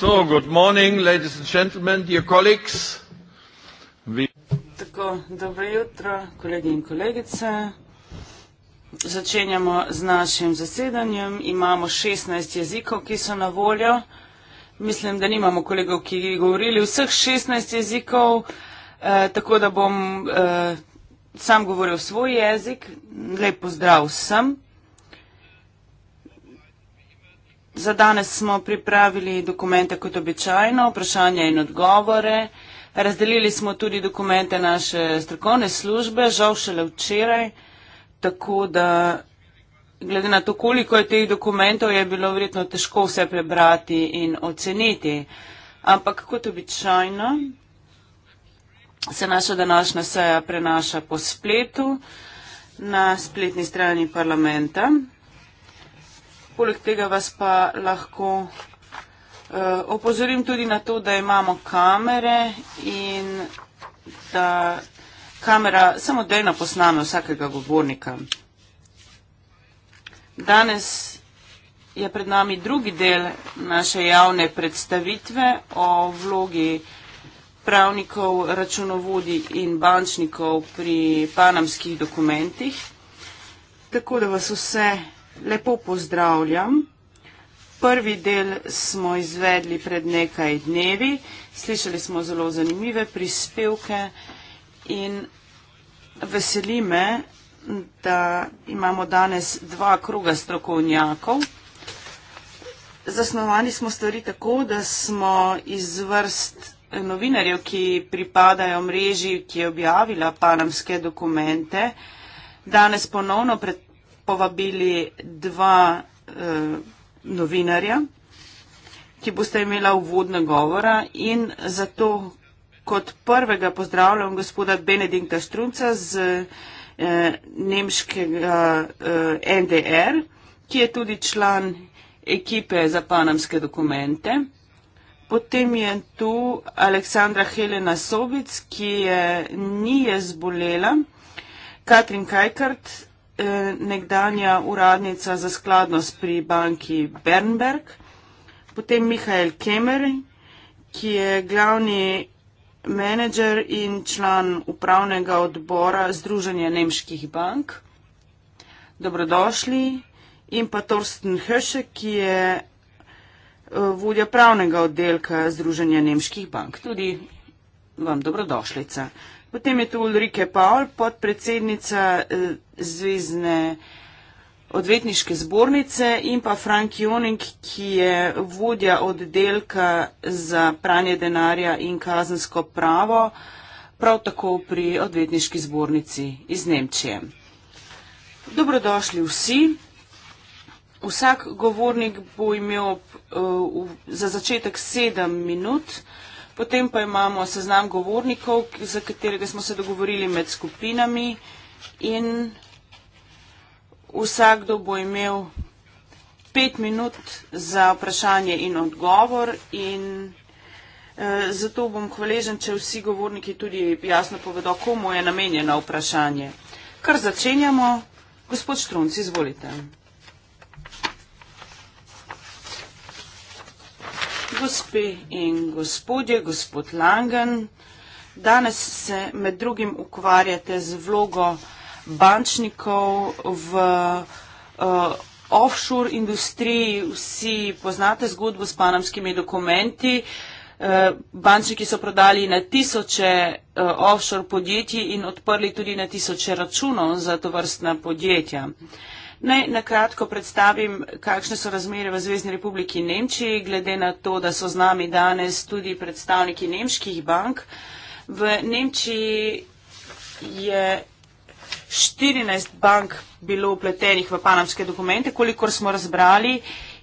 Good morning, ladies and gentlemen, dear colleagues. Tako, dobro jutro, kolegi in kolegice. Začenjamo z našim zasedanjem. Imamo 16 jezikov, ki so na voljo. Mislim, da nimamo kolegov, ki bi govorili vseh 16 jezikov, eh, tako da bom eh, sam govoril svoj jezik. Lep pozdrav vsem. Za danes smo pripravili dokumente kot običajno, vprašanja in odgovore. Razdelili smo tudi dokumente naše strokovne službe, žal šele včeraj, tako da glede na to, koliko je teh dokumentov, je bilo verjetno težko vse prebrati in oceniti. Ampak kot običajno se naša današnja seja prenaša po spletu na spletni strani parlamenta. Poleg tega vas pa lahko uh, opozorim tudi na to, da imamo kamere in da kamera samodejno posname vsakega govornika. Danes je pred nami drugi del naše javne predstavitve o vlogi pravnikov, računovodij in bančnikov pri panamskih dokumentih. Tako da vas vse Lepo pozdravljam. Prvi del smo izvedli pred nekaj dnevi. Slišali smo zelo zanimive prispevke in veseli me, da imamo danes dva kruga strokovnjakov. Zasnovali smo stvari tako, da smo iz vrst novinarjev, ki pripadajo mreži, ki je objavila panamske dokumente, danes ponovno pred povabili dva eh, novinarja, ki boste imela uvodne govora in zato kot prvega pozdravljam gospoda Benedikta Strunca z eh, nemškega eh, NDR, ki je tudi član ekipe za panamske dokumente. Potem je tu Aleksandra Helena Sobic, ki je, ni je zbolela, Katrin Kajkart, nekdanja uradnica za skladnost pri banki Bernberg, potem Mihajl Kemer, ki je glavni menedžer in član upravnega odbora Združenja nemških bank. Dobrodošli. In pa Torsten Hrše, ki je eh, vodja pravnega oddelka Združenja nemških bank. Tudi vam dobrodošlica. Potem je tu Ulrike Paul, podpredsednica eh, zvezdne odvetniške zbornice in pa Frank Joning, ki je vodja oddelka za pranje denarja in kazensko pravo, prav tako pri odvetniški zbornici iz Nemčije. Dobrodošli vsi. Vsak govornik bo imel uh, za začetek sedem minut, potem pa imamo seznam govornikov, za katerega smo se dogovorili med skupinami in Vsakdo bo imel pet minut za vprašanje in odgovor in eh, zato bom hvaležen, če vsi govorniki tudi jasno povedo, komu je namenjeno vprašanje. Kar začenjamo. Gospod Štrunc, izvolite. Gospe in gospodje, gospod Langen, danes se med drugim ukvarjate z vlogo bančnikov, v uh, offshore industriji. Vsi poznate zgodbo s panamskimi dokumenti. Eh, bančniki so prodali na tisoče eh, offshore podjetij in odprli tudi na tisoče računov za to vrstna podjetja. Naj nakratko predstavim, kakšne so razmere v Zvezdni republiki Nemčiji, glede na to, da so z nami danes tudi predstavniki nemških bank. V Nemčiji je 14 bank bilo upletenih v panamske dokumente, kolikor smo razbrali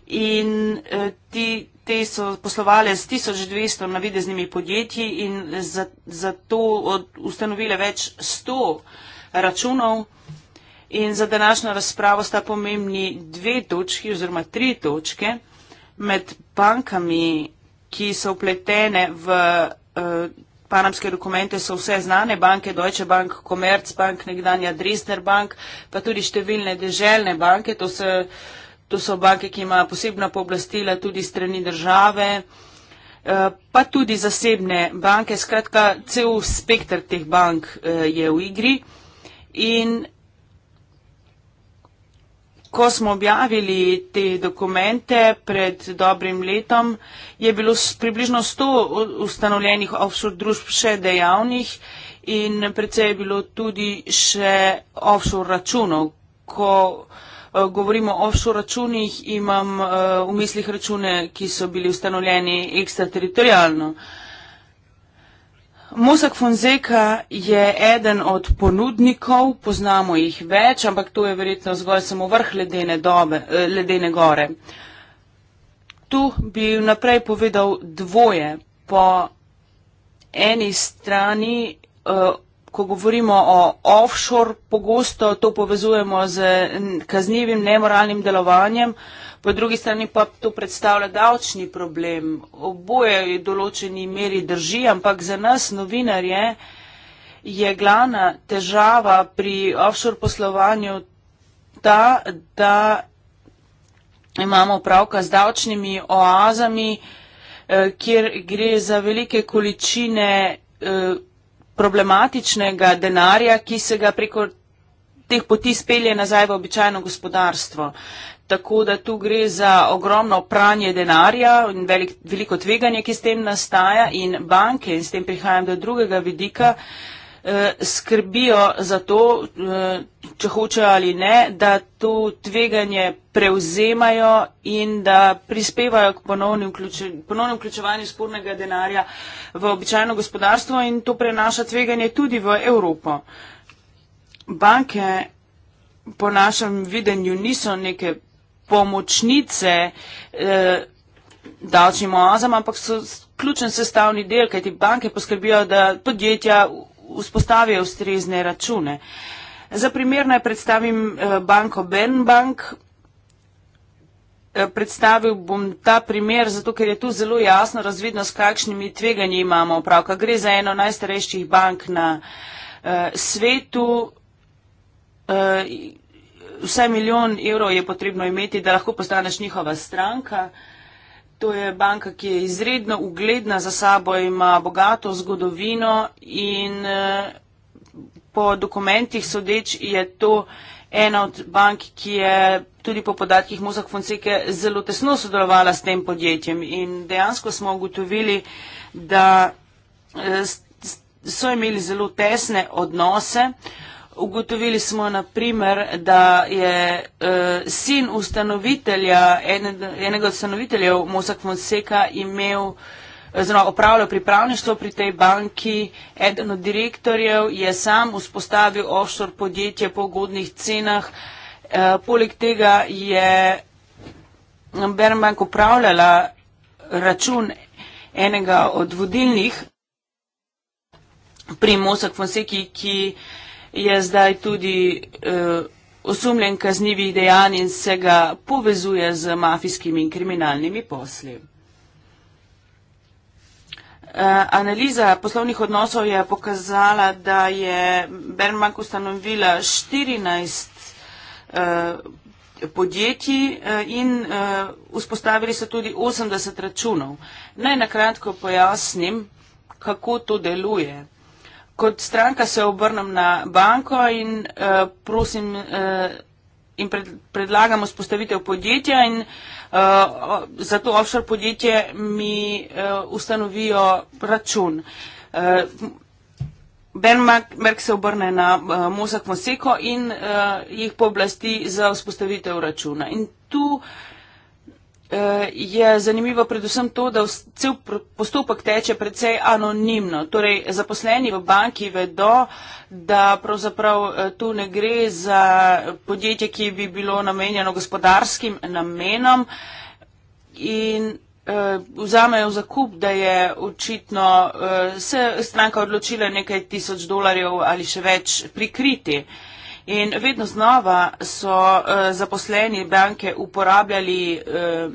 in eh, ti, te so poslovale z 1200 navideznimi podjetji in zato za ustanovile več 100 računov. In za današnjo razpravo sta pomembni dve točki oziroma tri točke med bankami, ki so upletene v eh, Panamske dokumente so vse znane, banke Deutsche Bank, Commerzbank, nekdanja Dresdner Bank, pa tudi številne deželne banke. To so, to so banke, ki imajo posebna pooblastila tudi strani države, eh, pa tudi zasebne banke. Skratka, cel spektr teh bank eh, je v igri. In Ko smo objavili te dokumente pred dobrim letom, je bilo približno 100 ustanovljenih offshore družb še dejavnih in predvsej je bilo tudi še offshore računov. Ko eh, govorimo o offshore računih, imam eh, v mislih račune, ki so bili ustanovljeni ekstrateritorijalno. teritorijalno. Mosak Fonseca je eden od ponudnikov, poznamo jih več, ampak to je verjetno zgolj samo vrh ledene, dobe, eh, ledene gore. Tu bi naprej povedal dvoje. Po eni strani, eh, ko govorimo o offshore, pogosto to povezujemo z kaznjivim, nemoralnim delovanjem po drugi strani pa to predstavlja davčni problem. Oboje je v določeni meri drži, ampak za nas novinarje je glavna težava pri offshore poslovanju ta, da imamo pravka z davčnimi oazami, eh, kjer gre za velike količine eh, problematičnega denarja, ki se ga preko teh poti spelje nazaj v običajno gospodarstvo tako da tu gre za ogromno pranje denarja in velik, veliko tveganje, ki s tem nastaja in banke, in s tem prihajam do drugega vidika, eh, skrbijo za to, eh, če hočejo ali ne, da to tveganje prevzemajo in da prispevajo k ponovnem vključe, ponovni vključevanju spornega denarja v običajno gospodarstvo in to prenaša tveganje tudi v Evropo. Banke po našem videnju niso neke pomočnice eh, davčnim oazam, ampak so ključen sestavni del, kajti banke poskrbijo, da podjetja vzpostavijo ustrezne račune. Za primer naj predstavim eh, banko Benbank. Eh, predstavil bom ta primer, zato ker je tu zelo jasno razvidno, s kakšnimi tveganji imamo opravka. Gre za eno najstarejših bank na uh, svetu. Uh, vse milijon evrov je potrebno imeti, da lahko postaneš njihova stranka. To je banka, ki je izredno ugledna za sabo, ima bogato zgodovino in eh, po dokumentih sodeč je to ena od bank, ki je tudi po podatkih Mozak Fonseke zelo tesno sodelovala s tem podjetjem. In dejansko smo ugotovili, da eh, so imeli zelo tesne odnose. Uh, Ugotovili smo, naprimer, da je uh, sin ustanovitelja, ened, enega od ustanoviteljev Mosak Fonseka imel, oziroma opravljal pripravništvo pri tej banki, eden od direktorjev je sam vzpostavil offshore podjetje po ugodnih cenah. Uh, poleg tega je Bernbank upravljala račun enega od vodilnih pri Mosak Fonseki, ki je zdaj tudi uh, osumljen kaznjivih dejanj in se ga povezuje z mafijskimi in kriminalnimi posli. Eh, analiza poslovnih odnosov je pokazala, da je Bernbank ustanovila 14 eh, podjetij eh, in eh, vzpostavili so tudi 80 računov. Naj nakratko pojasnim, kako to deluje kot stranka se obrnem na banko in uh, prosim uh, in pred, predlagamo spostavitev podjetja in uh, za to offshore podjetje mi uh, ustanovijo račun. Uh, ben Merk se obrne na uh, Mozak Moseko in uh, jih pooblasti za spostavitev računa. In tu uh, je zanimivo predvsem to, da cel postopek teče precej anonimno. Torej, zaposleni v banki vedo, da pravzaprav eh, tu ne gre za podjetje, ki bi bilo namenjeno gospodarskim namenom in eh, vzamejo v zakup, da je očitno eh, se stranka odločila nekaj tisoč dolarjev ali še več prikriti. In vedno znova so uh, zaposleni banke uporabljali uh,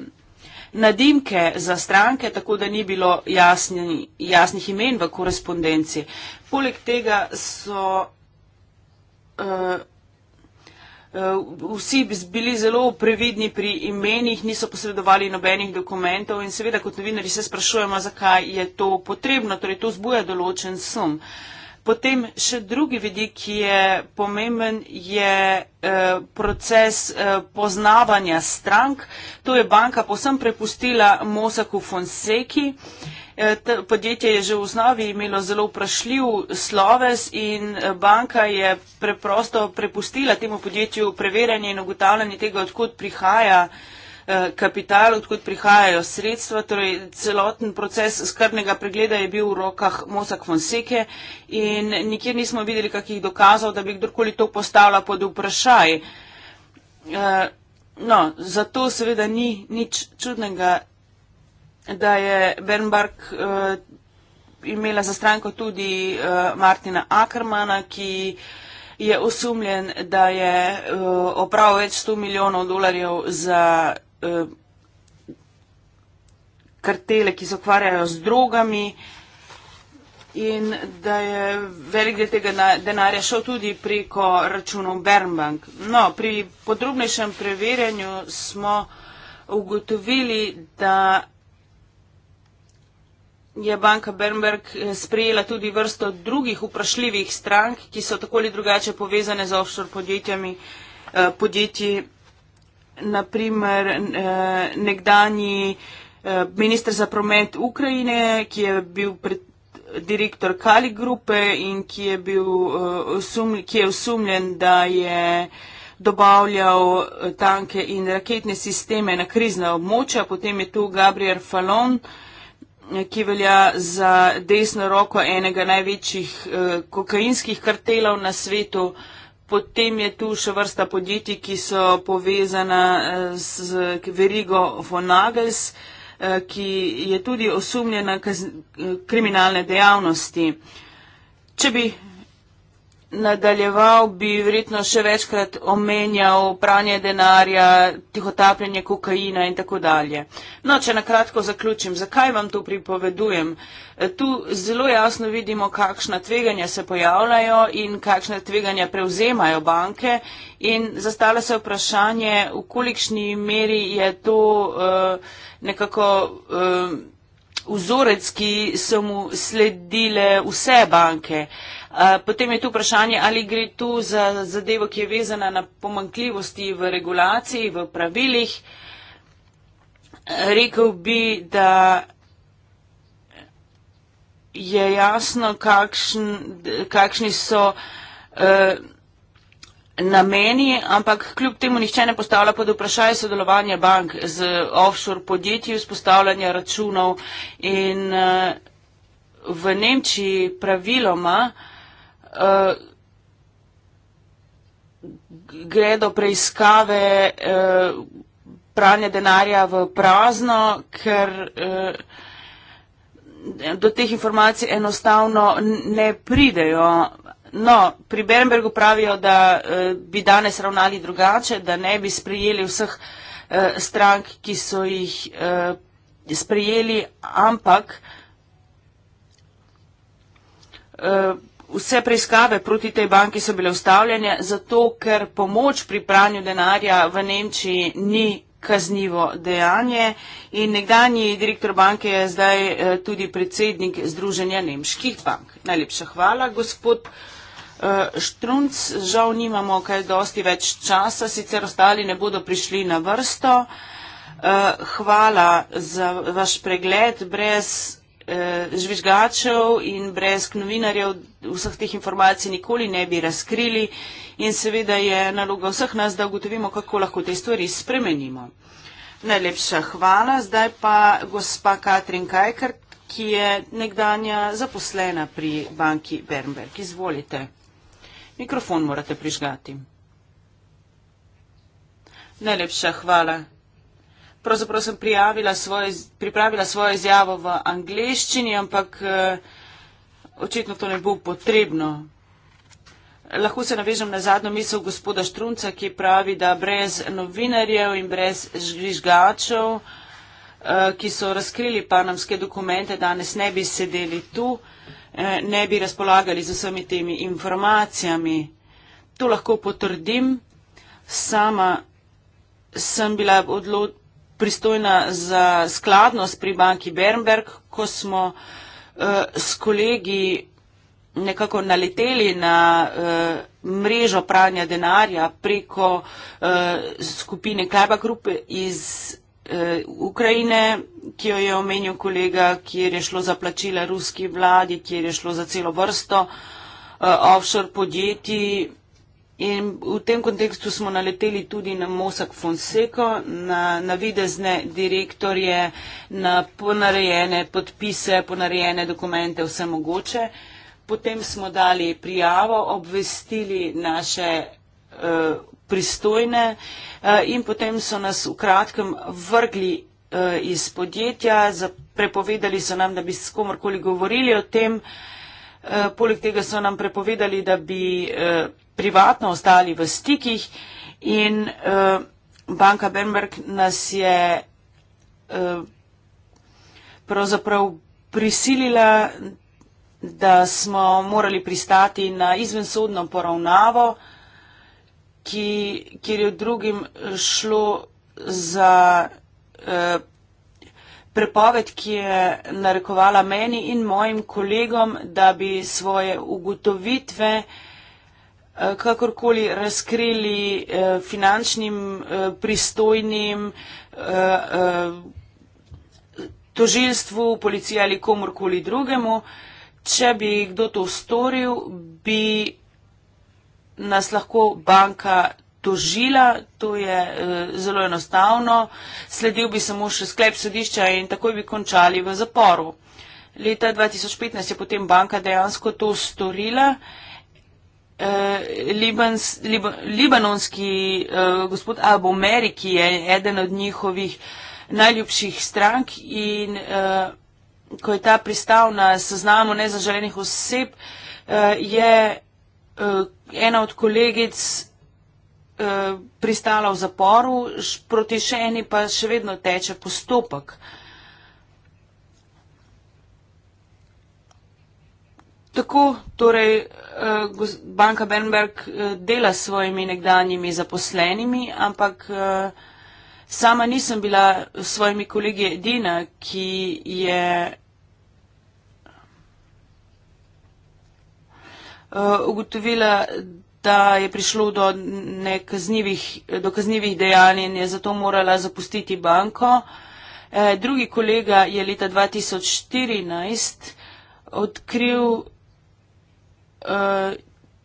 nadimke za stranke, tako da ni bilo jasni, jasnih imen v korespondenci. Poleg tega so. Uh, Vsi bi bili zelo previdni pri imenih, niso posredovali nobenih dokumentov in seveda kot novinari se sprašujemo, zakaj je to potrebno, torej to zbuja določen sum. Uh, Potem še drugi vidik, ki je pomemben, je eh, proces eh, poznavanja strank. To je banka posem prepustila Mosaku Fonseki. Eh, podjetje je že v osnovi imelo zelo vprašljiv sloves in banka je preprosto prepustila temu podjetju preverjanje in ugotavljanje tega, odkud prihaja uh, Eh, kapital, odkud prihajajo sredstva, torej celoten proces skrbnega pregleda je bil v rokah Mosak Fonseke in nikjer nismo videli kakih dokazov, da bi kdorkoli to postavila pod vprašaj. Eh, no, zato seveda ni nič čudnega, da je Bernbark eh, imela za stranko tudi Martina Akermana, ki je osumljen, da je opravil več 100 milijonov dolarjev za Eh, kartele, ki se ukvarjajo z drogami in da je velik del tega denarja šel tudi preko računov Bernbank. No, pri podrobnejšem preverjanju smo ugotovili, da je banka Bernberg eh, sprejela tudi vrsto drugih vprašljivih strank, ki so tako ali drugače povezane z offshore podjetjami, eh, podjetji naprimer eh, nekdani eh, minister za promet Ukrajine, ki je bil pred direktor Kali grupe in ki je, bil, eh, ki je osumljen, da je dobavljal tanke in raketne sisteme na krizna območja. Potem je tu Gabriel Falon, ki velja za desno roko enega največjih kokainskih kartelov na svetu. Potem je tu še vrsta podjetij, ki so povezana eh, z verigo von Nagels, eh, ki je tudi osumljena eh, kriminalne dejavnosti. Če bi nadaljeval, bi verjetno še večkrat omenjal pranje denarja, tihotapljanje kokaina in tako dalje. No, če na kratko zaključim, zakaj vam to pripovedujem? Tu zelo jasno vidimo, kakšna tveganja se pojavljajo in kakšna tveganja prevzemajo banke in zastala se vprašanje, v kolikšni meri je to uh, nekako. Uh, vzorec, ki so mu sledile vse banke. Uh, Eh, potem je tu vprašanje, ali gre tu za zadevo, ki je vezana na pomankljivosti v regulaciji, v pravilih. Rekel bi, da je jasno, kakšn, kakšni so eh, nameni, ampak kljub temu nihče ne postavlja pod vprašaj sodelovanja bank z offshore podjetji, vzpostavljanja računov in eh, v Nemčiji praviloma eh, Eh, gre do preiskave eh, pranja denarja v prazno, ker eh, do teh informacij enostavno ne pridejo. No, pri Berenbergu pravijo, da bi danes ravnali drugače, da ne bi sprejeli vseh strank, ki so jih sprejeli, ampak vse preiskave proti tej banki so bile ustavljene, zato ker pomoč pri pranju denarja v Nemčiji ni kaznivo dejanje in nekdanji direktor banke je zdaj eh, tudi predsednik Združenja nemških bank. Najlepša hvala, gospod eh, Štrunc. Žal nimamo kaj dosti več časa, sicer ostali ne bodo prišli na vrsto. Eh, hvala za vaš pregled. Brez Eh, žvižgačev in brez novinarjev vseh teh informacij nikoli ne bi razkrili in seveda je naloga vseh nas, da ugotovimo, kako lahko te stvari spremenimo. Najlepša hvala. Zdaj pa gospa Katrin Kajkert, ki je nekdanja zaposlena pri banki Bernberg. Izvolite. Mikrofon morate prižgati. Najlepša hvala pravzaprav sem svoje, pripravila svojo izjavo v angleščini, ampak eh, očitno to ne bo potrebno. Lahko se navežem na zadnjo misel gospoda Štrunca, ki pravi, da brez novinarjev in brez žvižgačev, eh, ki so razkrili panamske dokumente, danes ne bi sedeli tu, eh, ne bi razpolagali z vsemi temi informacijami. To lahko potrdim. Sama sem bila odločena pristojna za skladnost pri banki Bernberg, ko smo eh, s kolegi nekako naleteli na eh, mrežo pranja denarja preko eh, skupine Kleba Grupe iz Ukrajine, ki jo je omenil kolega, kjer je šlo za plačila ruski vladi, kjer je šlo za celo vrsto offshore podjetij. In v tem kontekstu smo naleteli tudi na Mosak Fonseko, na, na videzne direktorje, na ponarejene podpise, ponarejene dokumente, vse mogoče. Potem smo dali prijavo, obvestili naše uh, pristojne uh, in potem so nas v kratkem vrgli uh, iz podjetja, prepovedali so nam, da bi s komorkoli govorili o tem, uh, Eh, poleg tega so nam prepovedali, da bi eh, privatno ostali v stikih in eh, banka Bernberg nas je pravzaprav prisilila, da smo morali pristati na izvensodno poravnavo, kjer je v drugim šlo za prepoved, ki je narekovala meni in mojim kolegom, da bi svoje ugotovitve eh, kakorkoli razkrili eh, finančnim eh, pristojnim tožilstvu, policiji ali komorkoli drugemu. Če bi kdo to storil, bi nas lahko banka tožila, to je uh, zelo enostavno, sledil bi samo še sklep sodišča in takoj bi končali v zaporu. Leta 2015 je potem banka dejansko to storila. Eh, Libans, liba, libanonski uh, gospod Abu Meri, ki je eden od njihovih najljubših strank in uh, ko je ta pristal na seznamu nezaželenih oseb, uh, je uh, ena od kolegic Eh, pristala v zaporu, proti še eni pa še vedno teče postopek. Tako torej eh, banka Bernberg eh, dela s svojimi nekdanjimi zaposlenimi, ampak sama nisem bila s svojimi kolegi edina, ki je ugotovila, da je prišlo do, kaznivih, do kaznivih dejanj in je zato morala zapustiti banko. E, drugi kolega je leta 2014 odkril e,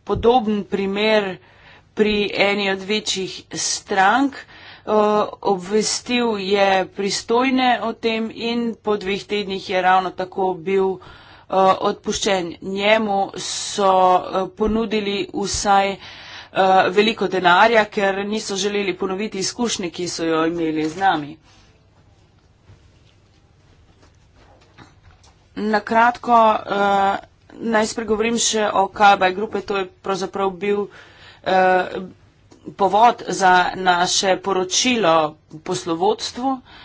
podoben primer pri eni od večjih strank. E, obvestil je pristojne o tem in po dveh tednih je ravno tako bil uh, odpuščen. Njemu so uh, ponudili vsaj uh, veliko denarja, ker niso želeli ponoviti izkušnje, ki so jo imeli z nami. Na kratko uh, naj spregovorim še o Kalbaj grupe. To je pravzaprav bil uh, povod za naše poročilo poslovodstvu. Uh,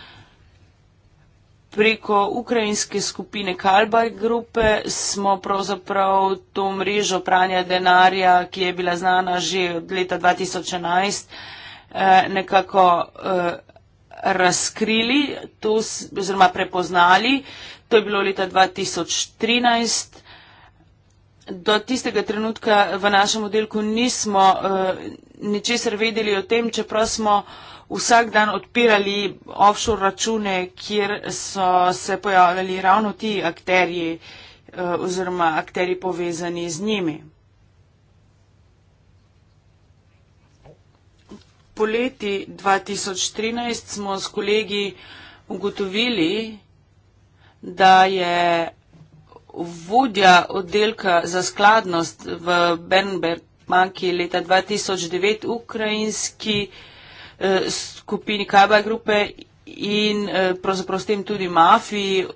Preko ukrajinske skupine Kalbar grupe smo pravzaprav to mrežo pranja denarja, ki je bila znana že od leta 2011, eh, nekako eh, razkrili to, oziroma prepoznali. To je bilo leta 2013. Do tistega trenutka v našem oddelku nismo eh, ničesar vedeli o tem, čeprav smo vsak dan odpirali offshore račune, kjer so se pojavljali ravno ti akterji eh, oziroma akteri povezani z njimi. Po leti 2013 smo s kolegi ugotovili, da je vodja oddelka za skladnost v Bernberg banki leta 2009 ukrajinski Eh, skupini Kaba grupe in eh, pravzaprav s tem tudi mafiji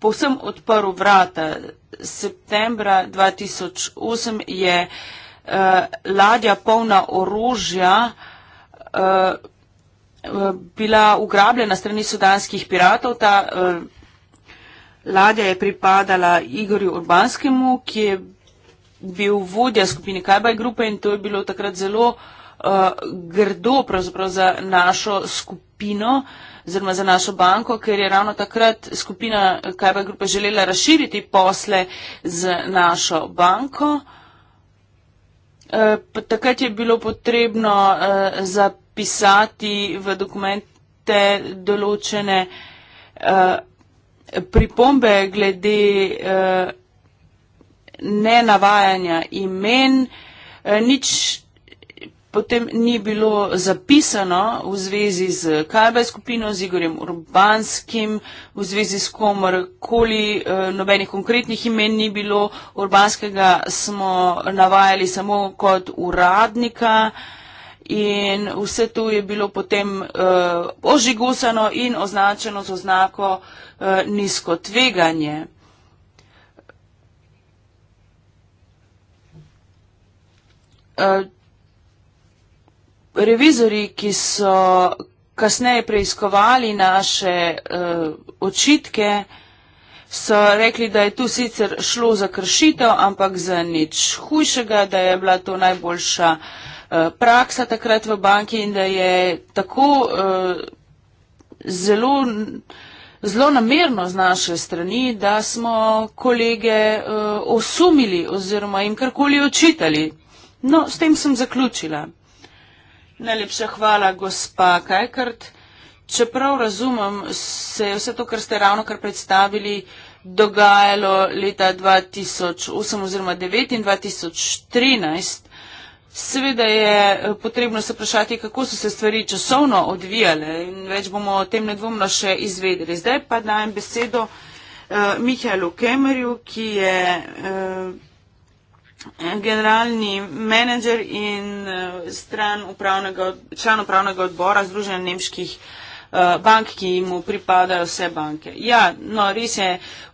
povsem odprl vrata. Septembra 2008 je eh, ladja polna orožja eh, eh, bila ugrabljena strani sudanskih piratov. Ta eh, ladja je pripadala Igorju Urbanskemu, ki je bil vodja skupine Kajbaj grupe in to je bilo takrat zelo eh, Eh, grdo pravzaprav za našo skupino oziroma za našo banko, ker je ravno takrat skupina KB Grupa želela razširiti posle z našo banko. Eh, takrat je bilo potrebno eh, zapisati v dokumente določene pripombe glede nenavajanja imen. Nič potem ni bilo zapisano v zvezi z KB skupino, z Igorjem Urbanskim, v zvezi s komor koli eh, nobenih konkretnih imen ni bilo. Urbanskega smo navajali samo kot uradnika. In vse to je bilo potem uh, eh, ožigusano in označeno z oznako uh, nizko tveganje. Uh, revizori, ki so kasneje preiskovali naše uh, očitke, so rekli, da je tu sicer šlo za kršitev, ampak za nič hujšega, da je bila to najboljša uh, praksa takrat v banki in da je tako uh, zelo. Zelo namerno z naše strani, da smo kolege uh, osumili oziroma jim karkoli očitali. No, s tem sem zaključila. Najlepša hvala, gospa Kajkart. Čeprav razumem, se je vse to, kar ste ravno kar predstavili, dogajalo leta 2008 oziroma 2009 in 2013. Seveda je eh, potrebno se vprašati, kako so se stvari časovno odvijale in več bomo o tem nedvomno še izvedeli. Zdaj pa dajem besedo uh, eh, Mihajlu Kemerju, ki je. Uh, generalni menedžer in član eh, upravnega, član upravnega odbora Združenja nemških uh, Eh, bank, ki mu pripadajo vse banke. Ja, no, res je,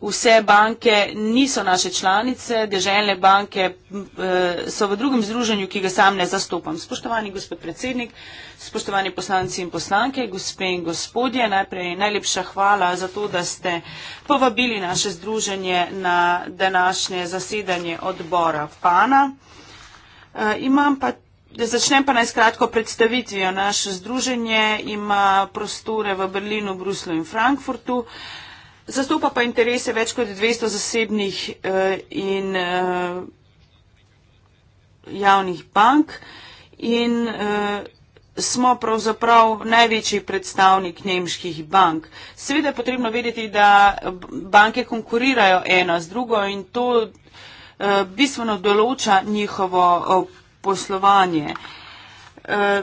vse banke niso naše članice, deželjne banke eh, so v drugem združenju, ki ga sam ne zastopam. Spoštovani gospod predsednik, spoštovani poslanci in poslanke, gospe in gospodje, najprej najlepša hvala za to, da ste povabili naše združenje na današnje zasedanje odbora PANA. Uh, imam pa Začnem pa najskratko predstavitvijo. Naše združenje ima prostore v Berlinu, Bruslu in Frankfurtu. Zastopa pa interese več kot 200 zasebnih eh, in eh, javnih bank in eh, smo pravzaprav največji predstavnik nemških bank. Seveda je potrebno vedeti, da banke konkurirajo ena z drugo in to eh, bistveno določa njihovo. Eh, poslovanje. E,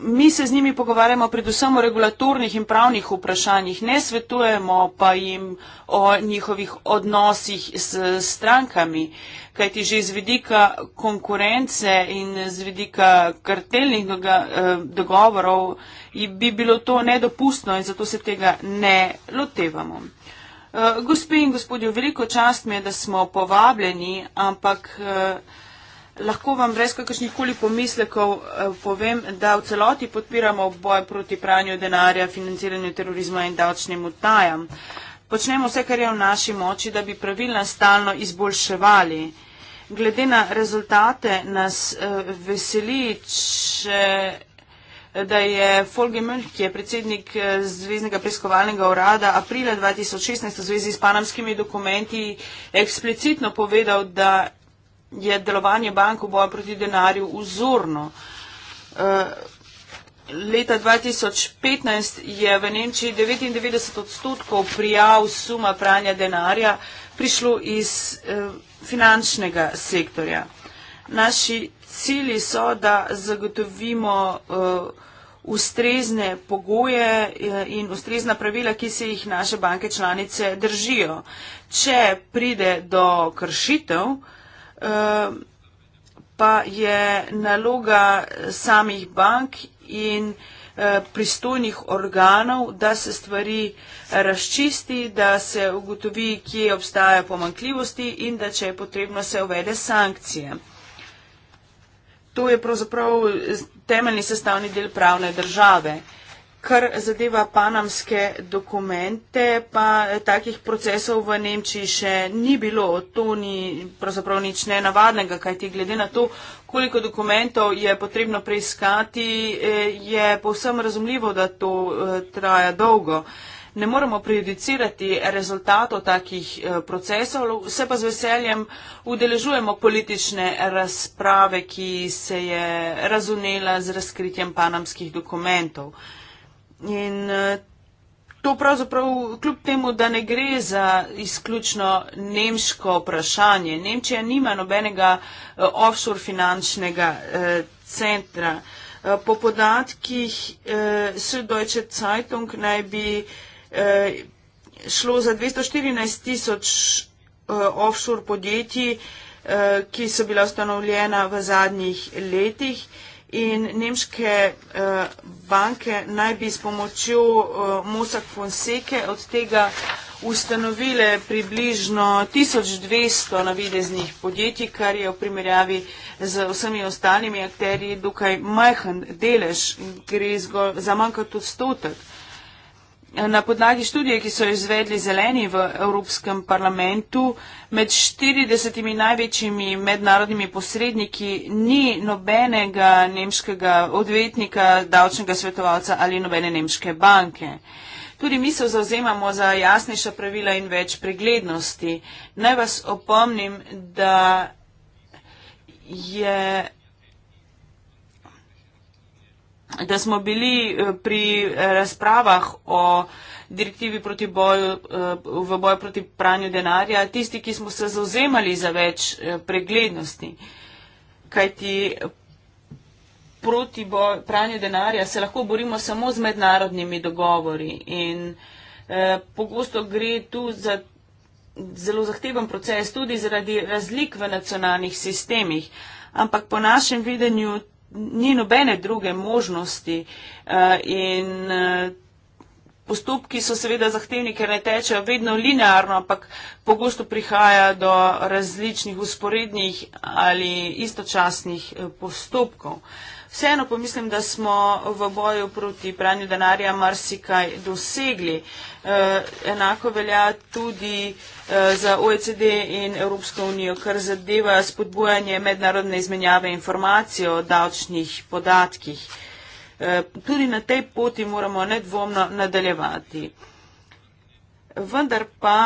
mi se z njimi pogovarjamo predvsem o regulatornih in pravnih vprašanjih, ne svetujemo pa jim o njihovih odnosih s strankami, kajti že iz vidika konkurence in z vidika kartelnih e, dogovorov bi bilo to nedopustno in zato se tega ne lotevamo. E, gospe in gospodje, veliko čast mi je, da smo povabljeni, ampak lahko vam brez kakršnih koli pomislekov eh, povem, da v celoti podpiramo boj proti pranju denarja, financiranju terorizma in davčnim utajam. Počnemo vse, kar je v naši moči, da bi pravilno stalno izboljševali. Glede na rezultate nas eh, veseli, če, eh, da je Folge Mülch, ki je predsednik Zvezdnega preiskovalnega urada, aprila 2016 v zvezi s panamskimi dokumenti eksplicitno povedal, da je delovanje bank v boju proti denarju vzorno. Eh, leta 2015 je v Nemčiji 99 odstotkov prijav suma pranja denarja prišlo iz eh, finančnega sektorja. Naši cilji so, da zagotovimo eh, ustrezne pogoje in ustrezna pravila, ki se jih naše banke članice držijo. Če pride do kršitev, Ehm, pa je naloga samih bank in eh, pristojnih organov, da se stvari razčisti, da se ugotovi, kje obstajajo pomankljivosti in da, če je potrebno, se uvede sankcije. To je pravzaprav eh, temeljni sestavni del pravne države. Kar zadeva panamske dokumente, pa eh, takih procesov v Nemčiji še ni bilo. To ni pravzaprav nič nenavadnega, kajti glede na to, koliko dokumentov je potrebno preiskati, eh, je povsem razumljivo, da to eh, traja dolgo. Ne moremo prejudicirati rezultatov takih procesov, vse pa z veseljem udeležujemo politične razprave, ki se je razumela z razkritjem panamskih dokumentov. In eh, to pravzaprav, kljub temu, da ne gre za izključno nemško vprašanje. Nemčija nima nobenega eh, offshore finančnega eh, centra. Po podatkih Süddeutsche Zeitung naj bi šlo za 214 tisoč offshore podjetij, ki so bila ustanovljena v zadnjih letih in nemške eh, banke naj bi s pomočjo eh, Mosak Fonseke od tega ustanovile približno 1200 navideznih podjetij, kar je v primerjavi z vsemi ostalimi akterji dokaj majhen delež, gre za manj kot odstotek. Na podlagi študije, ki so jo izvedli zeleni v Evropskem parlamentu, med 40 največjimi mednarodnimi posredniki ni nobenega nemškega odvetnika, davčnega svetovalca ali nobene nemške banke. Tudi mi se zauzemamo za jasnejša pravila in več preglednosti. Naj vas opomnim, da je da smo bili eh, pri eh, razpravah o direktivi proti boju, eh, v boju proti pranju denarja tisti, ki smo se zauzemali za več preglednosti. Kajti proti boj, pranju denarja se lahko borimo samo z mednarodnimi dogovori in eh, pogosto gre tu za zelo zahteven proces tudi zaradi razlik v nacionalnih sistemih. Ampak po našem videnju ni nobene druge možnosti eh, in eh, postopki so seveda zahtevni, ker ne tečejo vedno linearno, ampak pogosto prihaja do različnih usporednih ali istočasnih eh, postopkov. Vseeno pa mislim, da smo v boju proti pranju denarja marsikaj dosegli. E, enako velja tudi e, za OECD in Evropsko unijo, kar zadeva spodbujanje mednarodne izmenjave informacij o davčnih podatkih. E, tudi na tej poti moramo nedvomno nadaljevati. Vendar pa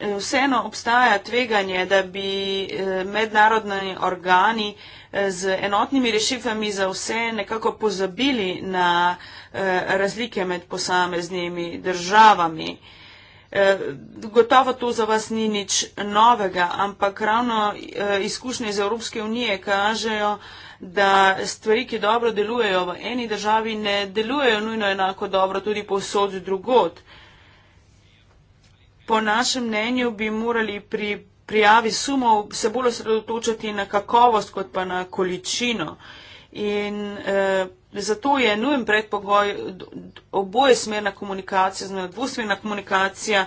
vseeno obstaja tveganje, da bi eh, mednarodni organi eh, z enotnimi rešitvami za vse nekako pozabili na eh, razlike med posameznimi državami. Gotovo to za vas ni nič novega, ampak ravno izkušnje iz Evropske unije kažejo, da stvari, ki dobro delujejo v eni državi, ne delujejo nujno enako dobro tudi posod drugot. Po našem mnenju bi morali pri prijavi sumov se bolj osredotočiti na kakovost, kot pa na količino. In eh, zato je nujen predpogoj oboje smerna komunikacija, znači dvosmerna komunikacija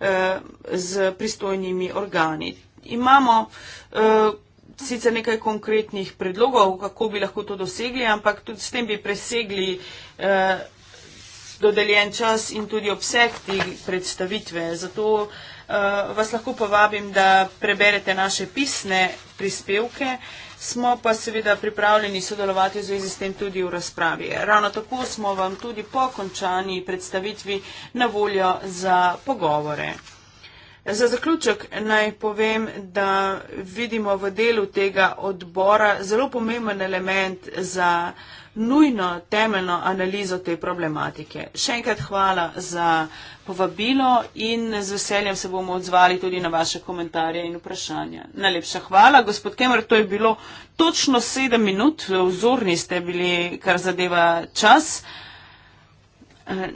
eh, z pristojnimi organi. Imamo eh, sicer nekaj konkretnih predlogov, kako bi lahko to dosegli, ampak tudi s tem bi presegli. Eh, dodeljen čas in tudi obseg te predstavitve. Zato uh, vas lahko povabim, da preberete naše pisne prispevke. Smo pa seveda pripravljeni sodelovati v zvezi s tem tudi v razpravi. Ravno tako smo vam tudi po končani predstavitvi na voljo za pogovore. Za zaključek naj povem, da vidimo v delu tega odbora zelo pomemben element za nujno temeljno analizo te problematike. Še enkrat hvala za povabilo in z veseljem se bomo odzvali tudi na vaše komentarje in vprašanja. Najlepša hvala, gospod Kemr, to je bilo točno sedem minut, vzorni ste bili, kar zadeva čas. Eh,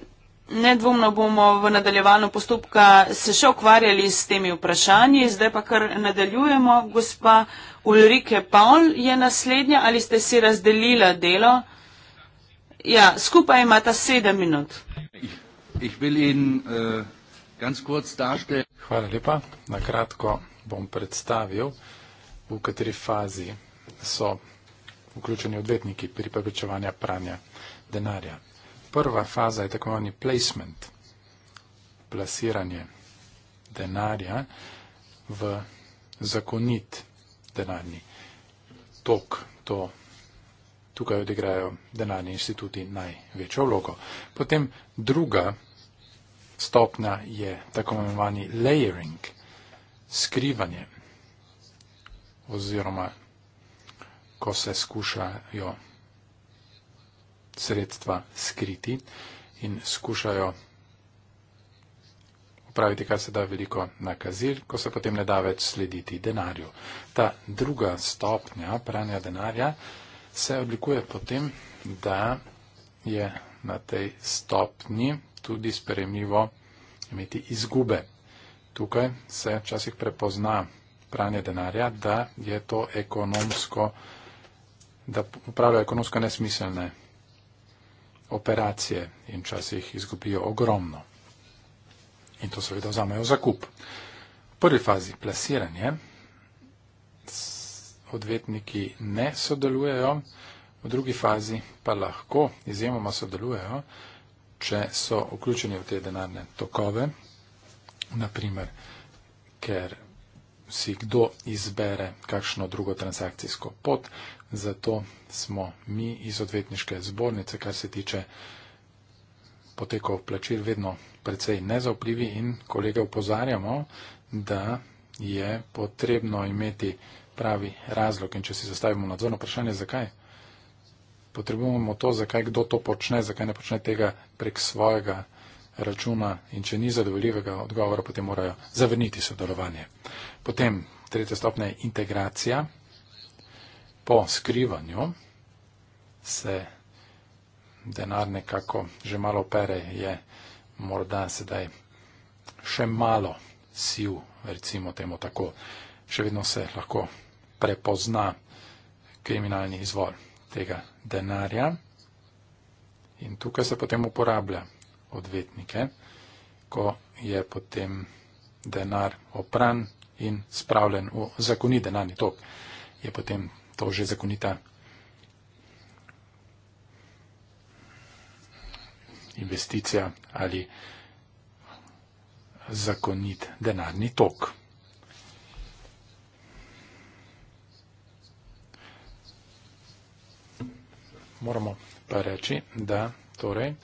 nedvomno bomo v nadaljevanju postopka se še ukvarjali s temi vprašanji, zdaj pa kar nadaljujemo, gospa. Ulrike Paul je naslednja ali ste si razdelila delo? Ja, skupaj imata sedem minut. Äh, Hvala lepa. Na kratko bom predstavil, v kateri fazi so vključeni odvetniki pri preprečevanju pranja denarja. Prva faza je tako imenovani placement, plasiranje denarja v zakonit denarni tok. To tukaj odigrajo denarni instituti največjo vlogo. Potem druga stopnja je tako imenovani layering, skrivanje oziroma ko se skušajo sredstva skriti in skušajo odpraviti kar se da veliko nakazil, ko se potem ne da več slediti denarju. Ta druga stopnja pranja denarja se oblikuje potem, da je na tej stopnji tudi sprejemljivo imeti izgube. Tukaj se včasih prepozna pranje denarja, da je to ekonomsko, da upravljajo ekonomsko nesmiselne operacije in včasih izgubijo ogromno in to seveda vzamejo za kup. V prvi fazi plasiranje odvetniki ne sodelujejo, v drugi fazi pa lahko izjemoma sodelujejo, če so vključeni v te denarne tokove, naprimer, ker si kdo izbere kakšno drugo transakcijsko pot, zato smo mi iz odvetniške zbornice, kar se tiče potekov plačil vedno precej nezaupljivi in kolege upozarjamo, da je potrebno imeti pravi razlog. In če si zastavimo nadzorno vprašanje, zakaj? Potrebujemo to, zakaj kdo to počne, zakaj ne počne tega prek svojega računa in če ni zadovoljivega odgovora, potem morajo zavrniti sodelovanje. Potem tretja stopnja je integracija. Po skrivanju se denar nekako že malo pere, je morda sedaj še malo siv, recimo temu tako. Še vedno se lahko prepozna kriminalni izvor tega denarja in tukaj se potem uporablja odvetnike, ko je potem denar opran in spravljen v zakonit denarni tok, je potem to že zakonita investicija ali zakonit denarni tok. Moramo pa reči, da torej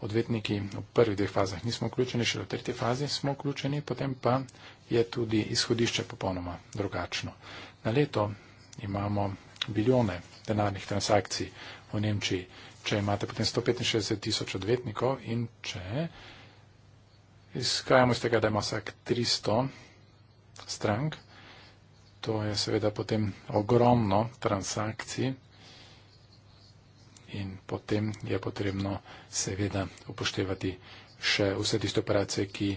odvetniki v prvih dveh fazah nismo vključeni, še v tretji fazi smo vključeni, potem pa je tudi izhodišče popolnoma drugačno. Na leto imamo bilijone denarnih transakcij v Nemčiji. Če imate potem 165 tisoč odvetnikov in če izhajamo iz tega, da ima vsak 300 strank, to je seveda potem ogromno transakcij in potem je potrebno seveda upoštevati še vse tiste operacije, ki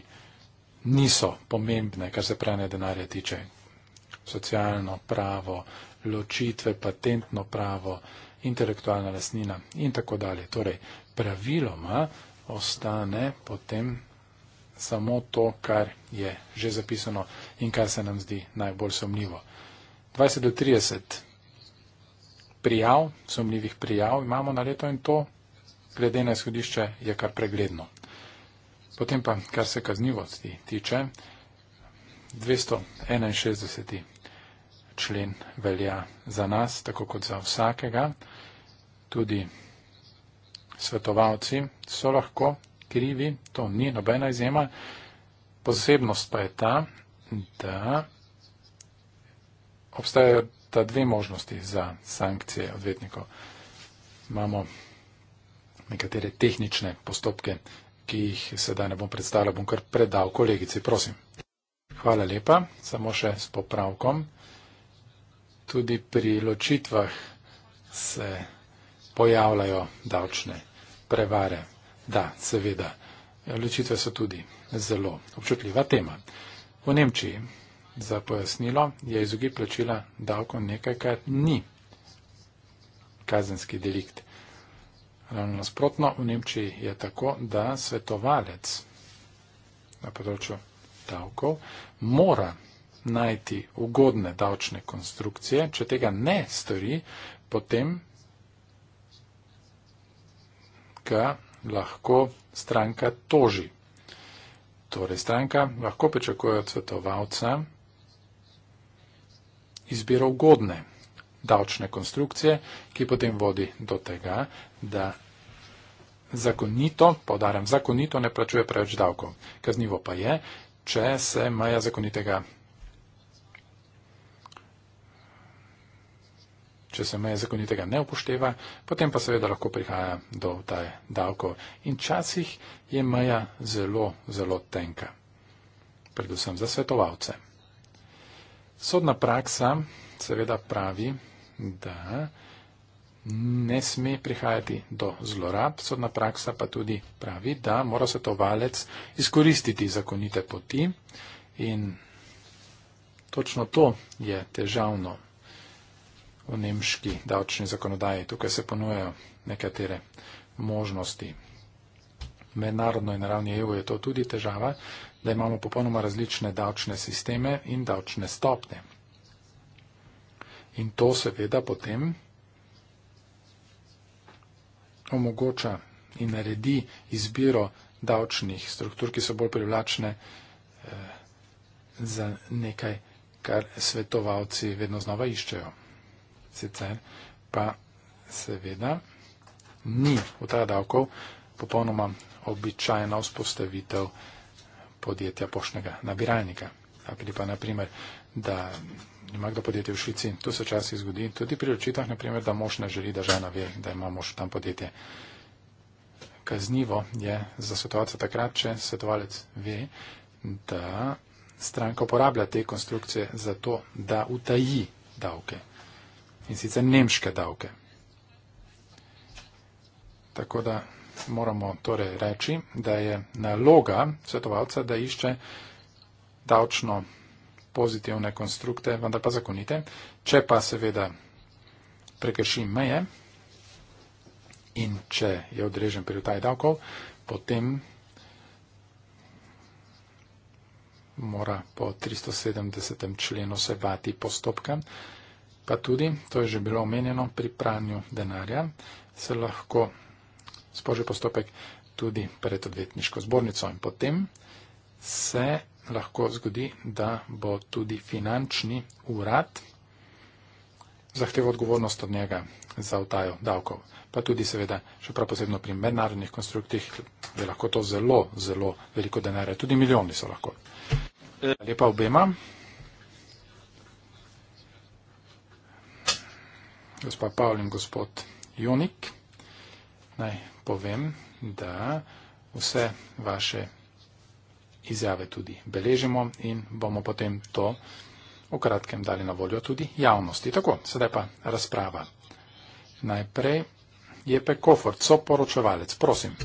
niso pomembne, kar se pranja denarja tiče socialno, pravo, ločitve, patentno pravo, intelektualna lasnina in tako dalje. Torej, praviloma ostane potem samo to, kar je že zapisano in kar se nam zdi najbolj sumljivo. 20 do 30 prijav, sumljivih prijav imamo na leto in to, glede na izhodišče, je kar pregledno. Potem pa, kar se kaznivosti tiče, 261 člen velja za nas, tako kot za vsakega. Tudi svetovalci so lahko krivi, to ni nobena izjema. Posebnost pa je ta, da obstajajo ta dve možnosti za sankcije odvetnikov. Imamo nekatere tehnične postopke, ki jih sedaj ne bom predstavljal, bom kar predal kolegici, prosim. Hvala lepa, samo še s popravkom tudi pri ločitvah se pojavljajo davčne prevare. Da, seveda, ločitve so tudi zelo občutljiva tema. V Nemčiji za pojasnilo je izogib plačila davko nekajkrat ni kazenski delikt. Ravno nasprotno, v Nemčiji je tako, da svetovalec na področju davkov mora najti ugodne davčne konstrukcije. Če tega ne stori, potem ga lahko stranka toži. Torej, stranka lahko pričakuje od svetovalca izbiro ugodne davčne konstrukcije, ki potem vodi do tega, da zakonito, podarjam, zakonito ne plačuje preveč davkov. Kaznivo pa je, če se maja zakonitega če se meje zakonitega ne upošteva, potem pa seveda lahko prihaja do taj davkov. In časih je meja zelo, zelo tenka. Predvsem za svetovalce. Sodna praksa seveda pravi, da ne sme prihajati do zlorab. Sodna praksa pa tudi pravi, da mora svetovalec izkoristiti zakonite poti in točno to je težavno v nemški davčni zakonodaji. Tukaj se ponujajo nekatere možnosti. Mednarodno in ravni EU je to tudi težava, da imamo popolnoma različne davčne sisteme in davčne stopne. In to seveda potem omogoča in naredi izbiro davčnih struktur, ki so bolj privlačne eh, za nekaj, kar svetovalci vedno znova iščejo sicer pa seveda ni utaja davkov popolnoma običajna vzpostavitev podjetja poštnega nabiralnika. Ali pa naprimer, da ima kdo podjetje v Švici, to se včasih zgodi, tudi pri ločitvah, naprimer, da mož ne želi, da žena ve, da ima mož tam podjetje. Kaznivo je za situacijo takrat, če svetovalec ve, da stranka uporablja te konstrukcije za to, da utaji davke in sicer nemške davke. Tako da moramo torej reči, da je naloga svetovalca, da išče davčno pozitivne konstrukte, vendar pa zakonite, če pa seveda prekrši meje in če je odrežen pri utaji davkov, potem mora po 370. členu se vati postopka pa tudi, to je že bilo omenjeno, pri pranju denarja se lahko spoži postopek tudi pred odvetniško zbornico in potem se lahko zgodi, da bo tudi finančni urad zahteval odgovornost od njega za utajo davkov. Pa tudi seveda, še prav posebno pri mednarodnih konstruktih, je lahko to zelo, zelo veliko denarja. Tudi milijoni so lahko. Eh. Lepa obema. gospa Pavl in gospod Junik, naj povem, da vse vaše izjave tudi beležimo in bomo potem to v kratkem dali na voljo tudi javnosti. Tako, sedaj pa razprava. Najprej je Pekofort, so poročevalec, prosim.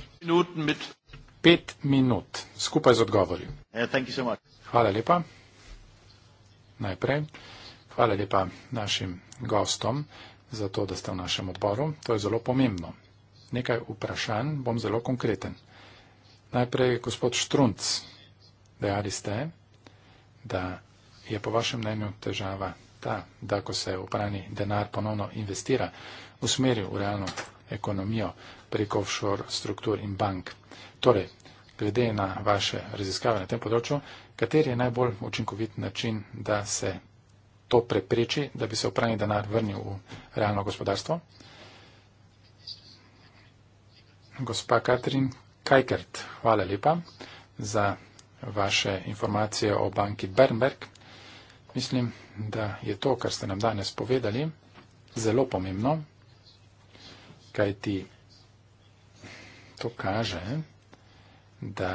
Pet minut, skupaj z odgovori. Ja, hvala lepa. Najprej, hvala lepa našim gostom za to, da ste v našem odboru. To je zelo pomembno. Nekaj vprašanj bom zelo konkreten. Najprej, gospod Štrunc, dejali ste, da je po vašem mnenju težava ta, da ko se oprani denar ponovno investira v smeri v realno ekonomijo prek offshore struktur in bank. Torej, glede na vaše raziskave na tem področju, kater je najbolj učinkovit način, da se to prepreči, da bi se upravni denar vrnil v realno gospodarstvo. Gospa Katrin Kajkert, hvala lepa za vaše informacije o banki Bernberg. Mislim, da je to, kar ste nam danes povedali, zelo pomembno, kajti to kaže, da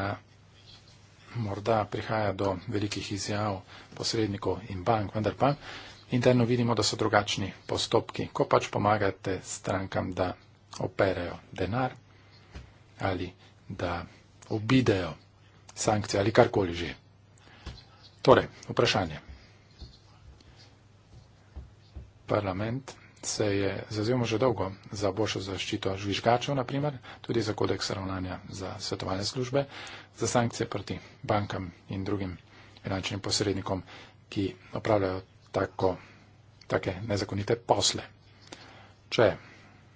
morda prihaja do velikih izjav posrednikov in bank, vendar pa interno vidimo, da so drugačni postopki, ko pač pomagate strankam, da operejo denar ali da obidejo sankcije ali karkoli že. Torej, vprašanje. Parlament se je zazemal že dolgo za boljšo zaščito žvižgačev, naprimer, tudi za kodeks ravnanja za svetovalne službe, za sankcije proti bankam in drugim finančnim posrednikom, ki opravljajo tako, take nezakonite posle. Če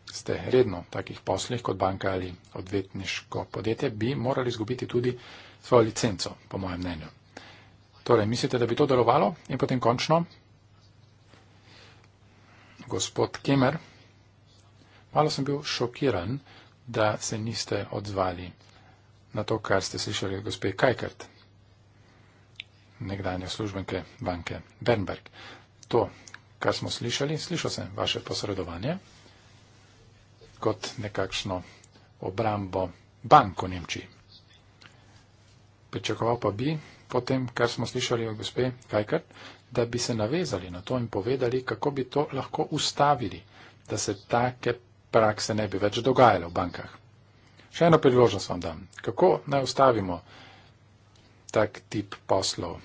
ste redno takih poslih kot banka ali odvetniško podjetje, bi morali izgubiti tudi svojo licenco, po mojem mnenju. Torej, mislite, da bi to delovalo in potem končno gospod Kemer. Malo sem bil šokiran, da se niste odzvali na to, kar ste slišali od gospe Kajkert, nekdanje službenke banke Bernberg. To, kar smo slišali, slišal sem vaše posredovanje kot nekakšno obrambo bank v Nemčiji. Pričakoval pa bi, potem, kar smo slišali od gospe Kajkert, da bi se navezali na to in povedali, kako bi to lahko ustavili, da se take prakse ne bi več dogajale v bankah. Še eno priložnost vam dam. Kako naj ustavimo tak tip poslov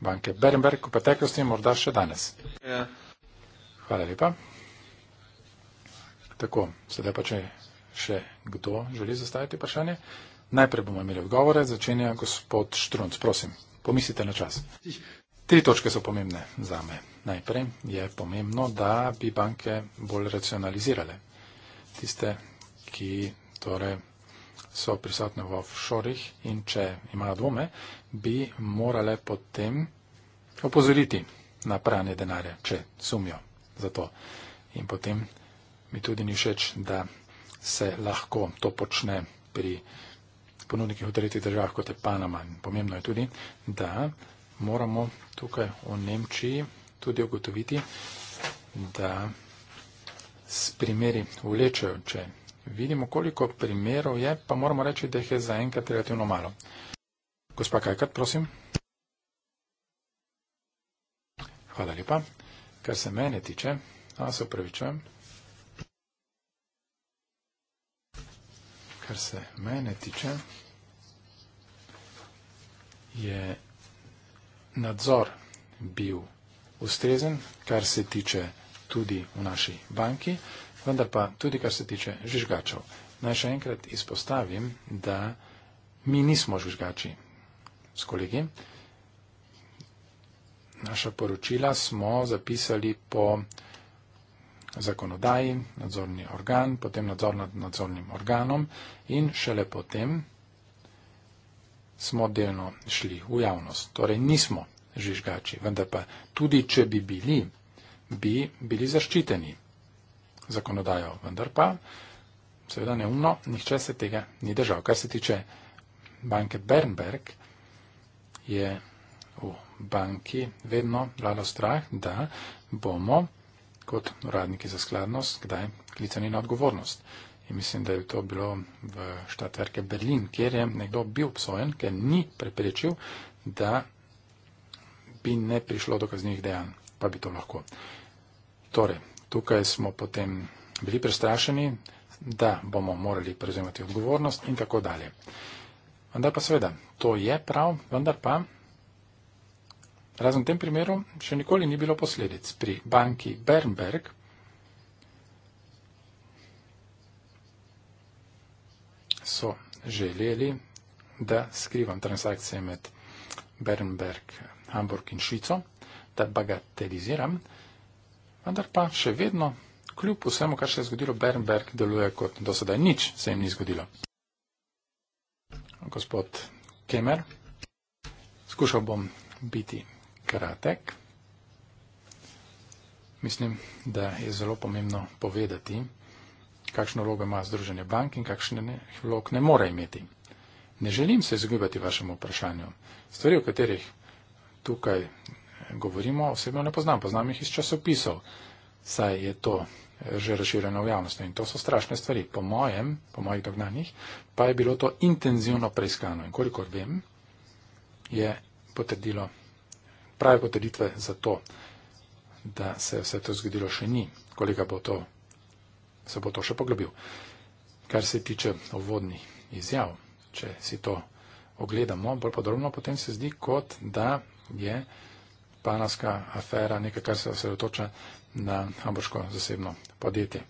banke Berenberg v preteklosti in morda še danes? Hvala lepa. Tako, sedaj pa če še kdo želi zastaviti vprašanje. Najprej bomo imeli odgovore, začenja gospod Štrunc. Prosim, pomislite na čas. Tri točke so pomembne za me. Najprej je pomembno, da bi banke bolj racionalizirale tiste, ki torej so prisotne v offshorih in če imajo dvome, bi morale potem opozoriti na pranje denarja, če sumijo za to. In potem mi tudi ni všeč, da se lahko to počne pri ponudnikih v tretjih državah, kot je Panama. In pomembno je tudi, da moramo tukaj v Nemčiji tudi ugotoviti, da s primeri vlečejo, če vidimo, koliko primerov je, pa moramo reči, da jih je zaenkrat relativno malo. Gospa Kajkat, prosim. Hvala lepa. Kar se mene tiče, a se upravičujem. Kar se mene tiče, je nadzor bil ustrezen, kar se tiče tudi v naši banki, vendar pa tudi kar se tiče žvižgačev. Naj še enkrat izpostavim, da mi nismo žvižgači s kolegi. Naša poročila smo zapisali po zakonodaji, nadzorni organ, potem nadzor nad nadzornim organom in šele potem smo delno šli v javnost. Torej nismo žižgači, vendar pa tudi, če bi bili, bi bili zaščiteni zakonodajo. Vendar pa, seveda neumno, nihče se tega ni držal. Kar se tiče banke Bernberg, je v banki vedno vlado strah, da bomo kot uradniki za skladnost kdaj klicani na odgovornost in mislim, da je to bilo v štaterke Berlin, kjer je nekdo bil obsojen, ker ni preprečil, da bi ne prišlo do kaznjih dejanj, pa bi to lahko. Torej, tukaj smo potem bili prestrašeni, da bomo morali prevzemati odgovornost in tako dalje. Vendar pa seveda, to je prav, vendar pa. Razen v tem primeru še nikoli ni bilo posledic. Pri banki Bernberg so želeli, da skrivam transakcije med Bernberg, Hamburg in Švico, da bagateliziram, vendar pa še vedno, kljub vsemu, kar se je zgodilo, Bernberg deluje kot do sedaj nič se jim ni zgodilo. Gospod Kemer, skušal bom biti kratek. Mislim, da je zelo pomembno povedati, kakšno vlogo ima Združenje bank in kakšne ne, vlog ne more imeti. Ne želim se izogibati vašemu vprašanju. Stvari, o katerih tukaj govorimo, osebno ne poznam. Poznam jih iz časopisov, saj je to že razširjeno v javnosti in to so strašne stvari. Po mojem, po mojih dognanjih, pa je bilo to intenzivno preiskano in kolikor vem, je potrdilo, prave potrditve za to, da se je vse to zgodilo še ni. Kolega bo to se bo to še poglobil. Kar se tiče uvodnih izjav, če si to ogledamo bolj podrobno, potem se zdi, kot da je panaska afera nekaj, kar se osredotoča na hamburško zasebno podjetje.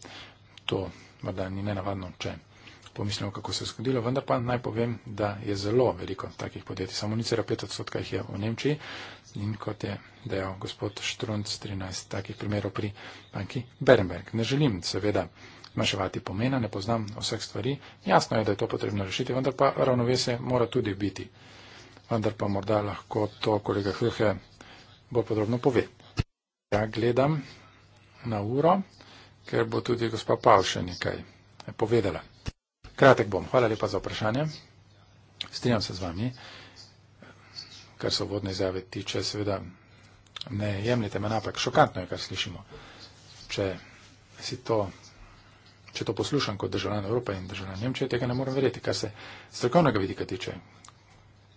To morda ni nenavadno, če pomislimo, kako se je zgodilo, vendar pa naj povem, da je zelo veliko takih podjetij. Samo 0,5 odstotka jih je v Nemčiji, In kot je dejal gospod Štrunc, 13 takih primerov pri banki Bernberg. Ne želim seveda maševati pomena, ne poznam vseh stvari. Jasno je, da je to potrebno rešiti, vendar pa ravnovesje mora tudi biti. Vendar pa morda lahko to kolega Hrhe bolj podrobno pove. Ja, gledam na uro, ker bo tudi gospa Pavl še nekaj eh, povedala. Kratek bom. Hvala lepa za vprašanje. Strinjam se z vami kar se vodne izjave tiče, seveda ne jemljite me napak, šokantno je, kar slišimo. Če si to, če to poslušam kot državljan Evrope in državljan Nemčije, tega ne morem verjeti, kar se strokovnega vidika tiče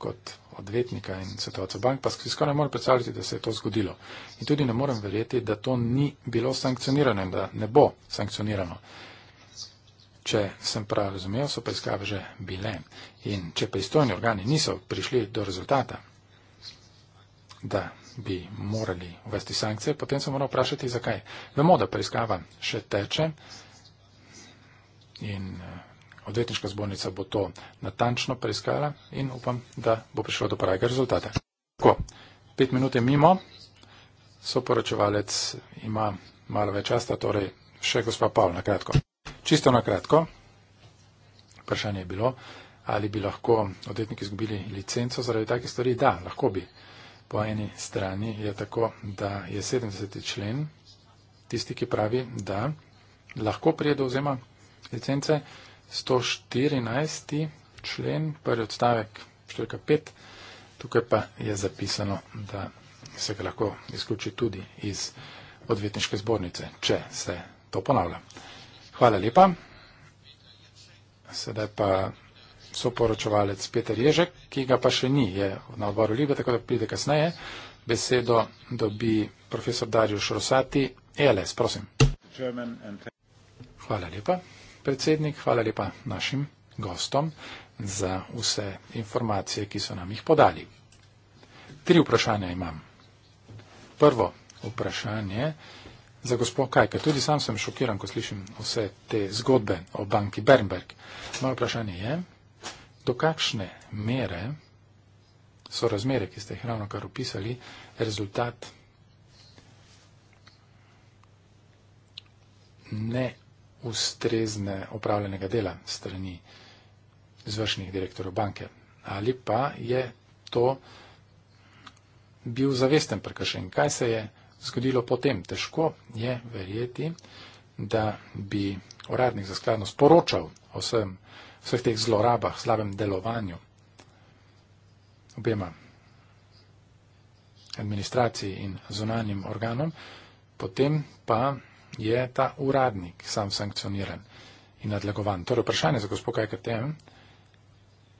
kot odvetnika in svetovca bank, pa si skoraj ne morem predstavljati, da se je to zgodilo. In tudi ne morem verjeti, da to ni bilo sankcionirano in da ne bo sankcionirano. Če sem prav razumel, so preiskave že bile. In če pristojni organi niso prišli do rezultata, da bi morali uvesti sankcije, potem se moramo vprašati, zakaj. Vemo, da preiskava še teče in eh, odvetniška zbornica bo to natančno preiskala in upam, da bo prišlo do pravega rezultata. Tako, pet minute mimo, soporočevalec ima malo več časa, torej še gospa Pavl, na kratko. Čisto na kratko, vprašanje je bilo, ali bi lahko odvetniki izgubili licenco zaradi takih stvari. Da, lahko bi. Po eni strani je tako, da je 70. člen tisti, ki pravi, da lahko prije do vzema licence. 114. člen, prvi odstavek, številka 5, tukaj pa je zapisano, da se ga lahko izključi tudi iz odvetniške zbornice, če se to ponavlja. Hvala lepa. Sedaj pa soporočevalec Peter Ježek, ki ga pa še ni, je na odboru Libe, tako da pride kasneje. Besedo dobi profesor Darijo Šrosati, ELS, prosim. Hvala lepa, predsednik, hvala lepa našim gostom za vse informacije, ki so nam jih podali. Tri vprašanja imam. Prvo vprašanje za gospod Kajka. Tudi sam sem šokiran, ko slišim vse te zgodbe o banki Bernberg. Moje vprašanje je, do kakšne mere so razmere, ki ste jih ravno kar opisali, rezultat neustrezne opravljenega dela strani zvršnih direktorov banke. Ali pa je to bil zavesten prekršen. Kaj se je zgodilo potem? Težko je verjeti, da bi uradnik za skladnost poročal o vsem vseh teh zlorabah, slabem delovanju obema administraciji in zunanjim organom, potem pa je ta uradnik sam sankcioniran in nadlegovan. Torej vprašanje za gospod KKTM,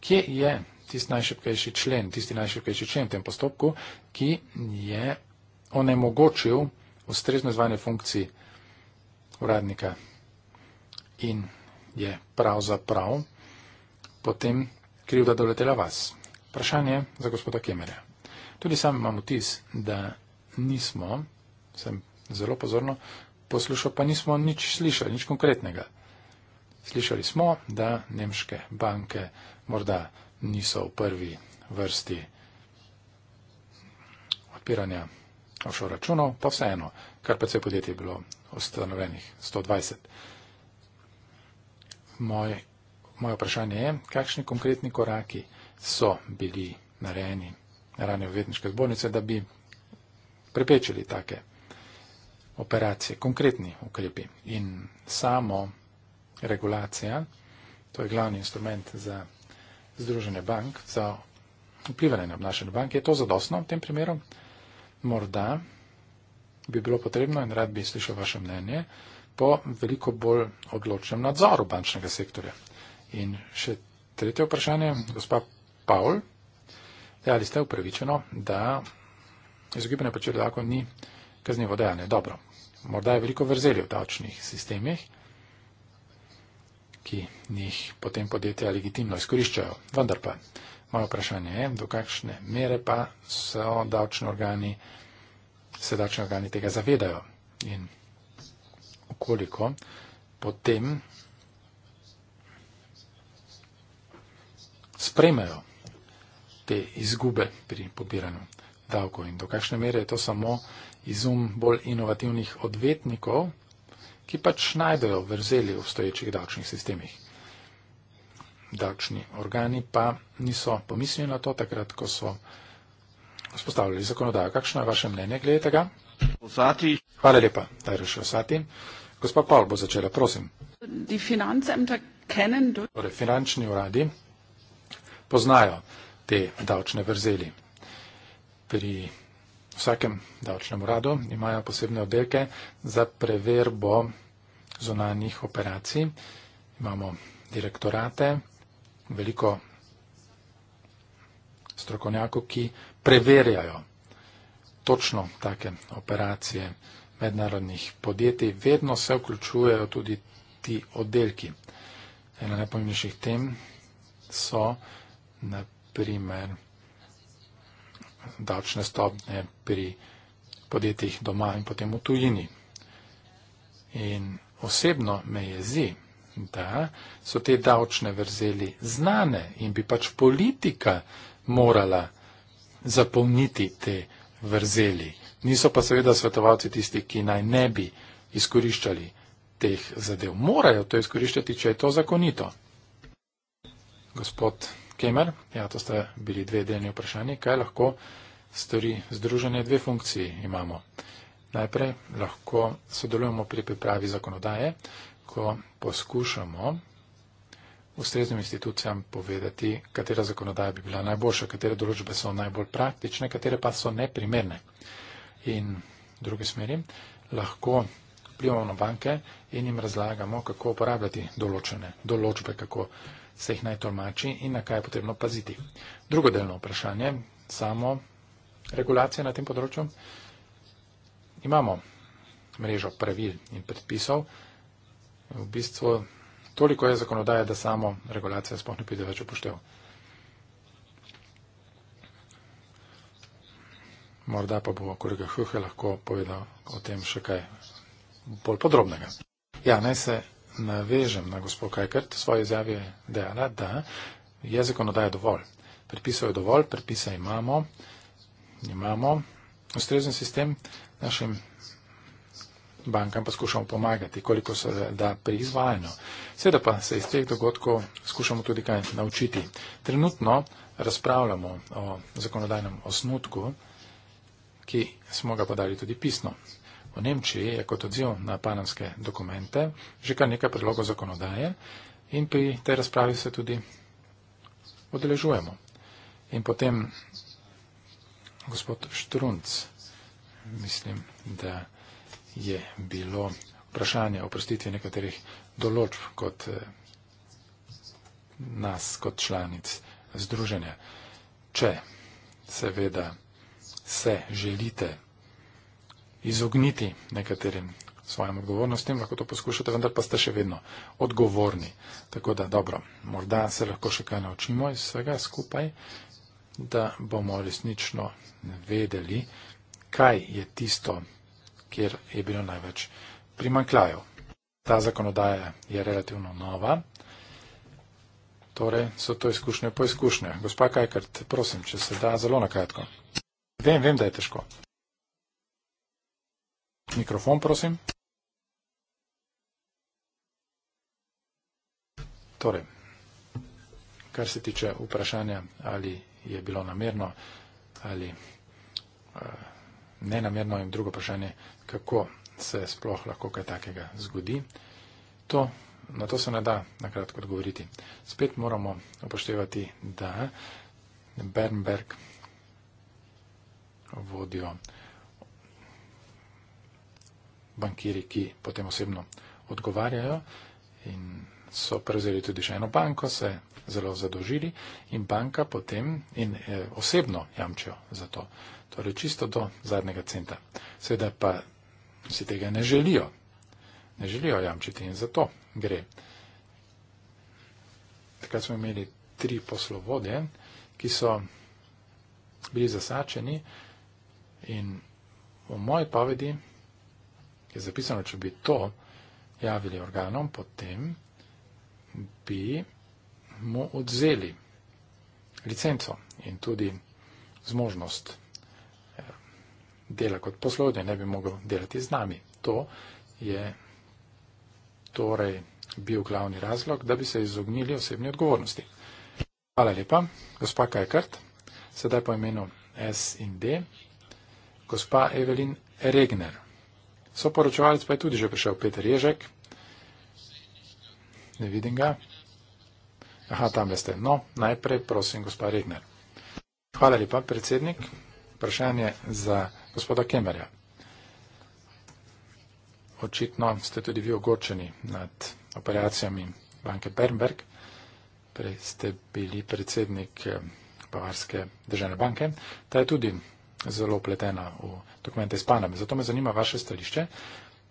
kje je tisti najšipkejši člen, tisti najšipkejši člen v tem postopku, ki je onemogočil ustrezno izvajanje funkcij uradnika in je pravzaprav potem krivda doletela vas. Vprašanje za gospoda Kemerja. Tudi sam imam vtis, da nismo, sem zelo pozorno poslušal, pa nismo nič slišali, nič konkretnega. Slišali smo, da nemške banke morda niso v prvi vrsti odpiranja offshore računov, pa vseeno, kar pa vse podjetje je bilo ustanovenih 120. Moj moje vprašanje je, kakšni konkretni koraki so bili narejeni ranje uvetniške zbornice, da bi prepečili take operacije, konkretni ukrepi in samo regulacija, to je glavni instrument za združenje bank, za vplivanje na obnašanje bank, je to zadostno v tem primeru? Morda bi bilo potrebno in rad bi slišal vaše mnenje po veliko bolj odločnem nadzoru bančnega sektorja. In še tretje vprašanje, gospa Paul, da ja, ali ste upravičeno, da izogibanje počel tako ni kaznivo dejanje. Dobro, morda je veliko vrzeli v davčnih sistemih, ki njih potem podjetja legitimno izkoriščajo. Vendar pa, moje vprašanje je, do kakšne mere pa so davčni organi, se davčni organi tega zavedajo in okoliko potem spremejo te izgube pri pobiranju davkov in do kakšne mere je to samo izum bolj inovativnih odvetnikov, ki pač najdejo vrzeli v stoječih davčnih sistemih. Davčni organi pa niso pomislili na to takrat, ko so vzpostavljali zakonodajo. Kakšno je vaše mnenje glede tega? Osati. Hvala lepa, Tarjoš Osati. Gospod Paul bo začela, prosim. Torej, finančni uradi poznajo te davčne vrzeli. Pri vsakem davčnem uradu imajo posebne oddelke za preverbo zunanjih operacij. Imamo direktorate, veliko strokovnjakov, ki preverjajo točno take operacije mednarodnih podjetij. Vedno se vključujejo tudi ti oddelki. Ena najpomembnejših tem so na primer davčne stopne pri podjetjih doma in potem v tujini. In osebno me jezi, da so te davčne vrzeli znane in bi pač politika morala zapolniti te vrzeli. Niso pa seveda svetovalci tisti, ki naj ne bi izkoriščali teh zadev. Morajo to izkoriščati, če je to zakonito. Gospod Kemer, ja, to ste bili dve delni vprašanji, kaj lahko stori združenje, dve funkciji imamo. Najprej lahko sodelujemo pri pripravi zakonodaje, ko poskušamo ustreznim institucijam povedati, katera zakonodaja bi bila najboljša, katere določbe so najbolj praktične, katere pa so neprimerne. In druge smeri, lahko vplivamo na banke in jim razlagamo, kako uporabljati določene določbe, kako uporabljati se jih naj tolmači in na kaj je potrebno paziti. Drugo delno vprašanje, samo regulacija na tem področju. Imamo mrežo pravil in predpisov. V bistvu toliko je zakonodaje, da samo regulacija sploh ne pride več upoštev. Morda pa bo kolega Huhe lahko povedal o tem še kaj bolj podrobnega. Ja, naj se navežem na gospod Kajkert, svoje izjave dejala, da je zakonodaja dovolj. Predpisov je dovolj, predpisa imamo, imamo ustrezen sistem našim bankam pa skušamo pomagati, koliko se da pri izvajanju. Seveda pa se iz teh dogodkov skušamo tudi kaj naučiti. Trenutno razpravljamo o zakonodajnem osnutku, ki smo ga podali tudi pisno v Nemčiji je kot odziv na panamske dokumente že kar nekaj predlogov zakonodaje in pri tej razpravi se tudi odeležujemo. In potem gospod Štrunc, mislim, da je bilo vprašanje o prostitvi nekaterih določb kot eh, nas, kot članic združenja. Če seveda se želite izogniti nekaterim svojim odgovornostim, lahko to poskušate, vendar pa ste še vedno odgovorni. Tako da dobro, morda se lahko še kaj naučimo iz vsega skupaj, da bomo resnično vedeli, kaj je tisto, kjer je bilo največ primanklajev. Ta zakonodaja je relativno nova, torej so to izkušnje po izkušnje. Gospa Kajkart, prosim, če se da zelo na kratko. Vem, vem, da je težko. Mikrofon, prosim. Torej, kar se tiče vprašanja, ali je bilo namerno ali eh, nenamerno, in drugo vprašanje, kako se sploh lahko kaj takega zgodi, to, na to se ne da na kratko odgovoriti. Spet moramo upoštevati, da Bernberg vodijo bankiri, ki potem osebno odgovarjajo in so prevzeli tudi še eno banko, se zelo zadožili in banka potem in e, osebno jamčijo za to. Torej čisto do zadnjega centa. Seveda pa si tega ne želijo. Ne želijo jamčiti in za to gre. Takrat smo imeli tri poslovode, ki so bili zasačeni in v moji povedi je zapisano, če bi to javili organom, potem bi mu odzeli licenco in tudi zmožnost eh, dela kot poslovnje, ne bi mogel delati z nami. To je torej bil glavni razlog, da bi se izognili osebni odgovornosti. Hvala lepa, gospa Kajkart, sedaj po imenu S in D, gospa Evelin Regner. Soporočevalec pa je tudi že prišel, Peter Ježek. Ne vidim ga. Aha, tam ste. No, najprej prosim, gospa Regner. Hvala lepa, predsednik. Vprašanje za gospoda Kemerja. Očitno ste tudi vi ogorčeni nad operacijami banke Bernberg. Prej ste bili predsednik eh, Bavarske državne banke. Ta je tudi zelo pletena v dokumente s Panami. Zato me zanima vaše stališče,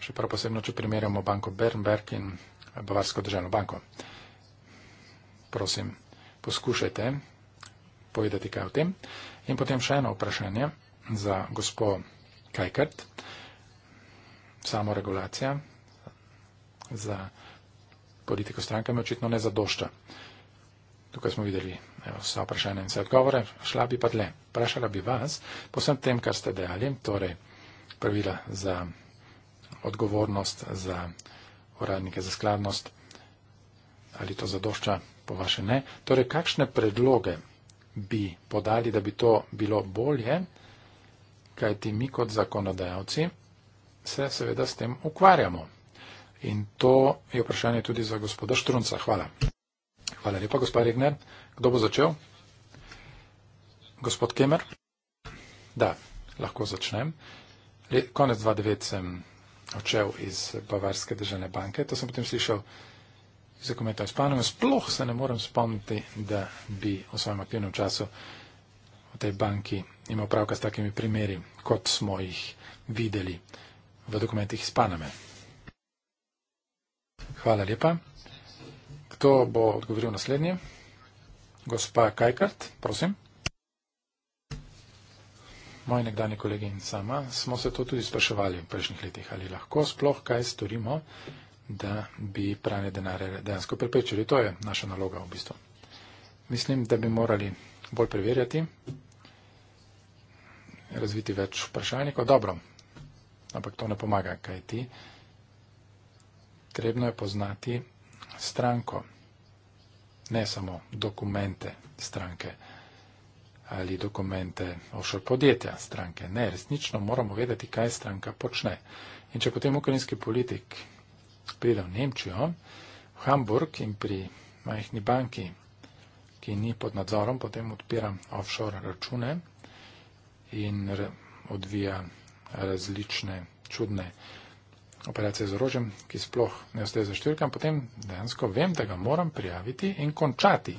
še prav posebno, če primerjamo banko Bernberg in Bavarsko državno banko. Prosim, poskušajte povedati kaj o tem. In potem še eno vprašanje za gospo Kajkert. Samoregulacija za politiko strankami očitno ne zadošča. Tukaj smo videli vsa vprašanja in vse odgovore, šla bi pa dlje. Vprašala bi vas, posem tem, kar ste dejali, torej pravila za odgovornost, za uradnike, za skladnost, ali to zadošča, po vaše ne. Torej, kakšne predloge bi podali, da bi to bilo bolje, kajti mi kot zakonodajalci se seveda s tem ukvarjamo. In to je vprašanje tudi za gospoda Štrunca. Hvala. Hvala lepa, gospod Regner. Kdo bo začel? Gospod Kemer? Da, lahko začnem. Le, konec 2009 sem odšel iz Bavarske državne banke. To sem potem slišal iz dokumenta o Španiji. Sploh se ne morem spomniti, da bi v svojem aktivnem času v tej banki imel pravka s takimi primeri, kot smo jih videli v dokumentih iz Paname. Hvala lepa kdo bo odgovoril naslednje. Gospa Kajkart, prosim. Moji nekdani kolegi in sama smo se to tudi spraševali v prejšnjih letih, ali lahko sploh kaj storimo, da bi pranje denarja dejansko preprečili. To je naša naloga v bistvu. Mislim, da bi morali bolj preverjati, razviti več vprašalnikov. Dobro, ampak to ne pomaga, kaj ti. Trebno je poznati stranko, ne samo dokumente stranke ali dokumente ošo podjetja stranke. Ne, resnično moramo vedeti, kaj stranka počne. In če potem ukrajinski politik pride v Nemčijo, v Hamburg in pri majhni banki, ki ni pod nadzorom, potem odpira offshore račune in odvija različne čudne operacije z orožjem, ki sploh ne ostaje za številkam, potem dejansko vem, da ga moram prijaviti in končati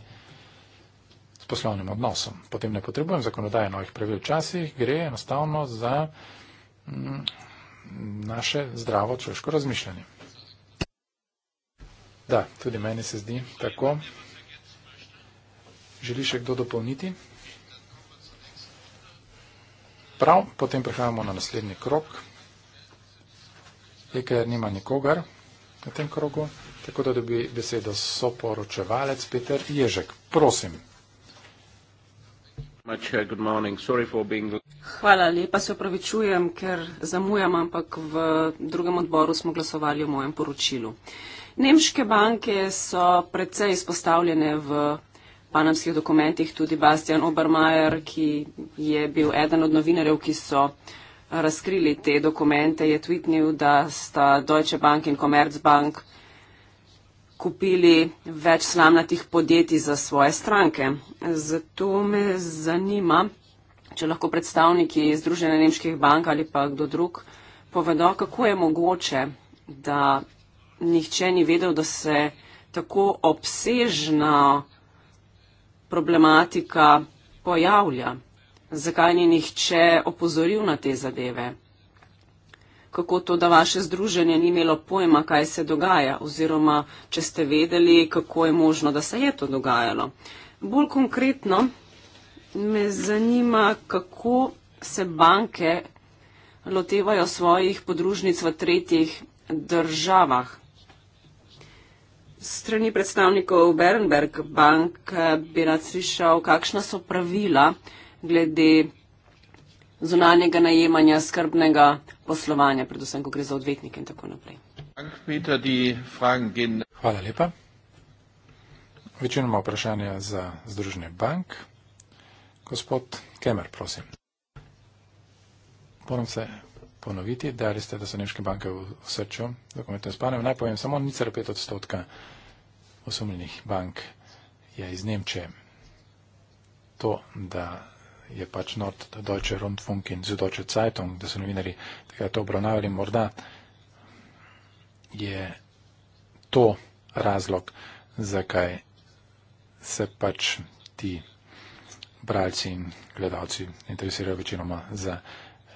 s poslovnim odnosom. Potem ne potrebujem zakonodaje novih pravil. Včasih gre enostavno za m, mm, naše zdravo človeško razmišljanje. Da, tudi meni se zdi tako. Želi še kdo dopolniti? Prav, potem prehajamo na naslednji krok je, ker nima nikogar na tem krogu, tako da dobi besedo soporočevalec Peter Ježek. Prosim. Uh, Hvala lepa, se opravičujem, ker zamujam, ampak v drugem odboru smo glasovali o mojem poročilu. Nemške banke so predvsej izpostavljene v panamskih dokumentih, tudi Bastian Obermajer, ki je bil eden od novinarjev, ki so razkrili te dokumente, je tvitnil, da sta Deutsche Bank in Commerzbank kupili več slamnatih podjetij za svoje stranke. Zato me zanima, če lahko predstavniki Združene nemških bank ali pa kdo drug povedo, kako je mogoče, da nihče ni vedel, da se tako obsežna problematika pojavlja zakaj ni nihče opozoril na te zadeve? Kako to, da vaše združenje ni imelo pojma, kaj se dogaja, oziroma če ste vedeli, kako je možno, da se je to dogajalo? Bolj konkretno me zanima, kako se banke lotevajo svojih podružnic v tretjih državah. Strani predstavnikov Bernberg bank eh, bi rad slišal, kakšna so pravila, glede zunanjega najemanja, skrbnega poslovanja, predvsem, ko gre za odvetnike in tako naprej. Hvala lepa. Večinoma vprašanja za Združenje bank. Gospod Kemer, prosim. Moram se ponoviti, dali ste, da so nemške banke v srču dokumentov spanem. Naj povem, samo 0,5 odstotka osumljenih bank je iz Nemčije. To, da je pač not Deutsche Rundfunk in Zudoče Zeitung, da so novinari takrat to obravnavali, morda je to razlog, zakaj se pač ti bralci in gledalci interesirajo večinoma za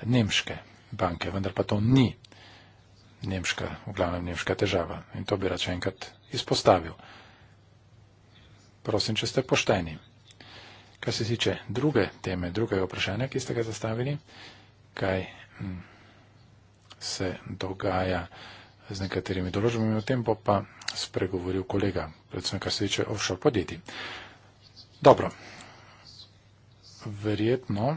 nemške banke, vendar pa to ni nemška, v glavnem nemška težava. In to bi rače enkrat izpostavil. Prosim, če ste pošteni. Kar se tiče druge teme, drugega vprašanja, ki ste ga zastavili, kaj mm, se dogaja z nekaterimi določbami, o tem bo pa spregovoril kolega, predvsem kar se tiče offshore podjetij. Dobro, verjetno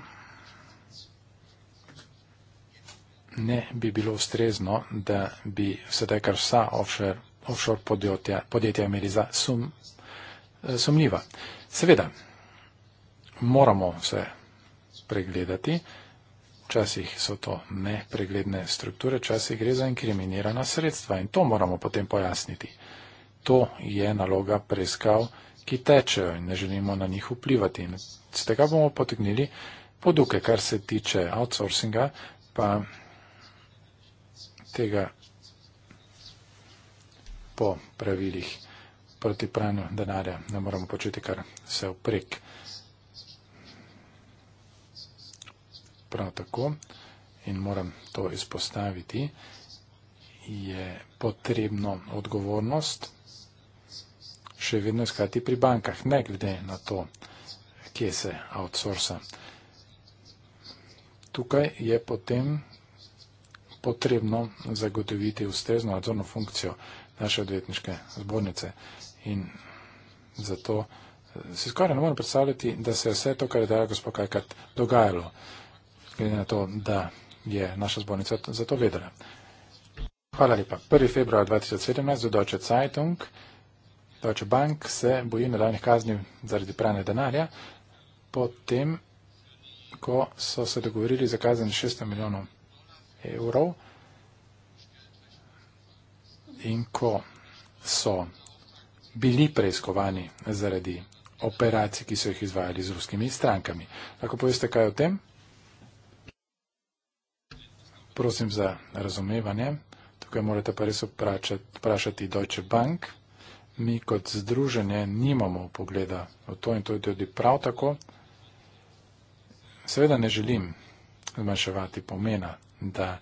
ne bi bilo ustrezno, da bi sedaj kar vsa offshore, offshore podjetja, podjetja imeli za sum, eh, sumljiva. Seveda, moramo vse pregledati. Včasih so to nepregledne strukture, včasih gre za inkriminirana sredstva in to moramo potem pojasniti. To je naloga preiskav, ki tečejo in ne želimo na njih vplivati. Z tega bomo potegnili poduke, kar se tiče outsourcinga, pa tega po pravilih proti pranju denarja ne moremo početi kar se oprek. prav tako, in moram to izpostaviti, je potrebno odgovornost še vedno iskati pri bankah, ne glede na to, kje se outsourca. Tukaj je potem potrebno zagotoviti ustrezno nadzorno funkcijo naše odvetniške zbornice. In zato eh, si skoraj ne morem predstavljati, da se je vse to, kar je dajal gospod Kajkart, dogajalo glede na to, da je naša zbornica za to vedela. Hvala lepa. 1. februar 2017 v Deutsche Zeitung. Deutsche Bank se boji nadaljnih kazni zaradi pranja denarja, potem, ko so se dogovorili za kazen 600 milijonov evrov in ko so bili preiskovani zaradi operacij, ki so jih izvajali z ruskimi strankami. Lahko poveste kaj o tem? prosim za razumevanje. Tukaj morate pa res vprašati Deutsche Bank. Mi kot združenje nimamo pogleda v to in to je tudi prav tako. Seveda ne želim zmanjševati pomena, da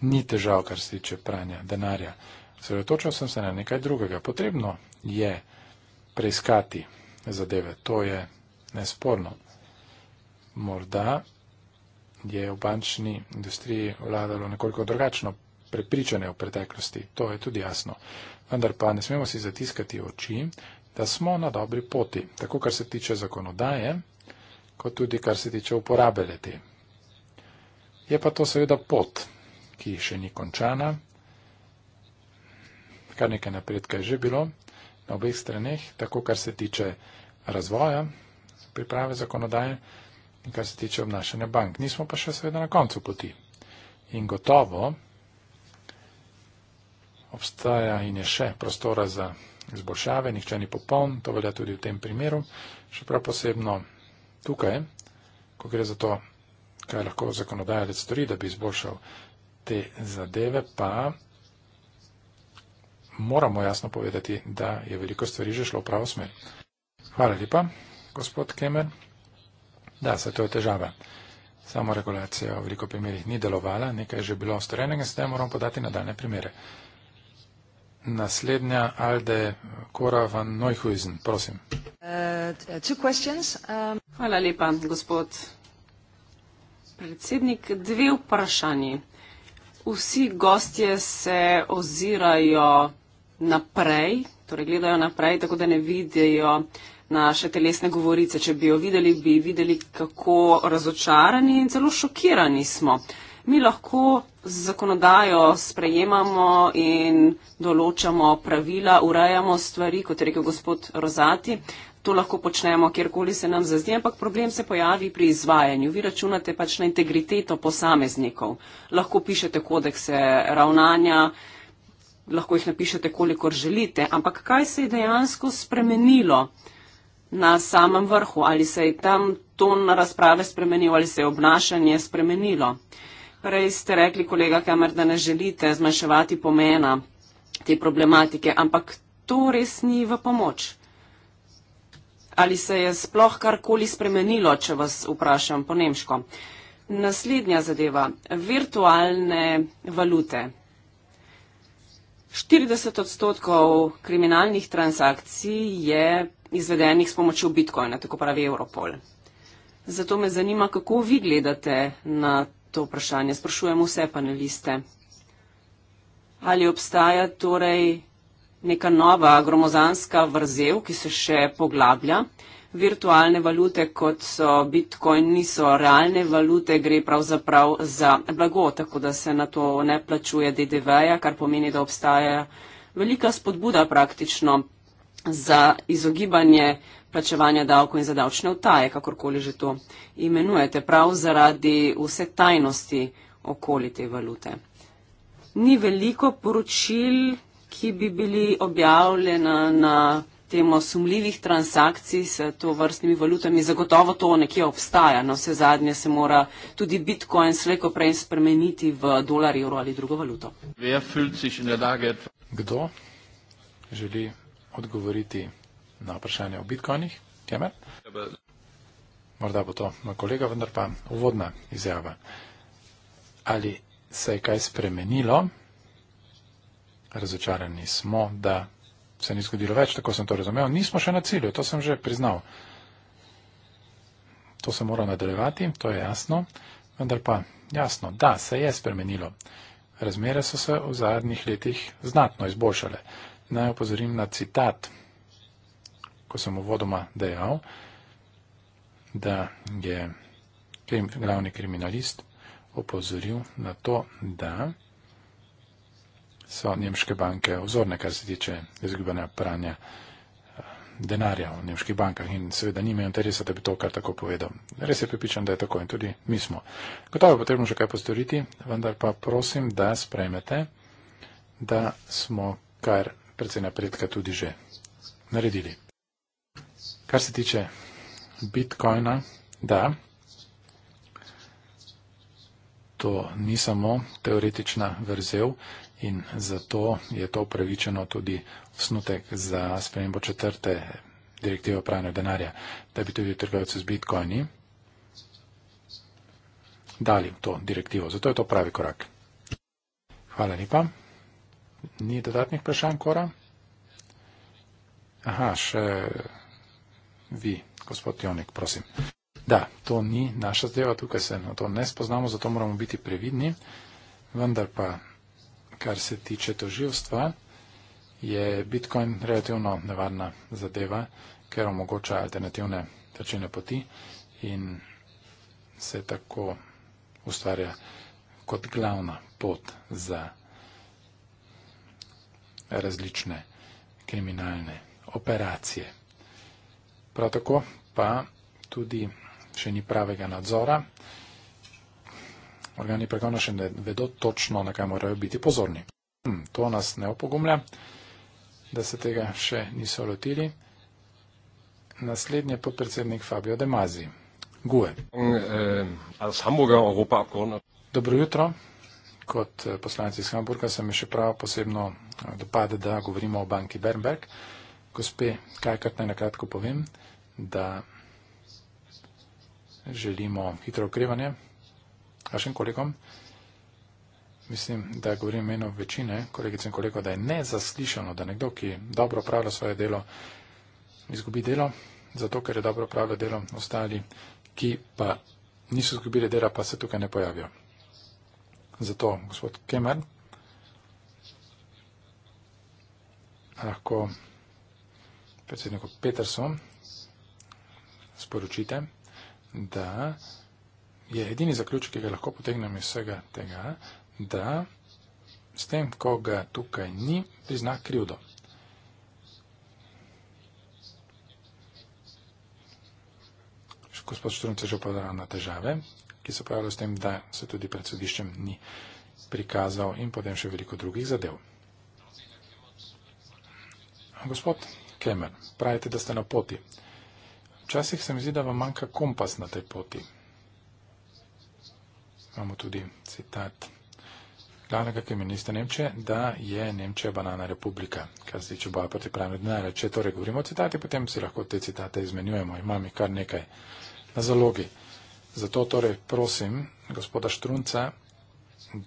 ni težav, kar se tiče pranja denarja. Sredotočil sem se na nekaj drugega. Potrebno je preiskati zadeve. To je nesporno. Morda je v bančni industriji vladalo nekoliko drugačno prepričanje v preteklosti, to je tudi jasno. Vendar pa ne smemo si zatiskati oči, da smo na dobri poti, tako kar se tiče zakonodaje, kot tudi kar se tiče uporabe leti. Je pa to seveda pot, ki še ni končana, kar nekaj napredka je že bilo na obeh straneh, tako kar se tiče razvoja, priprave zakonodaje, in kar se tiče obnašanja bank. Nismo pa še seveda na koncu poti. In gotovo obstaja in je še prostora za izboljšave, nihče ni popoln, to velja tudi v tem primeru, še prav posebno tukaj, ko gre za to, kaj lahko zakonodajalec stori, da bi izboljšal te zadeve, pa moramo jasno povedati, da je veliko stvari že šlo v pravo smer. Hvala lepa, gospod Kemer da, se to je težava. Samo regulacija v veliko primerih ni delovala, nekaj je že bilo storjenega, sedaj moramo podati nadaljne primere. Naslednja Alde Kora van Neuhuizen, prosim. Uh, um, Hvala lepa, gospod predsednik. Dve vprašanje. Vsi gostje se ozirajo naprej, torej gledajo naprej, tako da ne vidijo naše telesne govorice. Če bi jo videli, bi videli, kako razočarani in celo šokirani smo. Mi lahko z zakonodajo sprejemamo in določamo pravila, urejamo stvari, kot je rekel gospod Rozati. To lahko počnemo, kjerkoli se nam zazdi, ampak problem se pojavi pri izvajanju. Vi računate pač na integriteto posameznikov. Lahko pišete kodekse ravnanja, lahko jih napišete, kolikor želite. Ampak kaj se je dejansko spremenilo? na samem vrhu, ali se je tam ton razprave spremenil, ali se je obnašanje spremenilo. Prej ste rekli, kolega Kamer, da ne želite zmanjševati pomena te problematike, ampak to res ni v pomoč. Ali se je sploh karkoli spremenilo, če vas vprašam po nemško? Naslednja zadeva. Virtualne valute. 40 odstotkov kriminalnih transakcij je izvedenih s pomočjo bitcoina, tako pravi Europol. Zato me zanima, kako vi gledate na to vprašanje. Sprašujem vse paneliste. Ali obstaja torej neka nova gromozanska vrzel, ki se še poglablja? Virtualne valute, kot so bitcoin, niso realne valute, gre pravzaprav za blago, tako da se na to ne plačuje DDV-ja, kar pomeni, da obstaja velika spodbuda praktično za izogibanje plačevanja davkov in za davčne vtaje, kakorkoli že to imenujete, prav zaradi vse tajnosti okoli te valute. Ni veliko poročil, ki bi bili objavljena na temo sumljivih transakcij s to vrstnimi valutami. Zagotovo to nekje obstaja. Na vse zadnje se mora tudi bitcoin sleko prej spremeniti v dolar, evro ali drugo valuto. Kdo želi odgovoriti na vprašanje o bitcoinih. Kemer? Morda bo to moj kolega, vendar pa uvodna izjava. Ali se je kaj spremenilo? Razočarani smo, da se ni zgodilo več, tako sem to razumel. Nismo še na cilju, to sem že priznal. To se mora nadaljevati, to je jasno. Vendar pa jasno, da se je spremenilo. Razmere so se v zadnjih letih znatno izboljšale naj opozorim na citat, ko sem uvodoma dejal, da je krim, glavni kriminalist opozoril na to, da so nemške banke vzorne, kar se tiče izgubanja pranja eh, denarja v nemških bankah in seveda nimajo interesa, da bi to kar tako povedal. Res je pripričan, da je tako in tudi mi smo. Gotovo je potrebno še kaj postoriti, vendar pa prosim, da sprejmete, da smo kar precej napredka tudi že naredili. Kar se tiče bitcoina, da, to ni samo teoretična vrzel in zato je to upravičeno tudi osnutek za spremembo četrte direktive o pranju denarja, da bi tudi trgovci z bitcoini dali to direktivo. Zato je to pravi korak. Hvala lepa ni dodatnih vprašanj, Kora? Aha, še vi, gospod Jonik, prosim. Da, to ni naša zdajva, tukaj se na to ne spoznamo, zato moramo biti previdni. Vendar pa, kar se tiče toživstva, je Bitcoin relativno nevarna zadeva, ker omogoča alternativne tačine poti in se tako ustvarja kot glavna pot za toživstvo različne kriminalne operacije. Prav tako pa tudi še ni pravega nadzora. Organi pregona še ne vedo točno, na kaj morajo biti pozorni. Hm, to nas ne opogumlja, da se tega še niso lotili. Naslednji je podpredsednik Fabio De Mazi. Gue. Äh, Dobro jutro kot eh, poslanec iz Hamburga se mi še prav posebno eh, dopade, da govorimo o banki Bernberg. Gospe, kaj kar naj nakratko povem, da želimo hitro okrevanje vašim kolegom. Mislim, da govorim meno večine kolegic in kolegov, da je nezaslišano, da nekdo, ki dobro pravlja svoje delo, izgubi delo, zato ker je dobro pravlja delo ostali, ki pa niso izgubili dela, pa se tukaj ne pojavijo. Za to, gospod Kemal, lahko predsedniku Petersom sporočite, da je edini zaključek, ki ga lahko potegnem iz vsega tega, da s tem, ko ga tukaj ni, prizna krivdo. Gospod Štrunc je že upozoril na težave, ki so pravili s tem, da se tudi pred sodiščem ni prikazal in potem še veliko drugih zadev. Gospod Kemen, pravite, da ste na poti. Včasih se mi zdi, da vam manjka kompas na tej poti. Imamo tudi citat glavnega kemenista Nemčije, da je Nemčija banana republika, kar se tiče boja proti pranju denarja. Če torej govorimo o citati, potem si lahko te citate izmenjujemo. Imam jih kar nekaj na zalogi. Zato torej prosim gospoda Štrunca,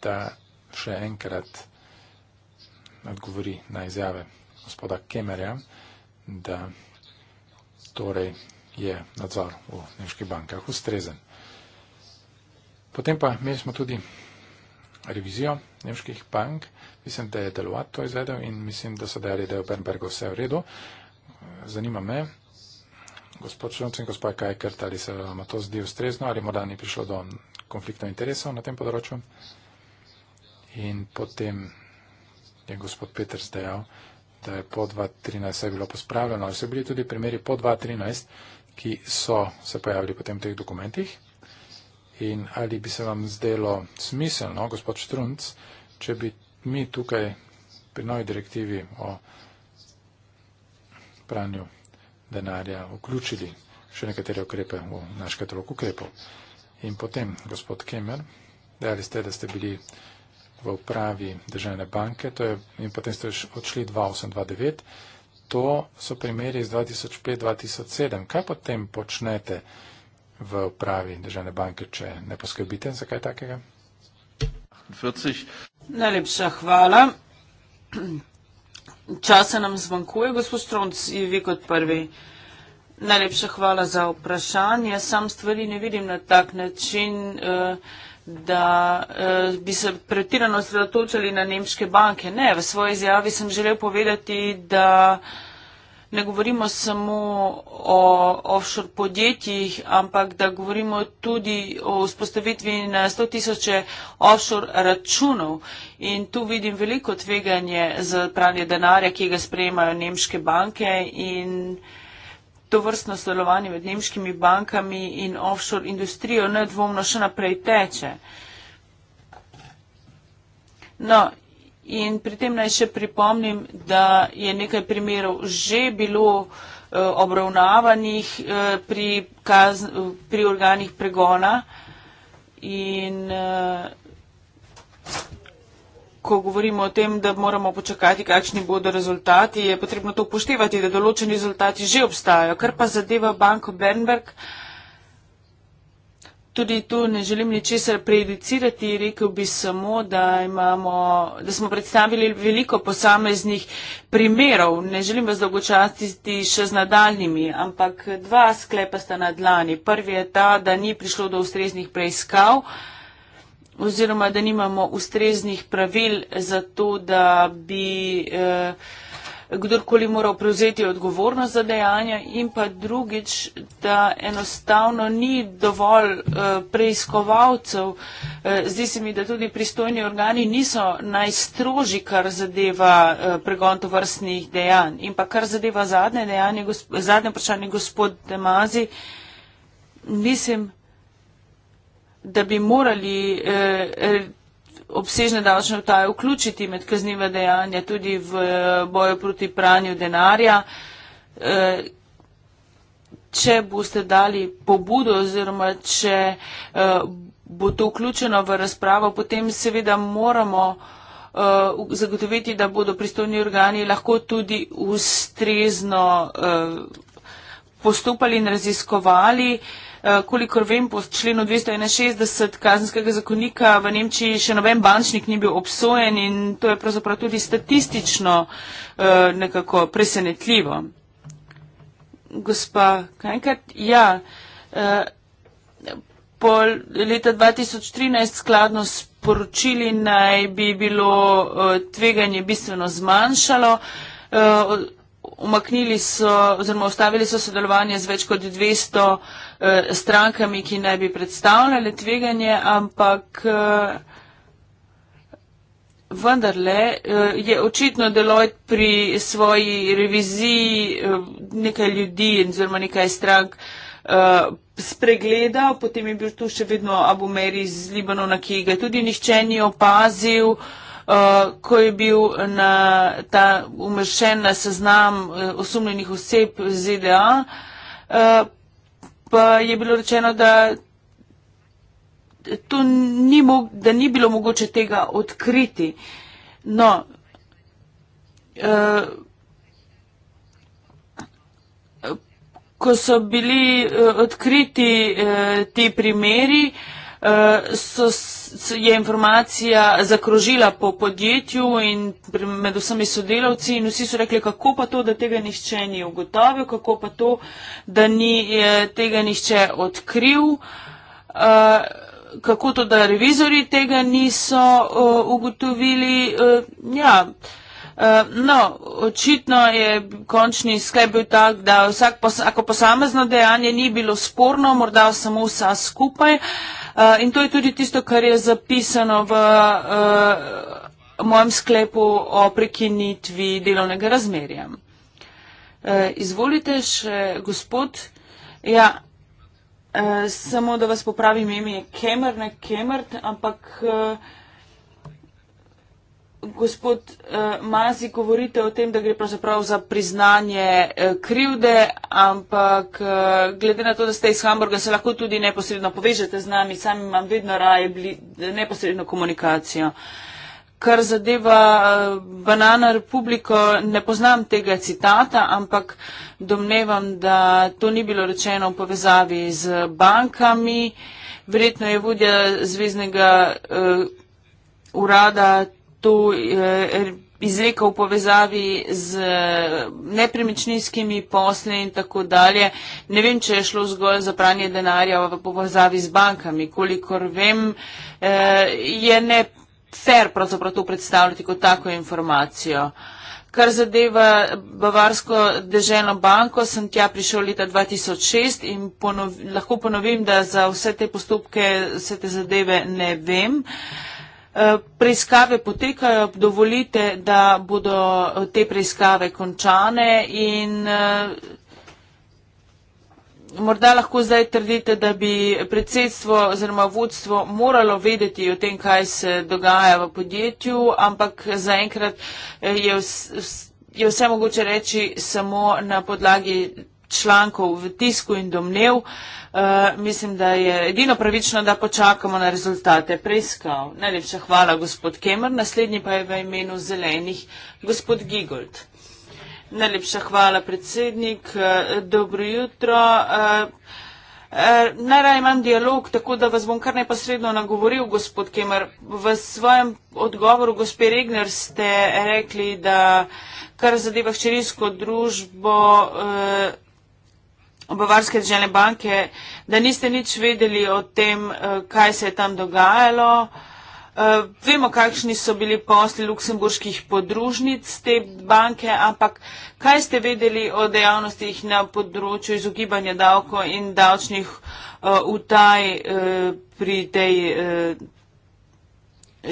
da še enkrat odgovori na izjave gospoda Kemerja, da torej je nadzor v nemških bankah ustrezen. Potem pa imeli smo tudi revizijo nemških bank. Mislim, da je delovat to izvedel in mislim, da so dali, da je v Bernbergu vse v redu. Zanima me, gospod Črnč in gospod Kajkert, ali se vam to zdi ustrezno, ali morda ni prišlo do konflikta interesov na tem področju. In potem je gospod Peters dejal, da je po 2013 vse bilo pospravljeno, ali so bili tudi primeri po 2013, ki so se pojavili potem v teh dokumentih. In ali bi se vam zdelo smiselno, gospod Štrunc, če bi mi tukaj pri novi direktivi o pranju denarja vključili še nekatere okrepe v naš katalog ukrepov. In potem, gospod Kemer, dejali ste, da ste bili v upravi državne banke to je, in potem ste odšli 2008-2009. To so primeri iz 2005-2007. Kaj potem počnete v upravi državne banke, če ne poskrbite za kaj takega? 40. Najlepša hvala časa nam zmanjkuje, gospod Stronc, in vi kot prvi. Najlepša hvala za vprašanje. Sam stvari ne vidim na tak način, eh, da eh, bi se pretirano sredotočili na nemške banke. Ne, v svoji izjavi sem želel povedati, da ne govorimo samo o offshore podjetjih, ampak da govorimo tudi o vzpostavitvi na 100 tisoče offshore računov. In tu vidim veliko tveganje za pranje denarja, ki ga sprejemajo nemške banke in to vrstno sodelovanje med nemškimi bankami in offshore industrijo nedvomno še naprej teče. No, In pri tem naj še pripomnim, da je nekaj primerov že bilo eh, obravnavanih eh, pri, kaz, pri organih pregona. In eh, ko govorimo o tem, da moramo počakati, kakšni bodo rezultati, je potrebno to upoštevati, da določeni rezultati že obstajajo. Kar pa zadeva Banko Bernberg, tudi tu ne želim ničesar prejudicirati, rekel bi samo, da, imamo, da smo predstavili veliko posameznih primerov. Ne želim vas dolgočastiti še z nadaljnimi, ampak dva sklepa sta na dlani. Prvi je ta, da ni prišlo do ustreznih preiskav oziroma da nimamo ustreznih pravil za to, da bi. Eh, kdorkoli moral prevzeti odgovornost za dejanja in pa drugič, da enostavno ni dovolj eh, preiskovalcev. Eh, zdi se mi, da tudi pristojni organi niso najstrožji, kar zadeva eh, pregon tovrstnih dejanj. In pa kar zadeva zadnje, dejanje, zadnje vprašanje gospod Demazi, mislim, da bi morali. Eh, obsežne davčne utaje vključiti med kaznive dejanja tudi v eh, boju proti pranju denarja. Eh, če boste dali pobudo oziroma če eh, bo to vključeno v razpravo, potem seveda moramo zagotoviti, da bodo pristojni organi lahko tudi ustrezno postopali in raziskovali. Uh, Eh, kolikor vem, po členu 261 kazenskega zakonika v Nemčiji še noben bančnik ni bil obsojen in to je pravzaprav tudi statistično eh, nekako presenetljivo. Gospa, kaj enkrat? Ja, eh, po leta 2013 skladno s poročili naj bi bilo tveganje bistveno zmanjšalo umaknili so oziroma ustavili so sodelovanje z več kot 200 eh, strankami, ki naj bi predstavljale tveganje, ampak eh, vendarle eh, je očitno Deloitte pri svoji reviziji eh, nekaj ljudi oziroma nekaj strank eh, spregledal, potem je bil tu še vedno Abu Meri iz Libanona, ki ga tudi nihče ni opazil. Eh, Uh, ko je bil na ta umešen na seznam uh, osumljenih oseb ZDA, uh, pa je bilo rečeno, da tu ni, mog, da ni bilo mogoče tega odkriti. No, ko so bili odkriti ti primeri, so se je informacija zakrožila po podjetju in med vsemi sodelavci in vsi so rekli, kako pa to, da tega nišče ni ugotovil, kako pa to, da ni eh, tega nišče odkril, eh, kako to, da revizori tega niso eh, ugotovili. Ja. Eh, no, očitno je končni sklep bil tak, da vsak, ako posamezno dejanje ni bilo sporno, morda samo vsa skupaj. Eh, in to je tudi tisto, kar je zapisano v eh, mojem sklepu o prekinitvi delovnega razmerja. Izvolite še, gospod. Ja, samo da vas popravim, ime je Kemer, ne Kemert, ampak gospod uh, Mazi, govorite o tem, da gre pravzaprav za priznanje uh, krivde, ampak uh, glede na to, da ste iz Hamburga, se lahko tudi neposredno povežete z nami, sami imam vedno raje neposredno komunikacijo. Kar zadeva Banana Republiko, ne poznam tega citata, ampak domnevam, da to ni bilo rečeno v povezavi z bankami. Verjetno je vodja zvezdnega uh, urada tu eh, izreka u povezavi z eh, nepremičninskimi posle in tako dalje. Ne vem, če je šlo zgolj za pranje denarja v povezavi z bankami. Kolikor vem, eh, je ne fair pravzaprav to predstavljati kot tako informacijo. Kar zadeva Bavarsko deželno banko, sem tja prišel leta 2006 in ponov, lahko ponovim, da za vse te postopke, vse te zadeve ne vem. Uh, Eh, preiskave potekajo, dovolite, da bodo eh, te preiskave končane in eh, morda lahko zdaj trdite, da bi predsedstvo oziroma vodstvo moralo vedeti o tem, kaj se dogaja v podjetju, ampak zaenkrat je, je vse mogoče reči samo na podlagi člankov v tisku in domnev. Uh, mislim, da je edino pravično, da počakamo na rezultate preiskav. Najlepša hvala, gospod Kemr. Naslednji pa je v imenu zelenih, gospod Gigold. Najlepša hvala, predsednik. Uh, dobro jutro. Uh, eh, Najraj imam dialog, tako da vas bom kar neposredno nagovoril, gospod Kemer. V svojem odgovoru, gospe Regner, ste rekli, da kar zadeva hčerinsko družbo, Bavarske državne banke, da niste nič vedeli o tem, eh, kaj se je tam dogajalo. Eh, vemo, kakšni so bili posli luksemburških podružnic te banke, ampak kaj ste vedeli o dejavnostih na področju izogibanja davko in davčnih eh, utaj pri tej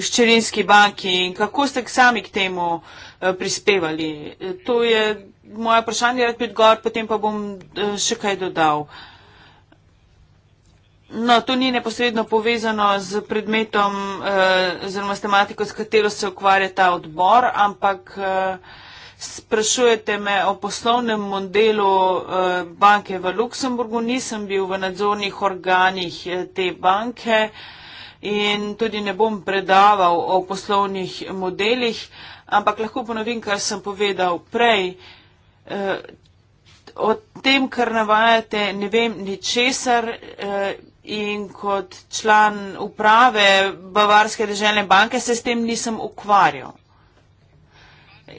ščerinski banki in kako ste sami k temu prispevali? To je moje vprašanje, rad pet gor, potem pa bom eh, še kaj dodal. No, to ni neposredno povezano z predmetom eh, oziroma s tematiko, s katero se ukvarja ta odbor, ampak eh, sprašujete me o poslovnem modelu banke v Luksemburgu. Nisem bil v nadzornih organih te banke in tudi ne bom predaval o poslovnih modelih, ampak lahko ponovim, kar sem povedal prej. Eh, o tem, kar navajate, ne vem ničesar eh, in kot član uprave Bavarske državne banke se s tem nisem ukvarjal.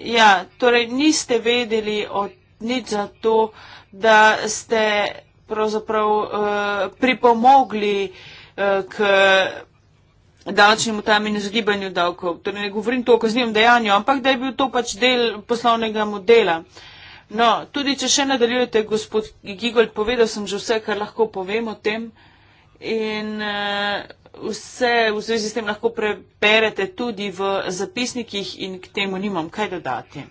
Ja, torej niste vedeli nič za to, da ste pravzaprav eh, pripomogli k davčnemu tam in izgibanju davkov. Torej ne govorim to o kaznivem dejanju, ampak da je bil to pač del poslovnega modela. No, tudi če še nadaljujete, gospod Gigol, povedal sem že vse, kar lahko povem o tem in uh, vse v zvezi s tem lahko preberete tudi v zapisnikih in k temu nimam kaj dodati.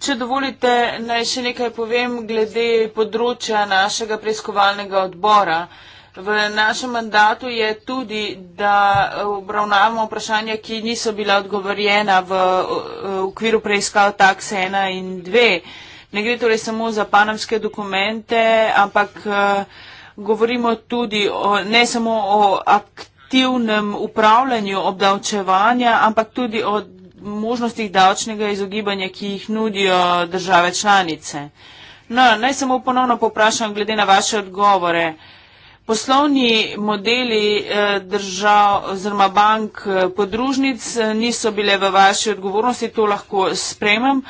Če dovolite, naj še nekaj povem glede področja našega preiskovalnega odbora. Uh, v našem mandatu je tudi, da obravnavamo vprašanja, ki niso bila odgovorjena v okviru preiskav taks 1 in 2. Ne gre torej samo za panamske dokumente, ampak eh, govorimo tudi o, ne samo o aktivnem upravljanju obdavčevanja, ampak tudi o možnostih davčnega izogibanja, ki jih nudijo države članice. No, naj samo ponovno poprašam glede na vaše odgovore. Uh, Poslovni modeli eh, držav oziroma bank eh, podružnic eh, niso bile v vaši odgovornosti, to lahko spremem,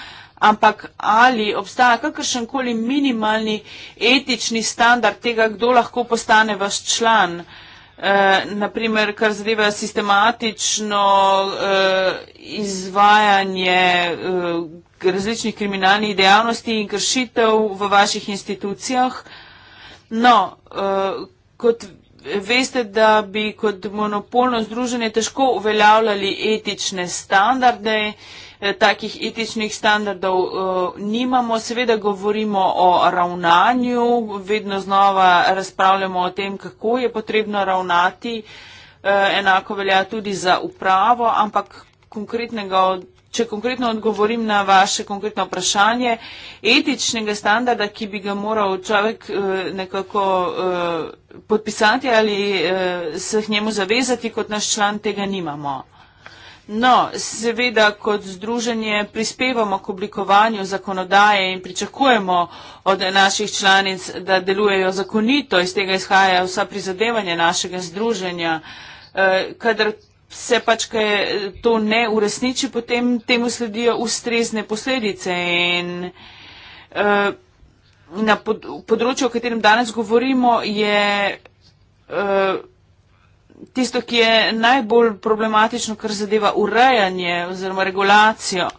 ampak ali obstaja kakršenkoli minimalni etični standard tega, kdo lahko postane vaš član, naprimer, kar zadeva sistematično izvajanje različnih kriminalnih dejavnosti in kršitev v vaših institucijah. No, kot veste, da bi kot monopolno združenje težko uveljavljali etične standarde. Eh, takih etičnih standardov uh, nimamo. Seveda govorimo o ravnanju, vedno znova razpravljamo o tem, kako je potrebno ravnati. Uh, enako velja tudi za upravo, ampak konkretnega od če konkretno odgovorim na vaše konkretno vprašanje, etičnega standarda, ki bi ga moral človek eh, nekako eh, podpisati ali eh, se k njemu zavezati, kot naš član tega nimamo. No, seveda kot združenje prispevamo k oblikovanju zakonodaje in pričakujemo od naših članic, da delujejo zakonito, iz tega izhaja vsa prizadevanja našega združenja. Kadar se pač, kaj to ne uresniči, potem temu sledijo ustrezne posledice. In uh, na pod, področju, o katerem danes govorimo, je uh, tisto, ki je najbolj problematično, kar zadeva urejanje oziroma regulacijo.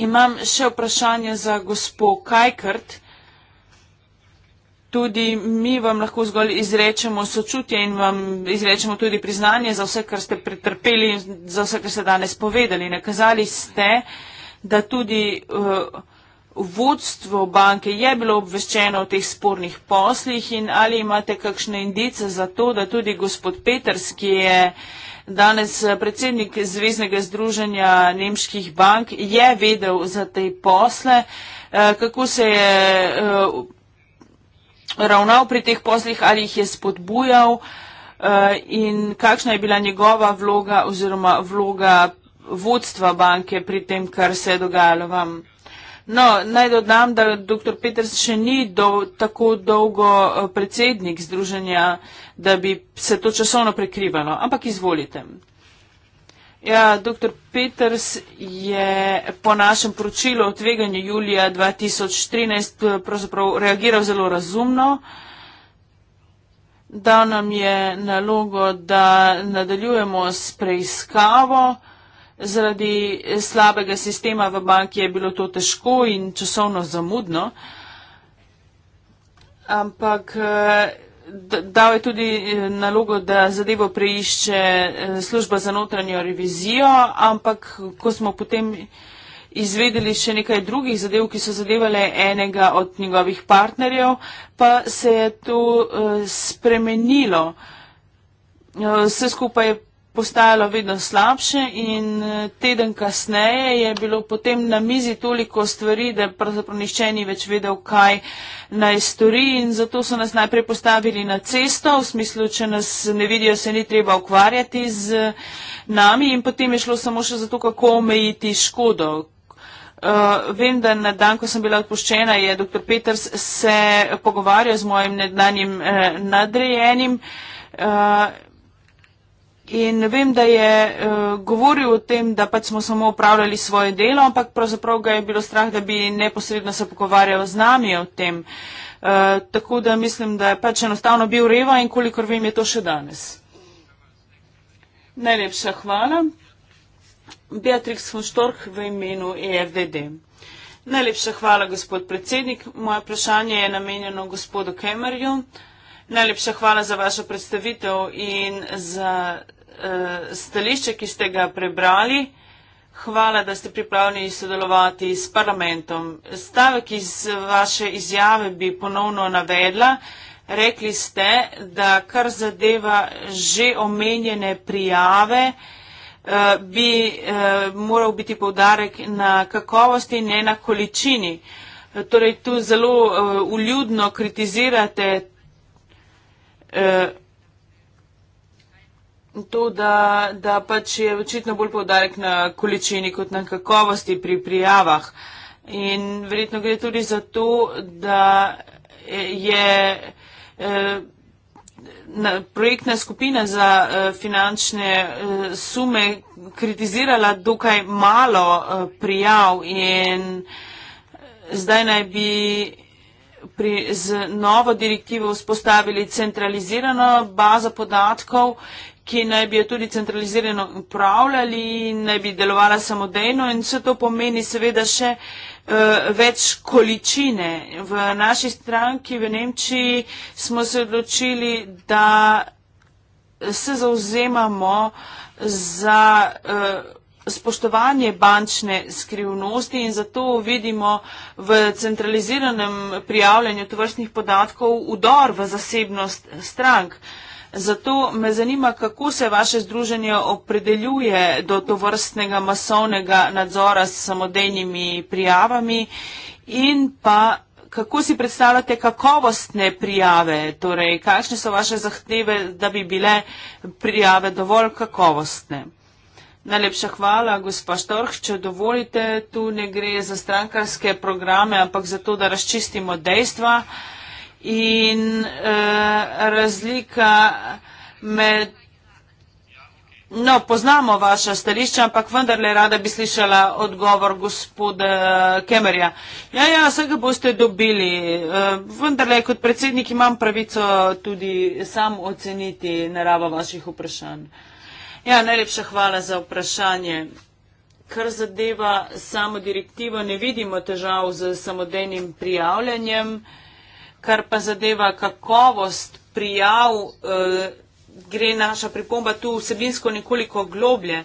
Imam še vprašanje za gospod Kajkrt. Uh, Tudi mi vam lahko zgolj izrečemo sočutje in vam izrečemo tudi priznanje za vse, kar ste pretrpeli in za vse, kar ste danes povedali. Nakazali ste, da tudi uh, vodstvo banke je bilo obveščeno o teh spornih poslih in ali imate kakšne indice za to, da tudi gospod Peters, ki je danes uh, predsednik Zvezdnega združenja nemških bank, je vedel za te posle, uh, kako se je. Uh, ravnal pri teh poslih, ali jih je spodbujal eh, in kakšna je bila njegova vloga oziroma vloga vodstva banke pri tem, kar se je dogajalo vam. No, naj dodam, da dr. Peters še ni do, tako dolgo eh, predsednik združenja, da bi se to časovno prekrivalo, ampak izvolite. Ja, dr. Peters je po našem poročilu o tveganju julija 2013 eh, pravzaprav reagiral zelo razumno. Dal nam je nalogo, da nadaljujemo s preiskavo. Zaradi slabega sistema v banki je bilo to težko in časovno zamudno. Ampak eh, dal je tudi eh, nalogo, da zadevo preišče eh, služba za notranjo revizijo, ampak ko smo potem izvedeli še nekaj drugih zadev, ki so zadevale enega od njegovih partnerjev, pa se je to eh, spremenilo. Vse skupaj je postajalo vedno slabše in eh, teden kasneje je bilo potem na mizi toliko stvari, da pravzaprav nišče ni več vedel, kaj naj stori in zato so nas najprej postavili na cesto, v smislu, če nas ne vidijo, se ni treba ukvarjati z eh, nami in potem je šlo samo še zato, kako omejiti škodo. Uh, vem, da na dan, ko sem bila odpuščena, je dr. Peters se pogovarjal z mojim nedanjim eh, nadrejenim. Uh, In vem, da je uh, govoril o tem, da pač smo samo upravljali svoje delo, ampak pravzaprav ga je bilo strah, da bi neposredno se pogovarjal z nami o tem. Uh, tako da mislim, da je pač enostavno bil reva in kolikor vem, je to še danes. Najlepša hvala. Beatrix von Storch v imenu EFDD. Najlepša hvala, gospod predsednik. Moje vprašanje je namenjeno gospodu Kemerju. Najlepša hvala za vašo predstavitev in za uh, stališče, ki ste ga prebrali. Hvala, da ste pripravljeni sodelovati s parlamentom. Stavek iz vaše izjave bi ponovno navedla. Rekli ste, da kar zadeva že omenjene prijave, eh, bi eh, moral biti povdarek na kakovosti in ne na količini. Torej, tu zelo uljudno kritizirate To, da, da pač je očitno bolj povdarek na količini kot na kakovosti pri prijavah. In verjetno gre tudi za to, da e, je e, na, projektna skupina za e, finančne sume kritizirala dokaj malo prijav in zdaj naj bi. Pri, z novo direktivo vzpostavili centralizirano bazo podatkov ki naj bi jo tudi centralizirano upravljali in naj bi delovala samodejno in vse to pomeni seveda še eh, več količine. V naši stranki v Nemčiji smo se odločili, da se zauzemamo za eh, spoštovanje bančne skrivnosti in zato vidimo v centraliziranem prijavljanju tovrstnih podatkov udor v zasebnost strank. Zato me zanima, kako se vaše združenje opredeljuje do to vrstnega masovnega nadzora s samodejnimi prijavami in pa kako si predstavljate kakovostne prijave, torej kakšne so vaše zahteve, da bi bile prijave dovolj kakovostne. Najlepša hvala, gospa Štorh, če dovolite, tu ne gre za strankarske programe, ampak za to, da razčistimo dejstva. Uh, in uh, razlika med. No, poznamo vaša stališča, ampak vendarle rada bi slišala odgovor gospoda eh, Kemerja. Ja, ja, vse ga boste dobili. Eh, vendarle kot predsednik imam pravico tudi sam oceniti naravo vaših vprašanj. Ja, najlepša hvala za vprašanje. Kar zadeva samo direktivo, ne vidimo težav z samodejnim prijavljanjem. Uh, Kar pa zadeva kakovost prijav, eh, gre naša pripomba tu vsebinsko nekoliko globlje.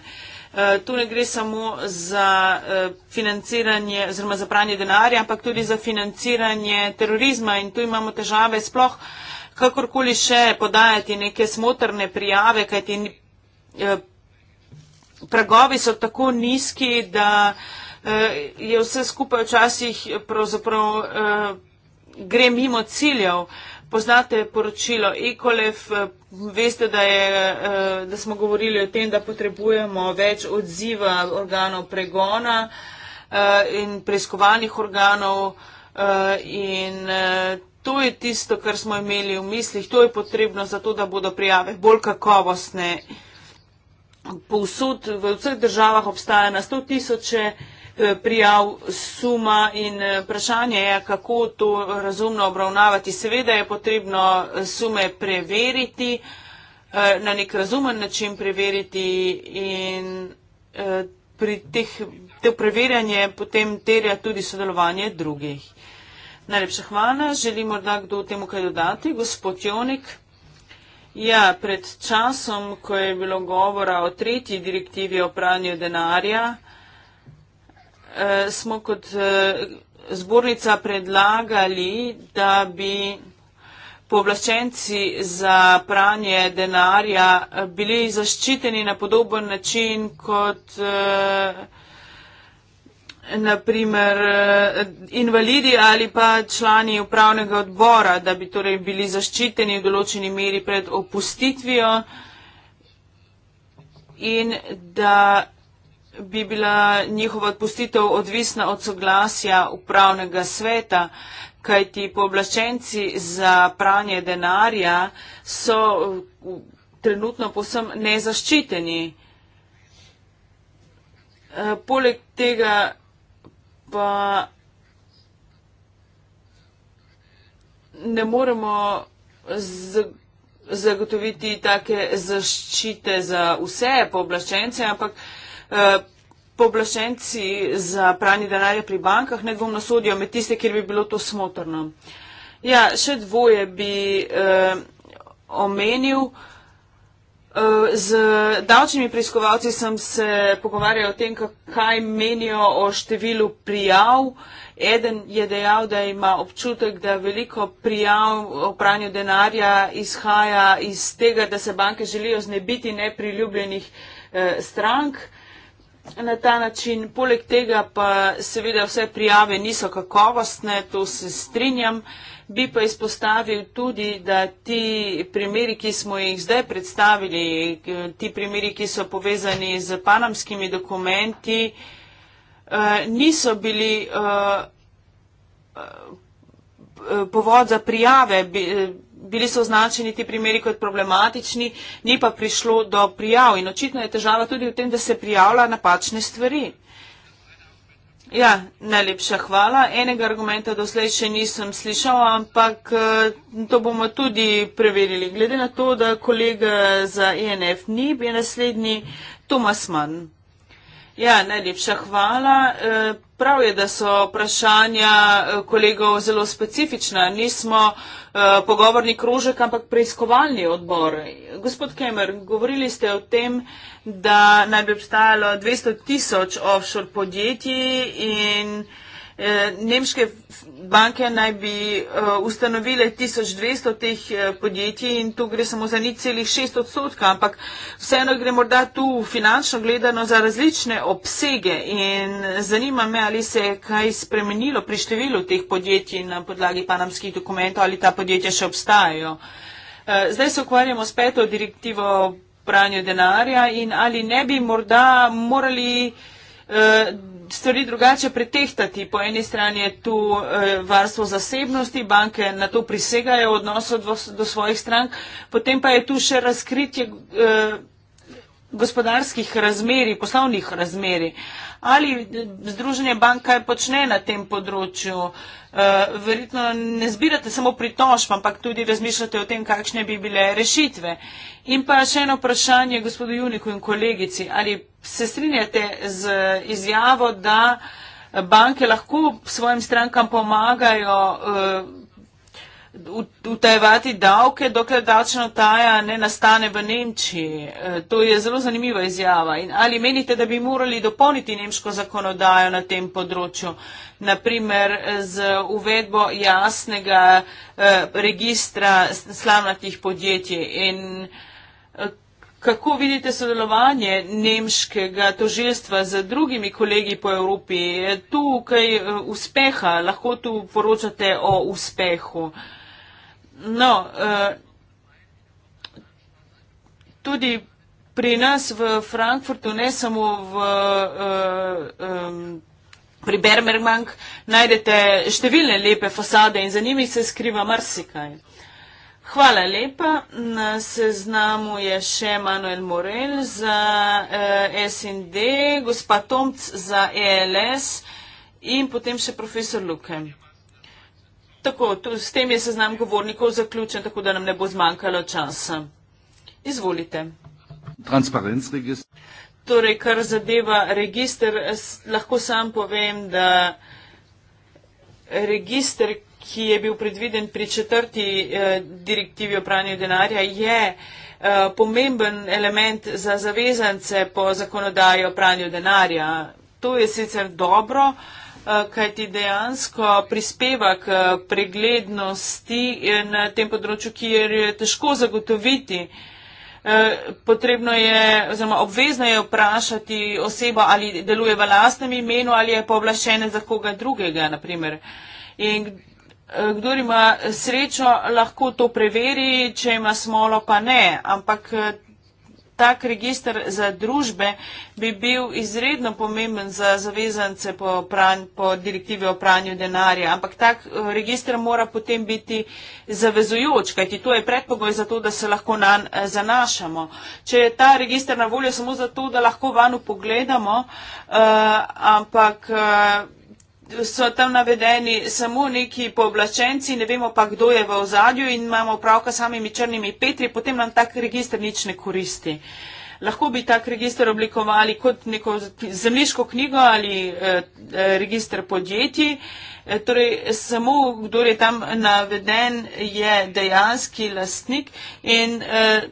Eh, tu ne gre samo za eh, financiranje oziroma za pranje denarja, ampak tudi za financiranje terorizma in tu imamo težave sploh kakorkoli še podajati neke smotrne prijave, kajti pragovi so tako nizki, da je vse skupaj včasih pravzaprav gre mimo ciljev. Poznate poročilo Ekolev, eh, veste, da, je, eh, da smo govorili o tem, da potrebujemo več odziva organov pregona eh, in preiskovalnih organov in to je tisto, kar smo imeli v mislih. To je potrebno zato, da bodo prijave bolj kakovostne. Povsod v vseh državah obstaja na sto tisoče Eh, prijav suma in eh, vprašanje je, kako to razumno obravnavati. Seveda je potrebno eh, sume preveriti, na nek razumen način preveriti in pri teh, te preverjanje potem terja tudi sodelovanje drugih. Najlepša hvala. Želi morda kdo temu kaj dodati? Gospod Jonik. Ja, pred časom, ko je bilo govora o tretji direktivi o pranju denarja, uh, smo kot uh, zbornica predlagali, da bi povlaščenci za pranje denarja eh, bili zaščiteni na podoben način kot eh, naprimer invalidi ali pa člani upravnega odbora, da bi torej bili zaščiteni v določeni meri pred opustitvijo in da bi bila njihova odpustitev odvisna od soglasja upravnega sveta, kajti pooblaščenci za pranje denarja so trenutno posem nezaščiteni. E, poleg tega pa ne moremo zagotoviti take zaščite za vse pooblaščence, ampak Eh, poblašenci za pranje denarja pri bankah nedvomno sodijo med tiste, kjer bi bilo to smotrno. Ja, še dvoje bi eh, omenil. Eh, z davčnimi preiskovalci sem se pogovarjal o tem, kaj menijo o številu prijav. Eden je dejal, da ima občutek, da veliko prijav o pranju denarja izhaja iz tega, da se banke želijo znebiti nepriljubljenih eh, strank na ta način. Poleg tega pa seveda vse prijave niso kakovostne, to se strinjam. Bi pa izpostavil tudi, da ti primeri, ki smo jih zdaj predstavili, ti primeri, ki so povezani z panamskimi dokumenti, eh, niso bili eh, eh, povod za prijave bili so označeni ti primeri kot problematični, ni pa prišlo do prijav in očitno je težava tudi v tem, da se prijavlja napačne stvari. Ja, najlepša hvala. Enega argumenta doslej še nisem slišala, ampak eh, to bomo tudi preverili. Glede na to, da kolega za INF e ni, je naslednji Tomas Mann. Ja, najlepša hvala. E, prav je, da so vprašanja e, kolegov zelo specifična. Nismo e, pogovorni krožek, ampak preiskovalni odbor. Gospod Kemer, govorili ste o tem, da naj bi obstajalo 200 tisoč offshore podjetij in Eh, nemške banke naj bi eh, ustanovile 1200 teh eh, podjetij in tu gre samo za nič celih šest odstotka, ampak vseeno gre morda tu finančno gledano za različne obsege in zanima me, ali se je kaj spremenilo pri številu teh podjetij na podlagi panamskih dokumentov ali ta podjetja še obstajajo. Zdaj se ukvarjamo s peto direktivo pranju denarja in ali ne bi morda morali Eh, stvari drugače pretehtati. Po eni strani je tu eh, varstvo zasebnosti, banke na to prisegajo v odnosu do svojih strank, potem pa je tu še razkritje eh, gospodarskih razmeri, poslovnih razmeri. Ali Združenje bank kaj počne na tem področju? Eh, verjetno ne zbirate samo pritožb, ampak tudi razmišljate o tem, kakšne bi bile rešitve. In pa še eno vprašanje gospodu Juniku in kolegici. Ali se strinjate z izjavo, da banke lahko svojim strankam pomagajo eh, utajevati davke, dokler davčna utaja ne nastane v Nemčiji. E, to je zelo zanimiva izjava. In ali menite, da bi morali dopolniti nemško zakonodajo na tem področju, naprimer z uvedbo jasnega e, registra slavnatih podjetij? In e, kako vidite sodelovanje nemškega tožilstva z drugimi kolegi po Evropi? Tukaj uspeha, lahko tu poročate o uspehu. No, eh, tudi pri nas v Frankfurtu, ne samo v, eh, pri Bermermank, najdete številne lepe fasade in za njimi se skriva marsikaj. Hvala lepa. Na seznamu je še Manuel Morel za eh, SND, gospa Tomc za ELS in potem še profesor Lukem. Tako, tudi s tem je seznam govornikov zaključen, tako da nam ne bo zmanjkalo časa. Izvolite. Torej, kar zadeva registr, lahko sam povem, da registr, ki je bil predviden pri četrti eh, direktivi o pranju denarja, je eh, pomemben element za zavezance po zakonodaji o pranju denarja. To je sicer dobro, Eh, kajti dejansko prispeva k eh, preglednosti eh, na tem področju, kjer je težko zagotoviti. Potrebno je, oziroma obvezno je vprašati osebo, ali deluje v lastnem imenu ali je povlašene za koga drugega, naprimer. In kdor ima srečo, lahko to preveri, če ima smolo, pa ne. Ampak tak registr za družbe bi bil izredno pomemben za zavezance po, pran, po direktivi o pranju denarja, ampak tak eh, registr mora potem biti zavezujoč, kajti to je predpogoj za to, da se lahko na nj eh, zanašamo. Če je ta registr na voljo samo zato, da lahko vanu pogledamo, uh, eh, ampak. Uh, so tam navedeni samo neki pooblaščenci, ne vemo pa, kdo je v ozadju in imamo pravka s samimi črnimi petri, potem nam tak registr nič ne koristi. Lahko bi tak registr oblikovali kot neko zemljiško knjigo ali e, eh, e, eh, registr podjetij. E, torej, samo kdo je tam naveden, je dejanski lastnik in e,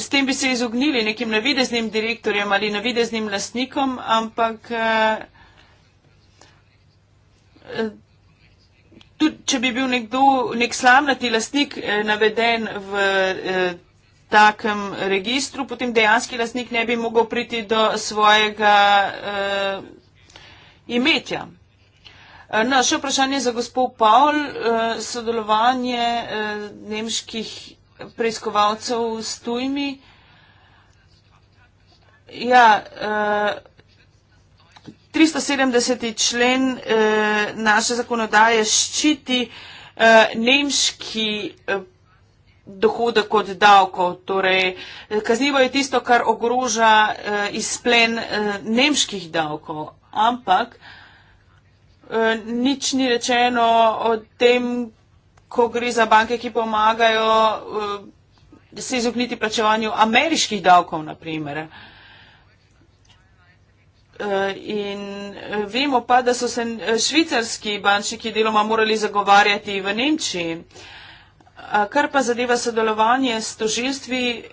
s tem bi se izognili nekim navideznim direktorjem ali navideznim lastnikom, ampak. E, tudi če bi bil nekdo, nek slamnati lastnik eh, naveden v eh, takem registru, potem dejanski lastnik ne bi mogel priti do svojega eh, imetja. Naše no, vprašanje za gospod Paul, sodelovanje nemških preiskovalcev s tujmi. Ja, uh, 370. člen eh, naše zakonodaje ščiti eh, nemški eh, dohodek od davkov. Torej, eh, kaznivo je tisto, kar ogroža eh, izplen eh, nemških davkov, ampak eh, nič ni rečeno o tem, ko gre za banke, ki pomagajo eh, se izogniti plačevanju ameriških davkov, naprimer. Eh, Eh, in eh, vemo pa, da so se eh, švicarski bančniki deloma morali zagovarjati v Nemčiji. Kar pa zadeva sodelovanje s tožilstvi,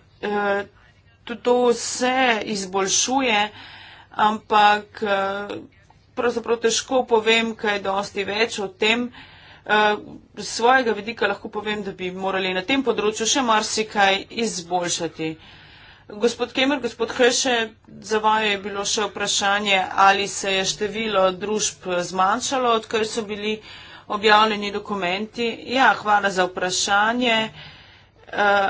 tudi to vse izboljšuje, ampak pravzaprav težko povem kaj dosti več o tem. Z svojega vidika lahko povem, da bi morali na tem področju še marsikaj izboljšati. Gospod Kemer, gospod Hrše, za vaje je bilo še vprašanje, ali se je število družb zmanjšalo, odkar so bili objavljeni dokumenti. Ja, hvala za vprašanje. Eh,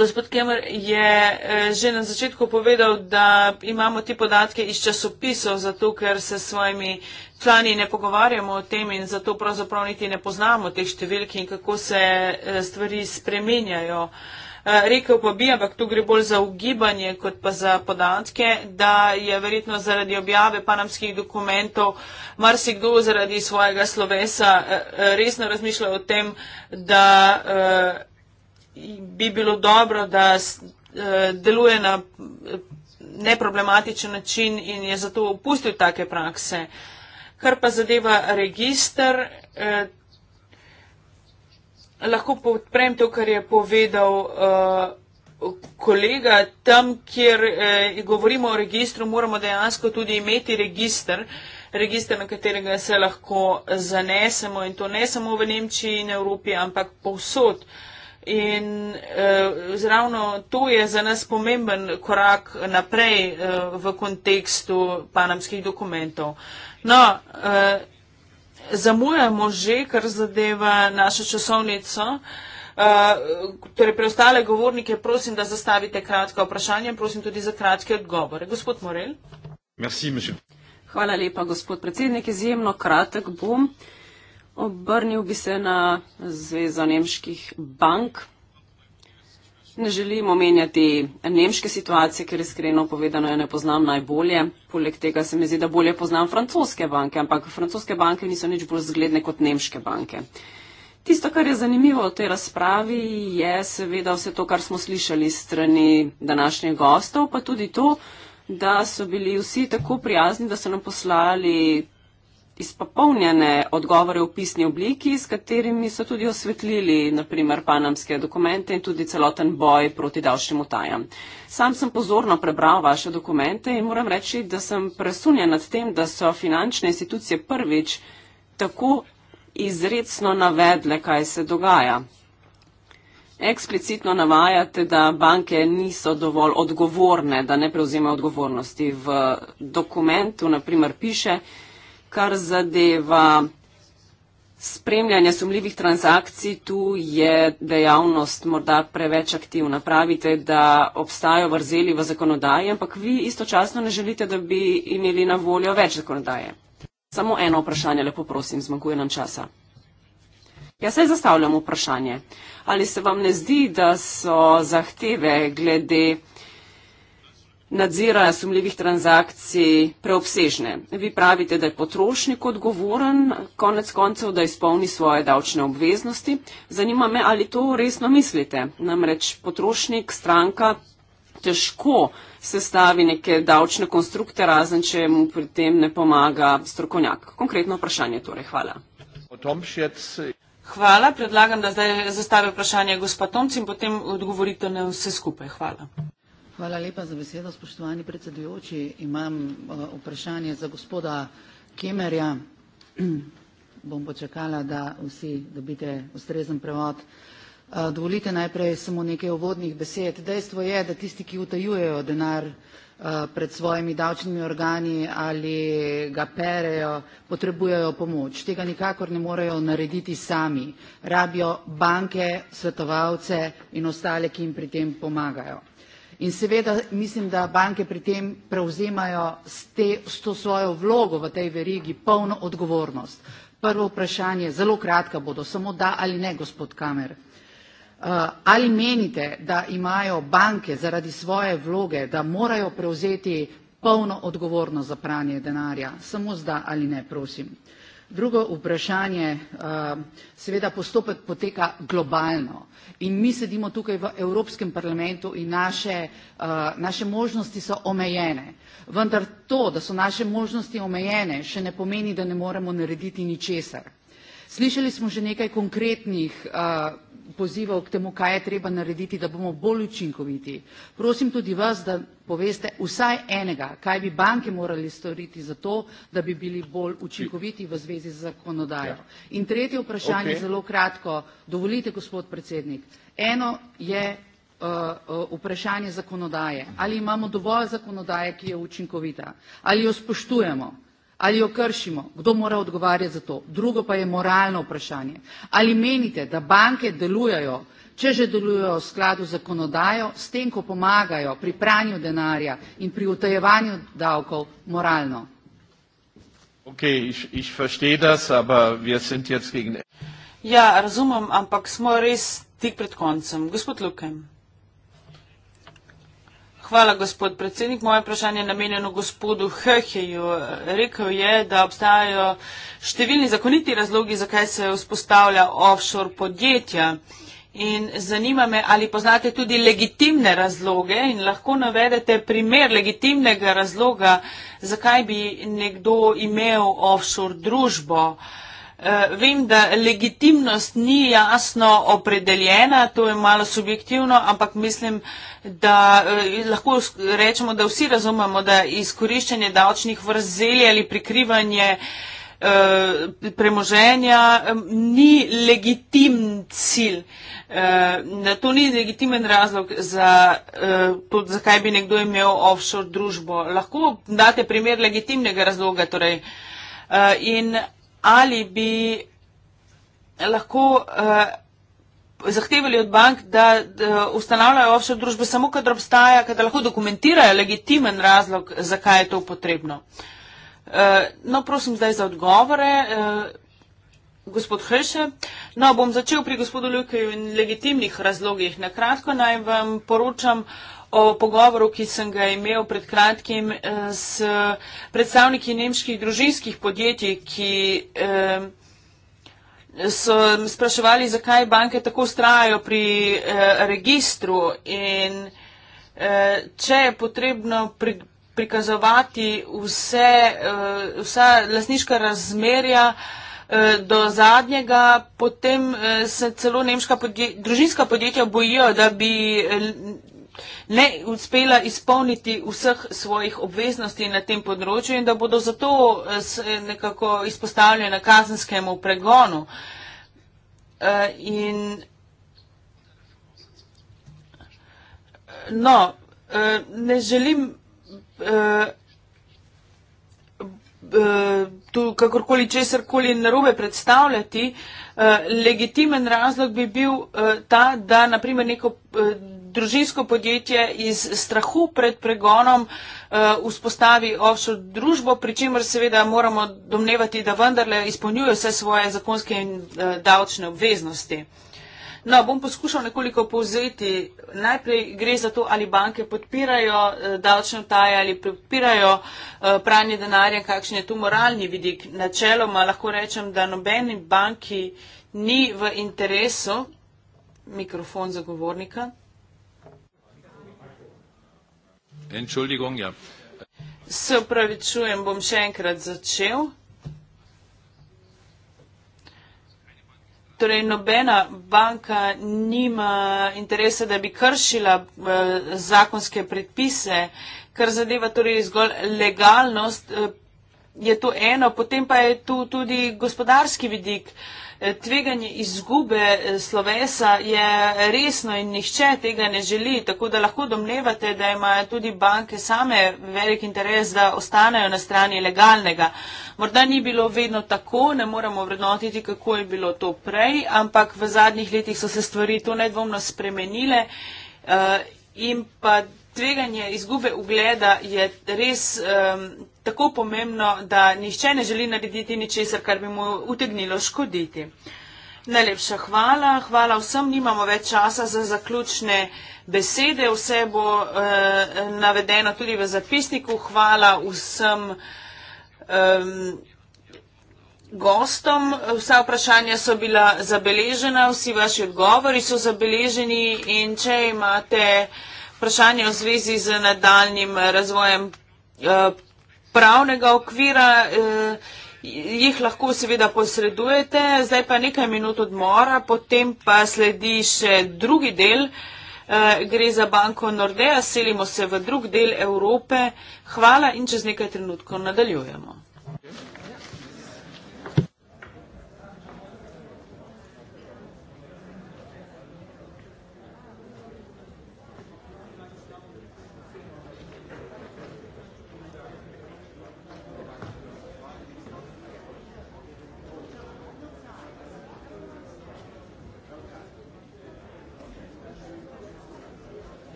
gospod Kemer je eh, že na začetku povedal, da imamo ti podatke iz časopisov, zato ker se s svojimi člani ne pogovarjamo o tem in zato pravzaprav niti ne poznamo teh številk in kako se eh, stvari spreminjajo. Eh, rekel pa bi, ampak tu gre bolj za ugibanje kot pa za podatke, da je verjetno zaradi objave panamskih dokumentov marsikdo zaradi svojega slovesa eh, eh, resno razmišljal o tem, da bi bilo dobro, da deluje na neproblematičen način in je zato opustil take prakse. Kar pa zadeva registr, lahko podprem to, kar je povedal eh, kolega. Tam, kjer eh, govorimo o registru, moramo dejansko tudi imeti registr, registr, na katerega se lahko zanesemo in to ne samo v Nemčiji in Evropi, ampak povsod. In eh, ravno to je za nas pomemben korak naprej eh, v kontekstu panamskih dokumentov. No, eh, zamujamo že, kar zadeva našo časovnico. Uh, torej preostale govornike prosim, da zastavite kratka vprašanja in prosim tudi za kratke odgovore. Gospod Morel. Merci, Hvala lepa, gospod predsednik. Izjemno kratek bom. Obrnil bi se na Zvezo nemških bank. Ne želim omenjati nemške situacije, ker iskreno povedano jo ne poznam najbolje. Poleg tega se mi zdi, da bolje poznam francoske banke, ampak francoske banke niso nič bolj zgledne kot nemške banke. Tisto, kar je zanimivo v tej razpravi, je seveda vse to, kar smo slišali strani današnjih gostov, pa tudi to, da so bili vsi tako prijazni, da so nam poslali izpopolnjene odgovore v pisni obliki, s katerimi so tudi osvetlili, naprimer, panamske dokumente in tudi celoten boj proti davčnim utajam. Sam sem pozorno prebral vaše dokumente in moram reči, da sem presunjen nad tem, da so finančne institucije prvič tako izredno navedle, kaj se dogaja. Eksplicitno navajate, da banke niso dovolj odgovorne, da ne prevzemajo odgovornosti. V dokumentu, naprimer, piše, kar zadeva spremljanje sumljivih transakcij, tu je dejavnost morda preveč aktivna. Pravite, da obstajajo vrzeli v zakonodaji, ampak vi istočasno ne želite, da bi imeli na voljo več zakonodaje. Samo eno vprašanje, lepo prosim, zmanjkuje nam časa. Jaz se zastavljam vprašanje. Ali se vam ne zdi, da so zahteve glede nadzira sumljivih transakcij preobsežne. Vi pravite, da je potrošnik odgovoren, konec koncev, da izpolni svoje davčne obveznosti. Zanima me, ali to resno mislite. Namreč potrošnik, stranka težko sestavi neke davčne konstrukte, razen če mu pri tem ne pomaga strokovnjak. Konkretno vprašanje torej. Hvala. Hvala. Predlagam, da zdaj zastavi vprašanje gospod Tomc in potem odgovorite na vse skupaj. Hvala. Hvala lepa za besedo, spoštovani predsedujoči. Imam, eh, vprašanje za gospoda Kemerja. Bom počakala, da vsi dobite ustrezen prevod. Eh, dovolite najprej samo nekaj uvodnih besed. Dejstvo je, da tisti, ki utajujejo denar, eh, pred svojimi davčnimi organi ali ga perejo, potrebujejo pomoč. Tega nikakor ne morejo narediti sami. Rabijo banke, svetovalce in ostale, ki jim pri tem pomagajo. In seveda mislim, da banke pri tem prevzemajo s, te, s to svojo vlogo v tej verigi polno odgovornost. Prvo vprašanje, zelo kratka bodo, samo da ali ne, gospod Kamer. Eh, ali menite, da imajo banke zaradi svoje vloge, da morajo prevzeti polno odgovornost za pranje denarja? Samo zda ali ne, prosim. Drugo vprašanje, eh, seveda postopek poteka globalno in mi sedimo tukaj v Evropskem parlamentu in naše, eh, naše možnosti so omejene. Vendar to, da so naše možnosti omejene, še ne pomeni, da ne moremo narediti ničesar. Slišali smo že nekaj konkretnih, eh, pozival k temu, kaj je treba narediti, da bomo bolj učinkoviti. Prosim tudi vas, da poveste vsaj enega, kaj bi banke morali storiti za to, da bi bili bolj učinkoviti v zvezi z zakonodajo. Ja. In tretje vprašanje, okay. zelo kratko, dovolite, gospod predsednik. Eno je uh, uh, vprašanje zakonodaje. Ali imamo dovolj zakonodaje, ki je učinkovita? Ali jo spoštujemo? ali jo kršimo, kdo mora odgovarjati za to. Drugo pa je moralno vprašanje. Ali menite, da banke delujejo, če že delujejo v skladu z zakonodajo, s tem, ko pomagajo pri pranju denarja in pri utajevanju davkov moralno? Okay, ich, ich verstehe das, aber wir sind jetzt gegen. Ja, razumem, ampak smo res tik pred koncem. Gospod Lukem. Hvala, gospod predsednik. Moje vprašanje je namenjeno gospodu Heheju. Rekel je, da obstajajo številni zakoniti razlogi, zakaj se vzpostavlja offshore podjetja. In zanima me, ali poznate tudi legitimne razloge in lahko navedete primer legitimnega razloga, zakaj bi nekdo imel offshore družbo. Uh, Eh, vem, da legitimnost ni jasno opredeljena, to je malo subjektivno, ampak mislim, da eh, lahko rečemo, da vsi razumemo, da izkoriščanje davčnih vrzeli ali prikrivanje eh, premoženja ni legitimen cilj. To ni legitimen razlog, za, to, zakaj bi nekdo imel offshore družbo. Lahko date primer legitimnega razloga. Torej. In ali bi lahko uh, zahtevali od bank, da, da ustanavljajo offshore družbe samo, kadar obstaja, kadar lahko dokumentirajo legitimen razlog, zakaj je to potrebno. Uh, no, prosim zdaj za odgovore. Uh, Gospod Hrše, no, bom začel pri gospodu Ljukeju in legitimnih razlogih. Na kratko naj vam poročam o pogovoru, ki sem ga imel pred kratkim eh, s predstavniki nemških družinskih podjetij, ki eh, so spraševali, zakaj banke tako ustrajajo pri eh, registru in če je potrebno pri prikazovati vse, vsa lasniška razmerja do zadnjega, potem se celo podje, družinska podjetja bojijo, da bi ne uspela izpolniti vseh svojih obveznosti na tem področju in da bodo zato eh, eh, nekako izpostavljene kazenskemu pregonu. Eh, in no, ne želim tu kakorkoli česarkoli narobe predstavljati, legitimen razlog bi bil ta, da naprimer neko družinsko podjetje iz strahu pred pregonom eh, vzpostavi offshore družbo, pri čemer seveda moramo domnevati, da vendarle izpolnjuje vse svoje zakonske in eh, davčne obveznosti. No, bom poskušal nekoliko povzeti. Najprej gre za to, ali banke podpirajo eh, davčno taje ali podpirajo pranje denarja, kakšen je tu moralni vidik. Načeloma lahko rečem, da nobeni banki ni v interesu, mikrofon zagovornika, Entschuldigung, ja. Se upravičujem, bom še enkrat začel. Torej, nobena banka nima interesa, da bi kršila eh, zakonske predpise, kar zadeva torej zgolj legalnost, eh, je to eno, potem pa je tu tudi gospodarski vidik tveganje izgube eh, slovesa je resno in nihče tega ne želi, tako da lahko domnevate, da imajo tudi banke same velik interes, da ostanejo na strani legalnega. Morda ni bilo vedno tako, ne moramo vrednotiti, kako je bilo to prej, ampak v zadnjih letih so se stvari to nedvomno spremenile eh, in pa tveganje izgube ugleda je res. Um, tako pomembno, da nišče ne želi narediti ničesar, kar bi mu utegnilo škoditi. Najlepša hvala, hvala vsem, nimamo več časa za zaključne besede, vse bo eh, navedeno tudi v zapisniku. Hvala vsem eh, gostom, vsa vprašanja so bila zabeležena, vsi vaši odgovori so zabeleženi in če imate vprašanje v zvezi z nadaljnim razvojem. Eh, pravnega okvira, eh, jih lahko seveda posredujete. Zdaj pa nekaj minut odmora, potem pa sledi še drugi del. Eh, gre za banko Nordea, selimo se v drug del Evrope. Hvala in čez nekaj trenutkov nadaljujemo.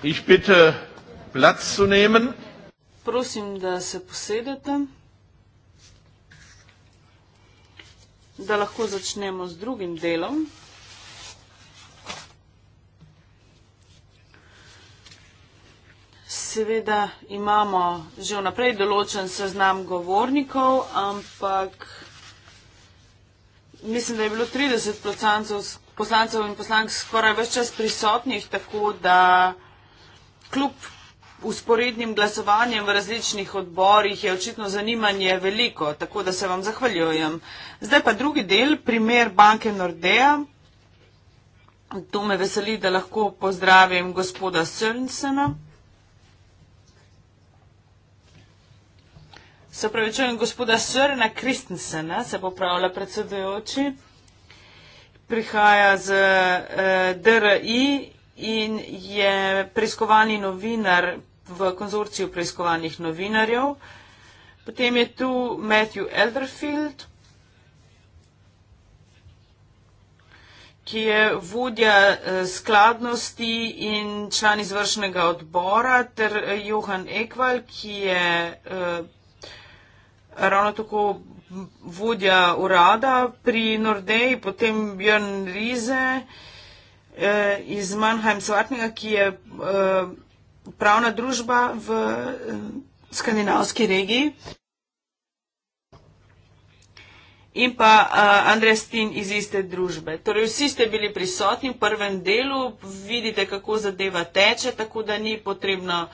Ich bitte, Platz zu nehmen. Prosim, da se posedete, da lahko začnemo z drugim delom. Seveda imamo že vnaprej določen seznam govornikov, ampak mislim, da je bilo 30 poslancev in poslank skoraj več čas prisotnih, tako da kljub usporednim glasovanjem v različnih odborih je očitno zanimanje veliko, tako da se vam zahvaljujem. Zdaj pa drugi del, primer banke Nordea. To me veseli, da lahko pozdravim gospoda Sörnsena. Se pravi, čujem gospoda Sörna Kristensena, se popravlja predsedujoči. Prihaja z eh, DRI in je preiskovalni novinar v konzorciju preiskovalnih novinarjev. Potem je tu Matthew Elderfield, ki je vodja eh, skladnosti in član izvršnega odbora, ter eh, Johan Ekval, ki je eh, ravno tako vodja urada pri Nordeji, potem Björn Rize, eh, iz Mannheim Svatnega, ki je eh, pravna družba v eh, skandinavski regiji. In pa uh, Andrej Stin iz iste družbe. Torej, vsi ste bili prisotni v prvem delu, vidite, kako zadeva teče, tako da ni potrebno uh,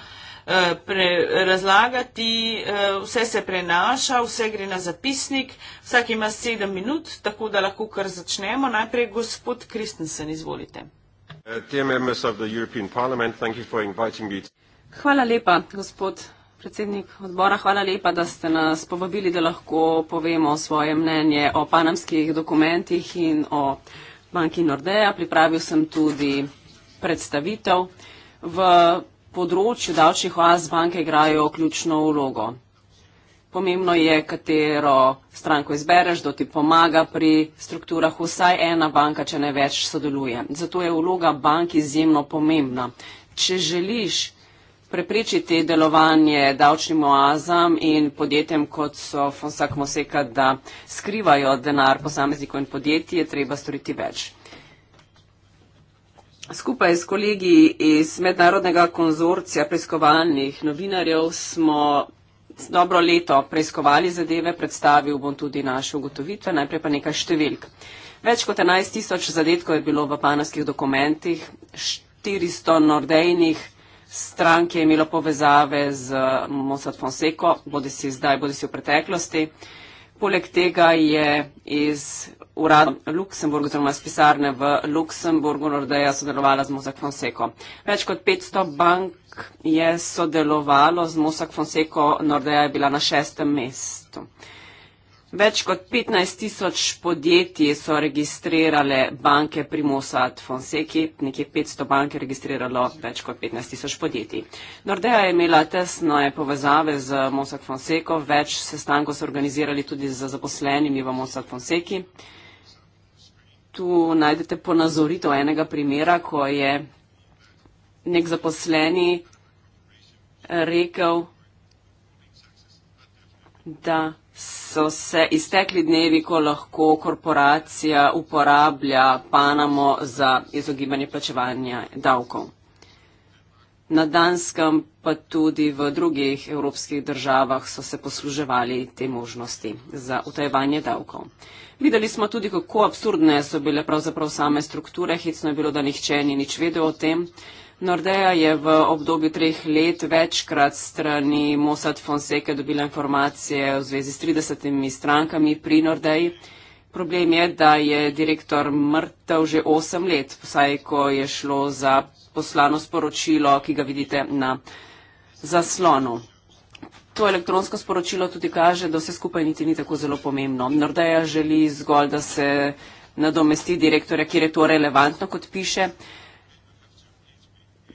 pre, razlagati, eh, vse se prenaša, vse gre na zapisnik, vsak ima sedem minut, tako da lahko kar začnemo. Najprej gospod Kristensen, izvolite. Uh, hvala lepa, gospod predsednik odbora, hvala lepa, da ste nas povabili, da lahko povemo svoje mnenje o panamskih dokumentih in o banki Nordeja. Pripravil sem tudi predstavitev. V področju davčnih oaz banke igrajo ključno vlogo. Pomembno je, katero stranko izbereš, da ti pomaga pri strukturah. Vsaj ena banka, če ne več, sodeluje. Zato je vloga bank izjemno pomembna. Če želiš preprečiti delovanje davčnim oazam in podjetjem, kot so Fonsak Moseka, da skrivajo denar posameznikov in podjetij, je treba storiti več. Skupaj s kolegi iz mednarodnega konzorcija preiskovalnih novinarjev smo dobro leto preiskovali zadeve, predstavil bom tudi naše ugotovitve, najprej pa nekaj številk. Več kot 11 tisoč zadetkov je bilo v panarskih dokumentih, 400 nordejnih strank je imelo povezave z Mossad Fonseco, bodi si zdaj, bodi si v preteklosti. Poleg tega je iz urad Luksemburg oziroma spisarne v Luksemburgu Nordeja sodelovala z Mozak Fonseko. Več kot 500 bank je sodelovalo z Mozak Fonseko, Nordeja je bila na šestem mestu. Več kot 15 tisoč podjetij so registrirale banke pri Mossad Fonseki, nekje 500 bank je registriralo več kot 15 tisoč podjetij. Nordea je imela tesne povezave z Mossad Fonseko, več sestankov so organizirali tudi z zaposlenimi v Mossad Fonseki tu najdete ponazorito enega primera, ko je nek zaposleni rekel, da so se iztekli dnevi, ko lahko korporacija uporablja Panamo za izogibanje plačevanja davkov na Danskem, pa tudi v drugih evropskih državah so se posluževali te možnosti za utajevanje davkov. Videli smo tudi, kako absurdne so bile pravzaprav same strukture, hitno je bilo, da nihče ni nič vedel o tem. Nordeja je v obdobju treh let večkrat strani Mossad Fonseca dobila informacije v zvezi s 30 strankami pri Nordeji. Problem je, da je direktor mrtev že 8 let, vsaj ko je šlo za poslano sporočilo, ki ga vidite na zaslonu. To elektronsko sporočilo tudi kaže, da vse skupaj niti ni tako zelo pomembno. Nordeja želi zgolj, da se nadomesti direktorja, kjer je to relevantno, kot piše.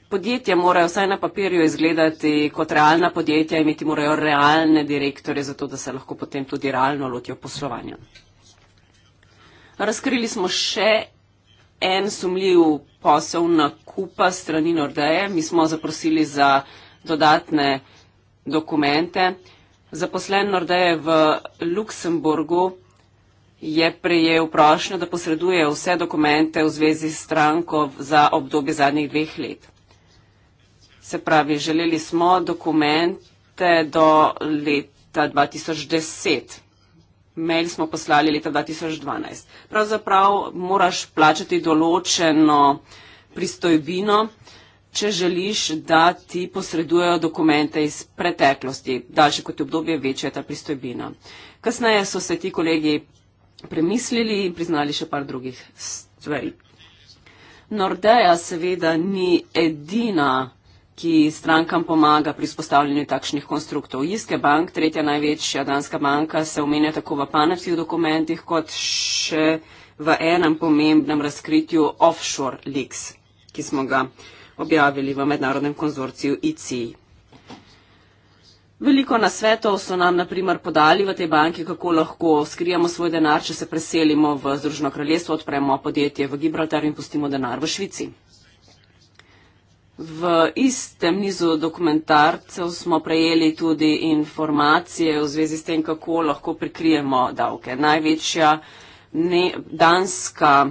Podjetja morajo vsaj na papirju izgledati kot realna podjetja, imeti morajo realne direktore, zato da se lahko potem tudi realno lotijo poslovanja. Razkrili smo še en sumljiv posel na kupa strani Nordeje. Mi smo zaprosili za dodatne dokumente. Zaposlen Nordeje v Luksemburgu je prejel prošnjo, da posreduje vse dokumente v zvezi s stranko za obdobje zadnjih dveh let. Se pravi, želeli smo dokumente do leta 2010 mail smo poslali leta 2012. Pravzaprav moraš plačati določeno pristojbino, če želiš, da ti posredujejo dokumente iz preteklosti. Daljše kot obdobje, večja je ta pristojbina. Kasneje so se ti kolegi premislili in priznali še par drugih stvari. Nordeja seveda ni edina ki strankam pomaga pri spostavljanju takšnih konstruktov. Iske bank, tretja največja danska banka, se omenja tako v panamskih dokumentih, kot še v enem pomembnem razkritju offshore leaks, ki smo ga objavili v mednarodnem konzorciju ICI. Veliko nasvetov so nam naprimer podali v tej banki, kako lahko skrijemo svoj denar, če se preselimo v Združeno kraljestvo, odpremo podjetje v Gibraltar in pustimo denar v Švici. V istem nizu dokumentarcev smo prejeli tudi informacije v zvezi s tem, kako lahko prikrijemo davke. Največja ne, danska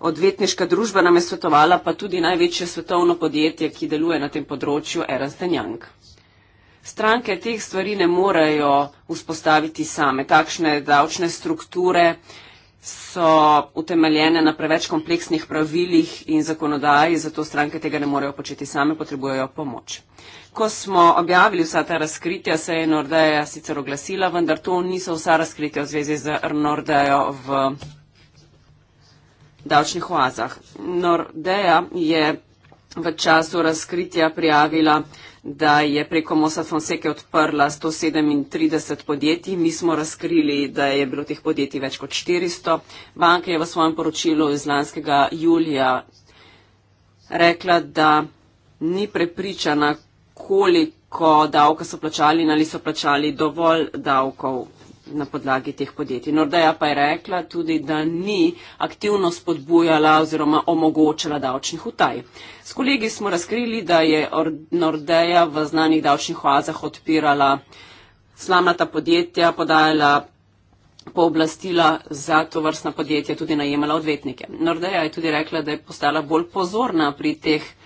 odvetniška družba nam je svetovala, pa tudi največje svetovno podjetje, ki deluje na tem področju, Ernst Young. Stranke teh stvari ne morejo vzpostaviti same. Takšne davčne strukture so utemeljene na preveč kompleksnih pravilih in zakonodaji, zato stranke tega ne morejo početi same, potrebujejo pomoč. Ko smo objavili vsa ta razkritja, se je Nordeja sicer oglasila, vendar to niso vsa razkritja v zvezi z Nordejo v davčnih oazah. Nordeja je v času razkritja prijavila, da je preko Mosa Fonseke odprla 137 podjetij. Mi smo razkrili, da je bilo teh podjetij več kot 400. Banka je v svojem poročilu iz lanskega julija rekla, da ni prepričana, koliko davka so plačali in ali so plačali dovolj davkov na podlagi teh podjetij. Nordeja pa je rekla tudi, da ni aktivno spodbujala oziroma omogočala davčnih utaj. S kolegi smo razkrili, da je Nordeja v znanih davčnih oazah odpirala slamnata podjetja, podajala pooblastila za to vrstna podjetja, tudi najemala odvetnike. Nordeja je tudi rekla, da je postala bolj pozorna pri teh podjetjih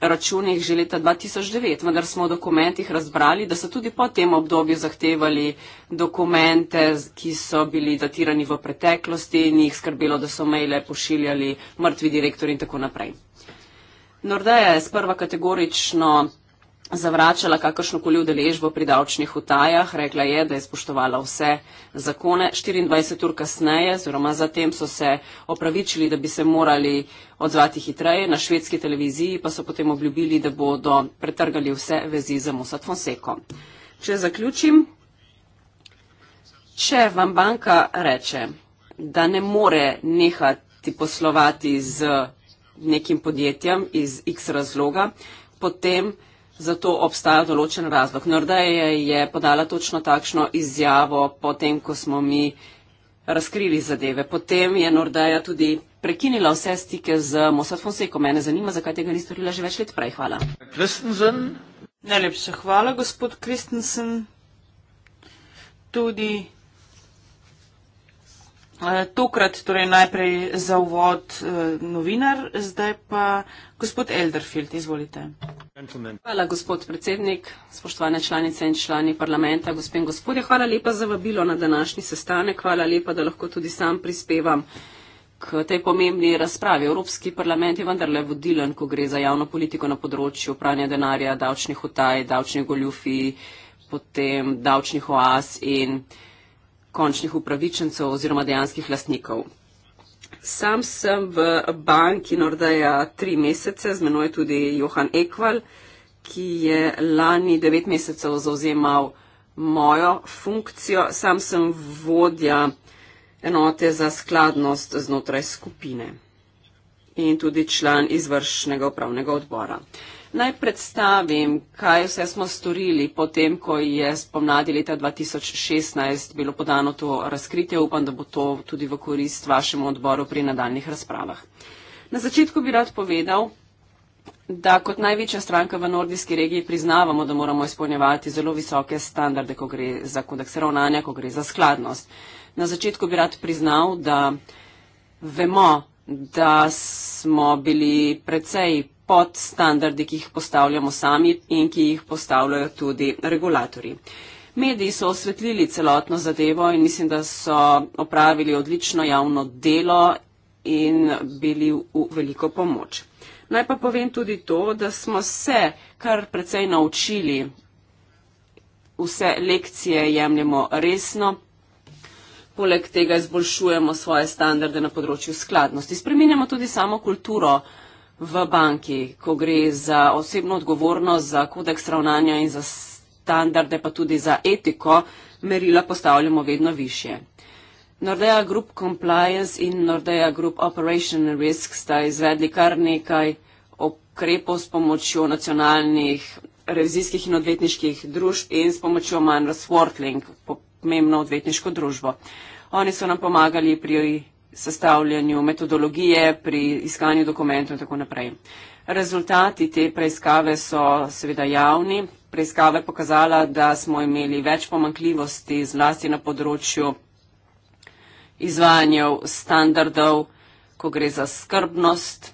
računih že leta 2009, vendar smo v dokumentih razbrali, da so tudi po tem obdobju zahtevali dokumente, ki so bili datirani v preteklosti in jih skrbelo, da so maile pošiljali mrtvi direktor in tako naprej. Nordeja je sprva kategorično zavračala kakršno koli udeležbo pri davčnih utajah, rekla je, da je spoštovala vse zakone. 24 ur kasneje, oziroma zatem so se opravičili, da bi se morali odzvati hitreje, na švedski televiziji pa so potem obljubili, da bodo pretrgali vse vezi za Mossad Fonseca. Če zaključim, če vam banka reče, da ne more nehati poslovati z nekim podjetjem iz X razloga, potem za to obstaja določen razlog. Nordeje je podala točno takšno izjavo, potem ko smo mi razkrili zadeve. Potem je Nordeja tudi prekinila vse stike z Mossad Fonseca. Mene zanima, zakaj tega ni storila že več let prej. Hvala. Kristensen. Najlepša hvala, gospod Kristensen. Tudi Eh, tokrat torej najprej za uvod eh, novinar, zdaj pa gospod Elderfield, izvolite. Hvala, gospod predsednik, spoštovane članice in člani parlamenta, gospe in gospodje, hvala lepa za vabilo na današnji sestanek, hvala lepa, da lahko tudi sam prispevam k tej pomembni razpravi. Evropski parlament je vendarle vodilen, ko gre za javno politiko na področju pranja denarja, davčnih utaj, davčnih goljufij, potem davčnih oas in končnih upravičencev oziroma dejanskih lastnikov. Sam sem v banki Nordeja tri mesece, z menoj tudi Johan Ekval, ki je lani devet mesecev zauzemal mojo funkcijo. Sam sem vodja enote za skladnost znotraj skupine in tudi član izvršnega upravnega odbora. Uh, Naj predstavim, kaj vse smo storili potem, ko je spomladi leta 2016 bilo podano to razkritje. Upam, da bo to tudi v korist vašemu odboru pri nadaljnih razpravah. Na začetku bi rad povedal, da kot največja stranka v nordijski regiji priznavamo, da moramo izpolnjevati zelo visoke standarde, ko gre za kodeks ravnanja, ko gre za skladnost. Na začetku bi rad priznal, da vemo, da smo bili precej pod standardi, ki jih postavljamo sami in ki jih postavljajo tudi regulatori. Mediji so osvetlili celotno zadevo in mislim, da so opravili odlično javno delo in bili v veliko pomoč. Naj pa povem tudi to, da smo se kar precej naučili, vse lekcije jemljemo resno, poleg tega izboljšujemo svoje standarde na področju skladnosti. Spreminjamo tudi samo kulturo v banki, ko gre za osebno odgovornost, za kodeks ravnanja in za standarde, pa tudi za etiko, merila postavljamo vedno više. Nordea Group Compliance in Nordea Group Operation Risk sta izvedli kar nekaj okrepov s pomočjo nacionalnih revizijskih in odvetniških družb in s pomočjo Manor Swartling, pomembno odvetniško družbo. Oni so nam pomagali pri sestavljanju metodologije, pri iskanju dokumentov in tako naprej. Rezultati te preiskave so seveda javni. Preiskava je pokazala, da smo imeli več pomankljivosti zlasti na področju izvajanja standardov, ko gre za skrbnost.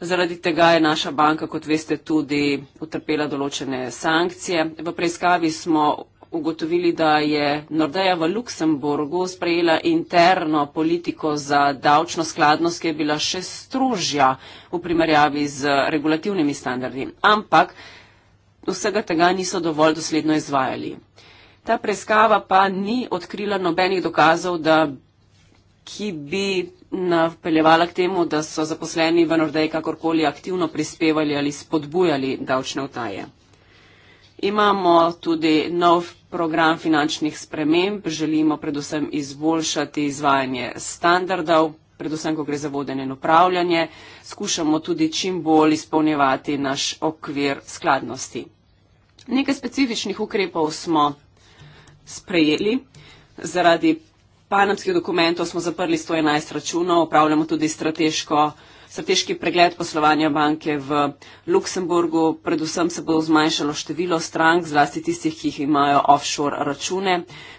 Zaradi tega je naša banka, kot veste, tudi utrpela določene sankcije. V preiskavi smo ugotovili, da je Nordeja v Luksemburgu sprejela interno politiko za davčno skladnost, ki je bila še strožja v primerjavi z regulativnimi standardi. Ampak vsega tega niso dovolj dosledno izvajali. Ta preiskava pa ni odkrila nobenih dokazov, da, ki bi napeljevala k temu, da so zaposleni v Nordeji kakorkoli aktivno prispevali ali spodbujali davčne utaje. Imamo tudi nov program finančnih sprememb, želimo predvsem izboljšati izvajanje standardov, predvsem, ko gre za vodenje in upravljanje. Skušamo tudi čim bolj izpolnjevati naš okvir skladnosti. Nekaj specifičnih ukrepov smo sprejeli. Zaradi panamskih dokumentov smo zaprli 111 računov, upravljamo tudi strateško strateški pregled poslovanja banke v Luksemburgu. Predvsem se bo zmanjšalo število strank, zlasti tistih, ki imajo offshore račune.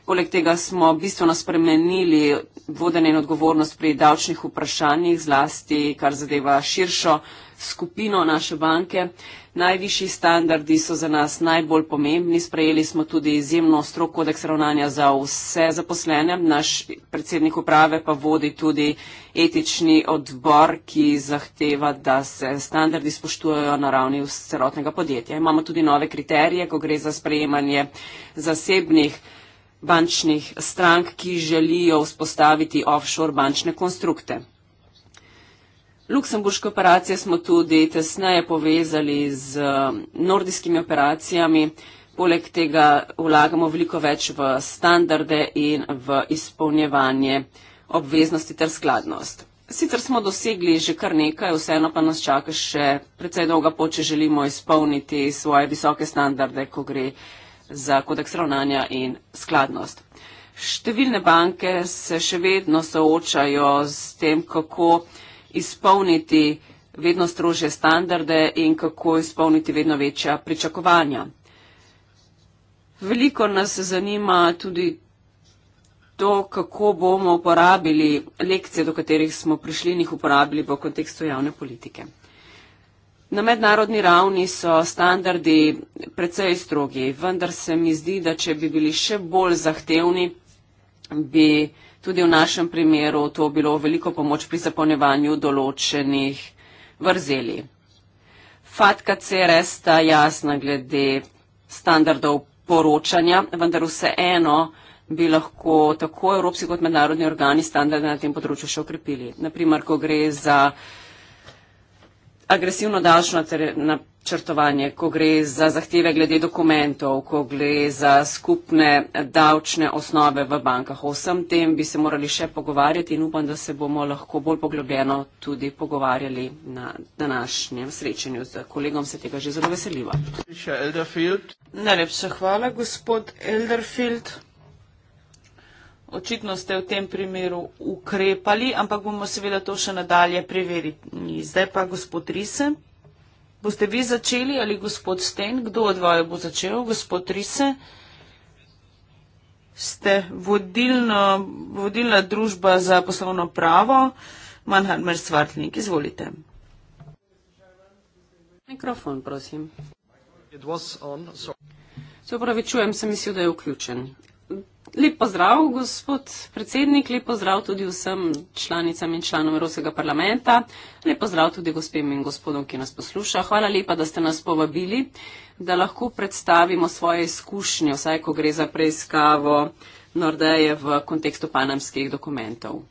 Poleg tega smo bistveno spremenili vodenje in odgovornost pri davčnih vprašanjih, zlasti kar zadeva širšo skupino naše banke. Najvišji standardi so za nas najbolj pomembni. Sprejeli smo tudi izjemno strok kodeks ravnanja za vse zaposlene. Naš predsednik uprave pa vodi tudi etični odbor, ki zahteva, da se standardi spoštujejo na ravni celotnega podjetja. Imamo tudi nove kriterije, ko gre za sprejemanje zasebnih bančnih strank, ki želijo vzpostaviti offshore bančne konstrukte. Luksemburške operacije smo tudi tesneje povezali z um, nordijskimi operacijami. Poleg tega vlagamo veliko več v standarde in v izpolnjevanje obveznosti ter skladnost. Sicer smo dosegli že kar nekaj, vseeno pa nas čaka še precej dolga pot, če želimo izpolniti svoje visoke standarde, ko gre za kodeks ravnanja in skladnost. Številne banke se še vedno soočajo s tem, kako izpolniti vedno strožje standarde in kako izpolniti vedno večja pričakovanja. Veliko nas zanima tudi to, kako bomo uporabili lekcije, do katerih smo prišli in jih uporabili v kontekstu javne politike. Na mednarodni ravni so standardi precej strogi, vendar se mi zdi, da če bi bili še bolj zahtevni, bi tudi v našem primeru to bilo veliko pomoč pri zapolnjevanju določenih vrzeli. Fatka CRS sta jasna glede standardov poročanja, vendar vseeno bi lahko tako evropski kot mednarodni organi standarde na tem področju še okrepili. Naprimer, ko gre za agresivno davčno črtovanje, ko gre za zahteve glede dokumentov, ko gre za skupne davčne osnove v bankah. O vsem tem bi se morali še pogovarjati in upam, da se bomo lahko bolj poglobljeno tudi pogovarjali na današnjem srečanju. Z kolegom se tega že zelo veseliva. Najlepša hvala, gospod Elderfield. Očitno ste v tem primeru ukrepali, ampak bomo seveda to še nadalje preverili. Zdaj pa gospod Rise. Boste vi začeli ali gospod Sten? Kdo od vaju bo začel? Gospod Rise? Ste vodilno, vodilna družba za poslovno pravo? Manhar Mersvartnik, izvolite. Mikrofon, prosim. Se upravičujem, sem mislil, da je vključen. Lep pozdrav, gospod predsednik, lep pozdrav tudi vsem članicam in članom Evropskega parlamenta, lep pozdrav tudi gospem in gospodom, ki nas posluša. Hvala lepa, da ste nas povabili, da lahko predstavimo svoje izkušnje, vsaj ko gre za preiskavo Nordeje v kontekstu panamskih dokumentov.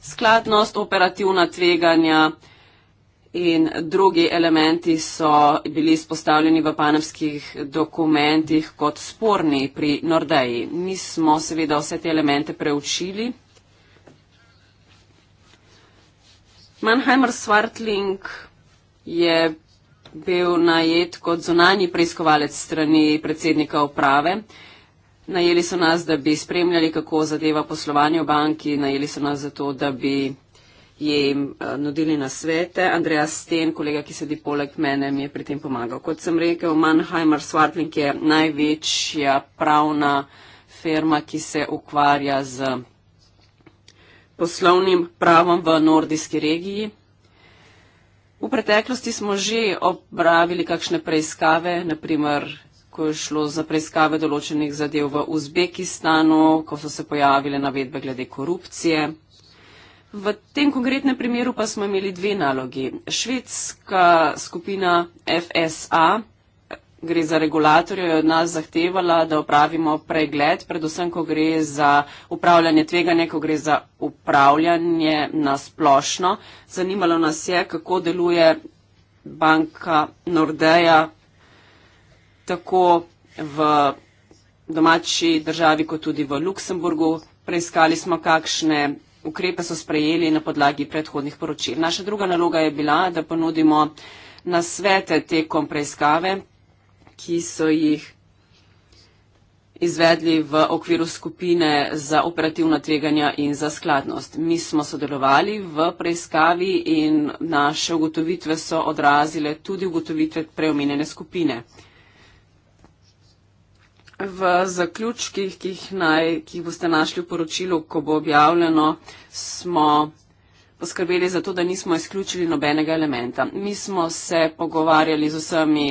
Skladnost, operativna tveganja. In drugi elementi so bili izpostavljeni v panamskih dokumentih kot sporni pri Nordeji. Mi smo seveda vse te elemente preučili. Mannheimer Svartling je bil najet kot zunanji preiskovalec strani predsednika uprave. Najeli so nas, da bi spremljali, kako zadeva poslovanje v banki, najeli so nas zato, da bi jim eh, nudili na svete. Andreja Sten, kolega, ki sedi poleg mene, mi je pri tem pomagal. Kot sem rekel, Mannheimer Swartling je največja pravna firma, ki se ukvarja z poslovnim pravom v nordijski regiji. V preteklosti smo že opravili kakšne preiskave, naprimer, ko je šlo za preiskave določenih zadev v Uzbekistanu, ko so se pojavile navedbe glede korupcije. V tem konkretnem primeru pa smo imeli dve nalogi. Švedska skupina FSA, gre za regulatorje, je od nas zahtevala, da opravimo pregled, predvsem, ko gre za upravljanje tveganja, ko gre za upravljanje na splošno. Zanimalo nas je, kako deluje banka Nordeja tako v domači državi kot tudi v Luksemburgu. Preiskali smo, kakšne ukrepe so sprejeli na podlagi predhodnih poročil. Naša druga naloga je bila, da ponudimo nasvete tekom preiskave, ki so jih izvedli v okviru skupine za operativna tveganja in za skladnost. Mi smo sodelovali v preiskavi in naše ugotovitve so odrazile tudi ugotovitve preomenjene skupine v zaključkih, ki jih, naj, ki jih boste našli v poročilu, ko bo objavljeno, smo poskrbeli za to, da nismo izključili nobenega elementa. Mi smo se pogovarjali z vsemi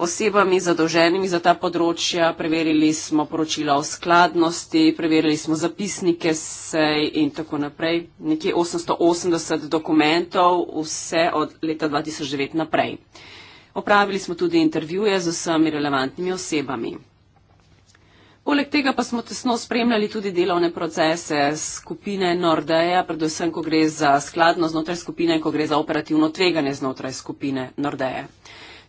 osebami zadolženimi za ta področja, preverili smo poročila o skladnosti, preverili smo zapisnike sej in tako naprej. Nekje 880 dokumentov, vse od leta 2009 naprej. Opravili smo tudi intervjuje z vsemi relevantnimi osebami. Poleg tega pa smo tesno spremljali tudi delovne procese skupine Nordeja, predvsem, ko gre za skladno znotraj skupine in ko gre za operativno tveganje znotraj skupine Nordeje.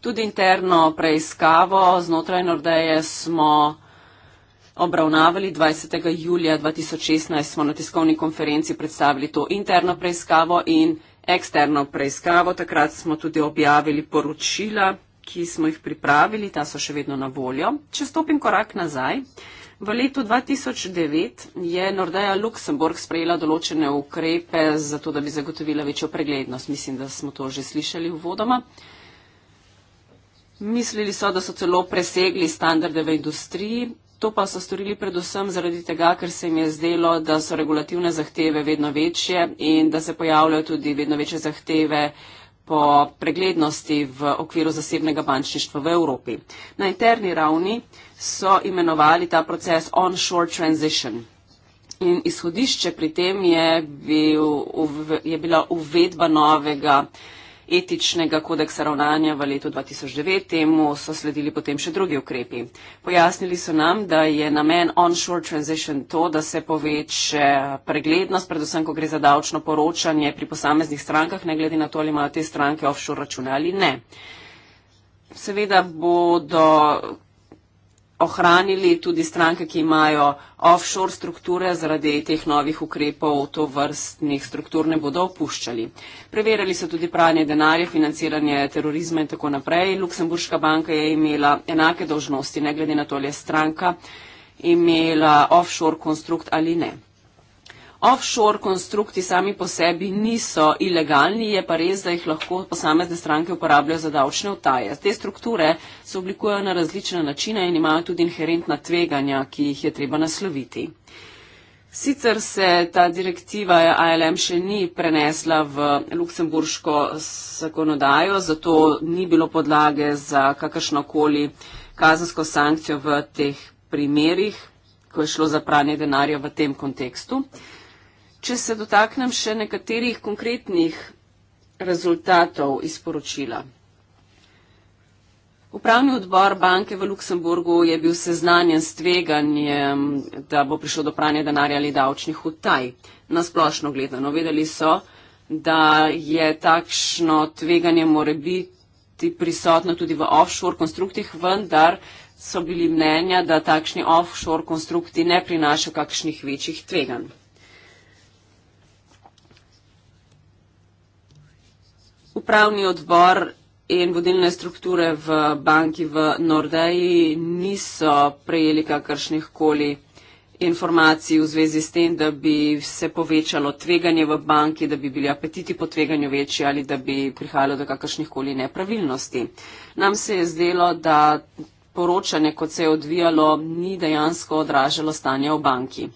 Tudi interno preiskavo znotraj Nordeje smo obravnavali 20. julija 2016, smo na tiskovni konferenci predstavili to interno preiskavo in eksterno preiskavo. Takrat smo tudi objavili poročila, ki smo jih pripravili, ta so še vedno na voljo. Če stopim korak nazaj, v letu 2009 je Nordeja Luksemburg sprejela določene ukrepe, zato da bi zagotovila večjo preglednost. Mislim, da smo to že slišali v vodoma. Mislili so, da so celo presegli standarde v industriji, To pa so storili predvsem zaradi tega, ker se jim je zdelo, da so regulativne zahteve vedno večje in da se pojavljajo tudi vedno večje zahteve po preglednosti v okviru zasebnega bančništva v Evropi. Na interni ravni so imenovali ta proces onshore transition. In izhodišče pri tem je, bil, je bila uvedba novega etičnega kodeksa ravnanja v letu 2009. Temu so sledili potem še drugi ukrepi. Pojasnili so nam, da je namen onshore transition to, da se poveče preglednost, predvsem, ko gre za davčno poročanje pri posameznih strankah, ne glede na to, ali imajo te stranke offshore račune ali ne. Seveda bodo ohranili tudi stranke, ki imajo offshore strukture, zaradi teh novih ukrepov to vrstnih struktur ne bodo opuščali. Preverjali so tudi pranje denarja, financiranje terorizma in tako naprej. Luksemburška banka je imela enake dožnosti, ne glede na to, ali je stranka imela offshore konstrukt ali ne. Offshore konstrukti sami po sebi niso ilegalni, je pa res, da jih lahko posamezne stranke uporabljajo za davčne utaje. Te strukture se oblikujejo na različne načine in imajo tudi inherentna tveganja, ki jih je treba nasloviti. Sicer se ta direktiva ALM še ni prenesla v luksemburško zakonodajo, zato ni bilo podlage za kakršnokoli kazensko sankcijo v teh primerih, ko je šlo za pranje denarja v tem kontekstu. Če se dotaknem še nekaterih konkretnih rezultatov iz poročila. Upravni odbor banke v Luksemburgu je bil seznanjen s tveganjem, da bo prišlo do pranja denarja ali davčnih utaj. Na splošno gledano vedeli so, da je takšno tveganje more biti prisotno tudi v offshore konstruktih, vendar so bili mnenja, da takšni offshore konstrukti ne prinašajo kakšnih večjih tveganj. upravni odbor in vodilne strukture v banki v Nordeji niso prejeli kakršnih koli informacij v zvezi s tem, da bi se povečalo tveganje v banki, da bi bili apetiti po tveganju večji ali da bi prihajalo do kakršnih koli nepravilnosti. Nam se je zdelo, da poročanje, kot se je odvijalo, ni dejansko odražalo stanje v banki.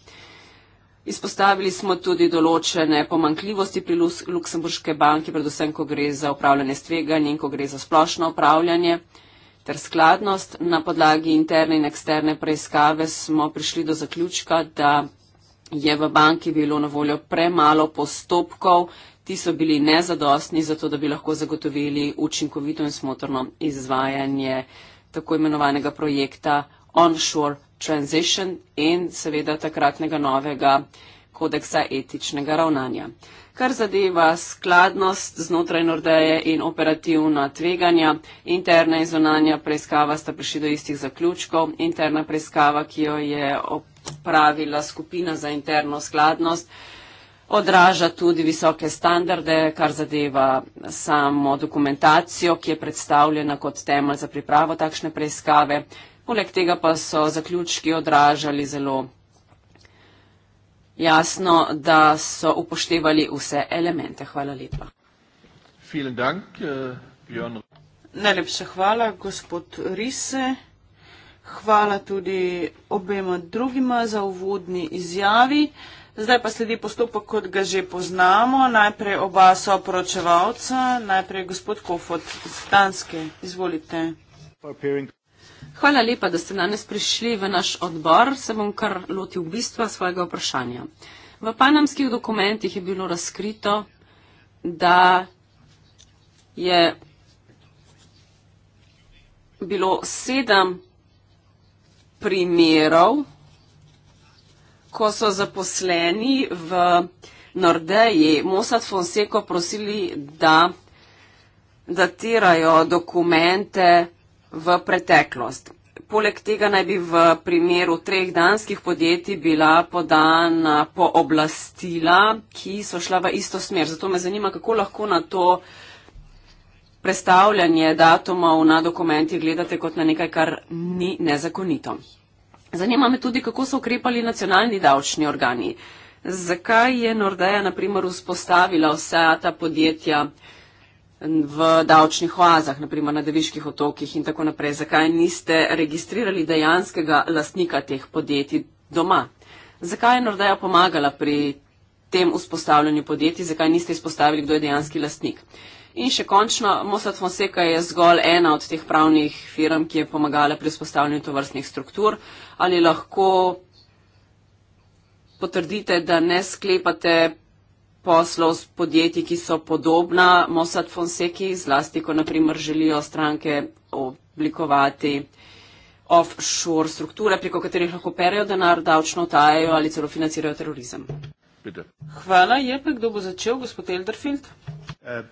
Izpostavili smo tudi določene pomankljivosti pri Luksemburške banki, predvsem, ko gre za upravljanje s tveganji in ko gre za splošno upravljanje ter skladnost. Na podlagi interne in eksterne preiskave smo prišli do zaključka, da je v banki bilo na voljo premalo postopkov, ti so bili nezadostni za to, da bi lahko zagotovili učinkovito in smotrno izvajanje tako imenovanega projekta onshore Transition in seveda takratnega novega kodeksa etičnega ravnanja. Kar zadeva skladnost znotraj Nordeje in operativna tveganja, interna in zonanja preiskava sta prišli do istih zaključkov. Interna preiskava, ki jo je opravila skupina za interno skladnost, odraža tudi visoke standarde, kar zadeva samo dokumentacijo, ki je predstavljena kot temelj za pripravo takšne preiskave. Poleg tega pa so zaključki odražali zelo jasno, da so upoštevali vse elemente. Hvala lepa. Dank, uh, Najlepša hvala, gospod Rise. Hvala tudi obema drugima za uvodni izjavi. Zdaj pa sledi postopek, kot ga že poznamo. Najprej oba so poročevalca, najprej gospod Kofot iz Danske. Izvolite. Preparing. Hvala lepa, da ste danes prišli v naš odbor. Se bom kar lotil bistva svojega vprašanja. V panamskih dokumentih je bilo razkrito, da je bilo sedem primerov, ko so zaposleni v Nordeji Mosad Fonseko prosili, da datirajo dokumente v preteklost. Poleg tega naj bi v primeru treh danskih podjetij bila podana pooblastila, ki so šla v isto smer. Zato me zanima, kako lahko na to predstavljanje datumov na dokumentih gledate kot na nekaj, kar ni nezakonito. Zanima me tudi, kako so ukrepali nacionalni davčni organi. Zakaj je Nordeja, na primer, vzpostavila vsa ta podjetja? v davčnih oazah, naprimer na deviških otokih in tako naprej. Zakaj niste registrirali dejanskega lastnika teh podjetij doma? Zakaj je Nordeja pomagala pri tem vzpostavljanju podjetij, zakaj niste izpostavili, kdo je dejanski lastnik? In še končno, Mossad Fonseca je zgolj ena od teh pravnih firm, ki je pomagala pri vzpostavljanju tovrstnih struktur. Ali lahko potrdite, da ne sklepate poslov s podjetji, ki so podobna Mossad Fonseki, zlasti ko naprimer želijo stranke oblikovati offshore strukture, preko katerih lahko perejo denar, davčno tajajo ali celo financirajo terorizem. Bide. Hvala. Je pa kdo bo začel, gospod Elderfield? Uh.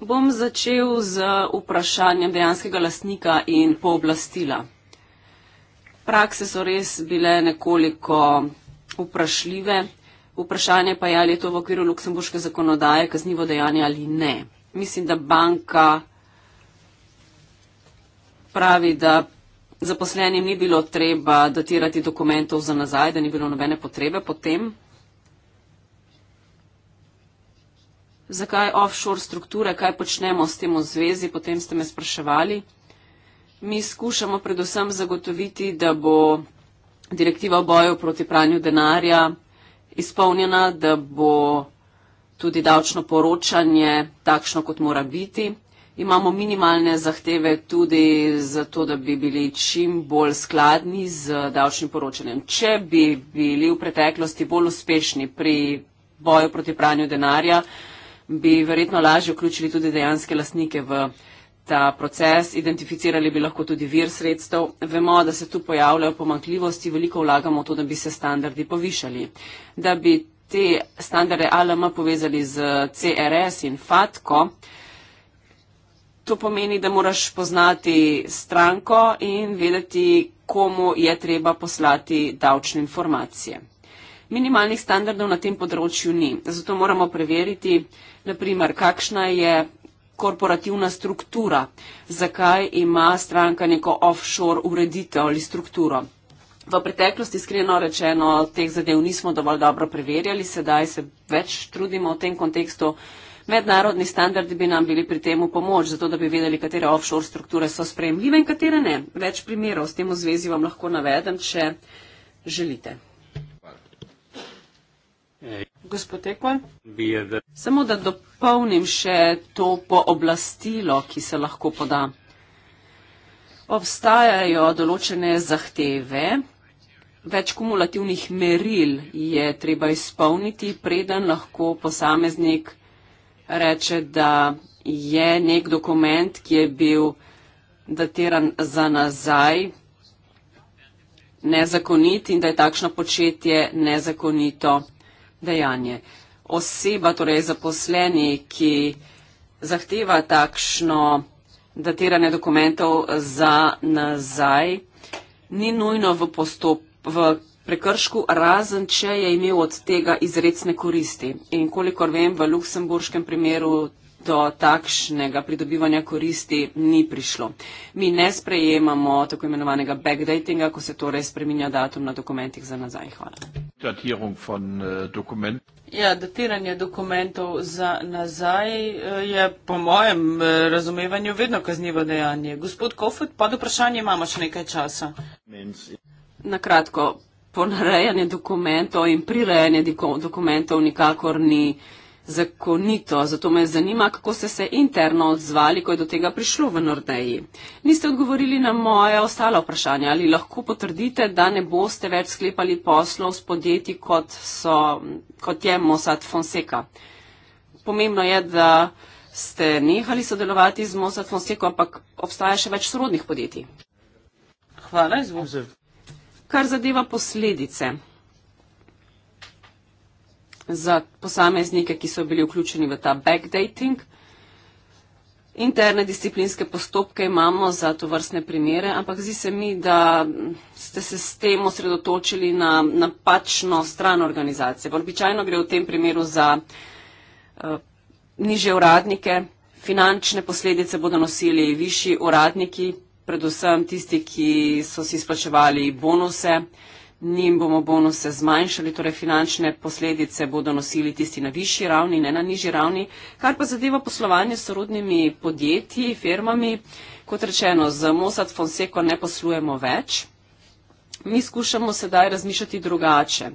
Bom začel z vprašanjem dejanskega lastnika in pooblastila. Prakse so res bile nekoliko vprašljive. Vprašanje pa je, ali je to v okviru luksemburške zakonodaje kaznivo dejanje ali ne. Mislim, da banka pravi, da zaposlenim ni bilo treba datirati dokumentov za nazaj, da ni bilo nobene potrebe potem. Zakaj offshore strukture, kaj počnemo s tem v zvezi, potem ste me spraševali. Mi skušamo predvsem zagotoviti, da bo direktiva o boju proti pranju denarja izpolnjena, da bo tudi davčno poročanje takšno, kot mora biti. Imamo minimalne zahteve tudi za to, da bi bili čim bolj skladni z davčnim poročanjem. Če bi bili v preteklosti bolj uspešni pri boju proti pranju denarja, bi verjetno lažje vključili tudi dejanske lasnike v ta proces, identificirali bi lahko tudi vir sredstev. Vemo, da se tu pojavljajo pomankljivosti, veliko vlagamo v to, da bi se standardi povišali. Da bi te standarde ALM povezali z CRS in FATKO, to pomeni, da moraš poznati stranko in vedeti, komu je treba poslati davčne informacije. Minimalnih standardov na tem področju ni, zato moramo preveriti, naprimer, kakšna je korporativna struktura, zakaj ima stranka neko offshore ureditev ali strukturo. V preteklosti, iskreno rečeno, teh zadev nismo dovolj dobro preverjali, sedaj se več trudimo v tem kontekstu. Mednarodni standardi bi nam bili pri tem v pomoč, zato da bi vedeli, katere offshore strukture so sprejemljive in katere ne. Več primerov s tem v zvezi vam lahko navedem, če želite. Hvala. Gospod Ekman? Samo da dopolnim še to pooblastilo, ki se lahko poda. Obstajajo določene zahteve, več kumulativnih meril je treba izpolniti, preden lahko posameznik reče, da je nek dokument, ki je bil datiran za nazaj, nezakonit in da je takšno početje nezakonito dejanje. Oseba, torej zaposleni, ki zahteva takšno datiranje dokumentov za nazaj, ni nujno v, postop, v prekršku, razen če je imel od tega izredne koristi. In kolikor vem, v luksemburškem primeru do takšnega pridobivanja koristi ni prišlo. Mi ne sprejemamo tako imenovanega backdatinga, ko se torej spreminja datum na dokumentih za nazaj. Hvala. Eh, ja, datiranje dokumentov za nazaj eh, je po mojem eh, razumevanju vedno kaznivo dejanje. Gospod Kofut, pod vprašanje imamo še nekaj časa. Na kratko, ponarejanje dokumentov in prirejanje dokumentov nikakor ni zakonito. Zato me zanima, kako ste se interno odzvali, ko je do tega prišlo v Nordeji. Niste odgovorili na moje ostale vprašanje. Ali lahko potrdite, da ne boste več sklepali poslov s podjetji, kot, so, kot je Mossad Fonseca? Pomembno je, da ste nehali sodelovati z Mossad Fonseca, ampak obstaja še več sorodnih podjetij. Hvala, izvolite. Kar zadeva posledice za posameznike, ki so bili vključeni v ta backdating. Interne disciplinske postopke imamo za to vrstne primere, ampak zdi se mi, da ste se s tem osredotočili na napačno stran organizacije. Običajno gre v tem primeru za uh, eh, niže uradnike, finančne posledice bodo nosili višji uradniki, predvsem tisti, ki so si splačevali bonuse. Uh, njim bomo bonuse zmanjšali, torej finančne posledice bodo nosili tisti na višji ravni, ne na nižji ravni. Kar pa zadeva poslovanje s sorodnimi podjetji, firmami, kot rečeno, z Mosad Fonseko ne poslujemo več. Mi skušamo sedaj razmišljati drugače.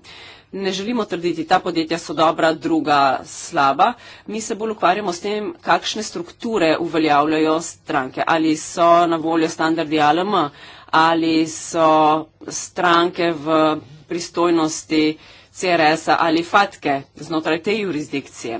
Ne želimo trditi, ta podjetja so dobra, druga slaba. Mi se bolj ukvarjamo s tem, kakšne strukture uveljavljajo stranke. Ali so na voljo standardi ALM, ali so stranke v pristojnosti CRS-a ali fatke znotraj te jurisdikcije,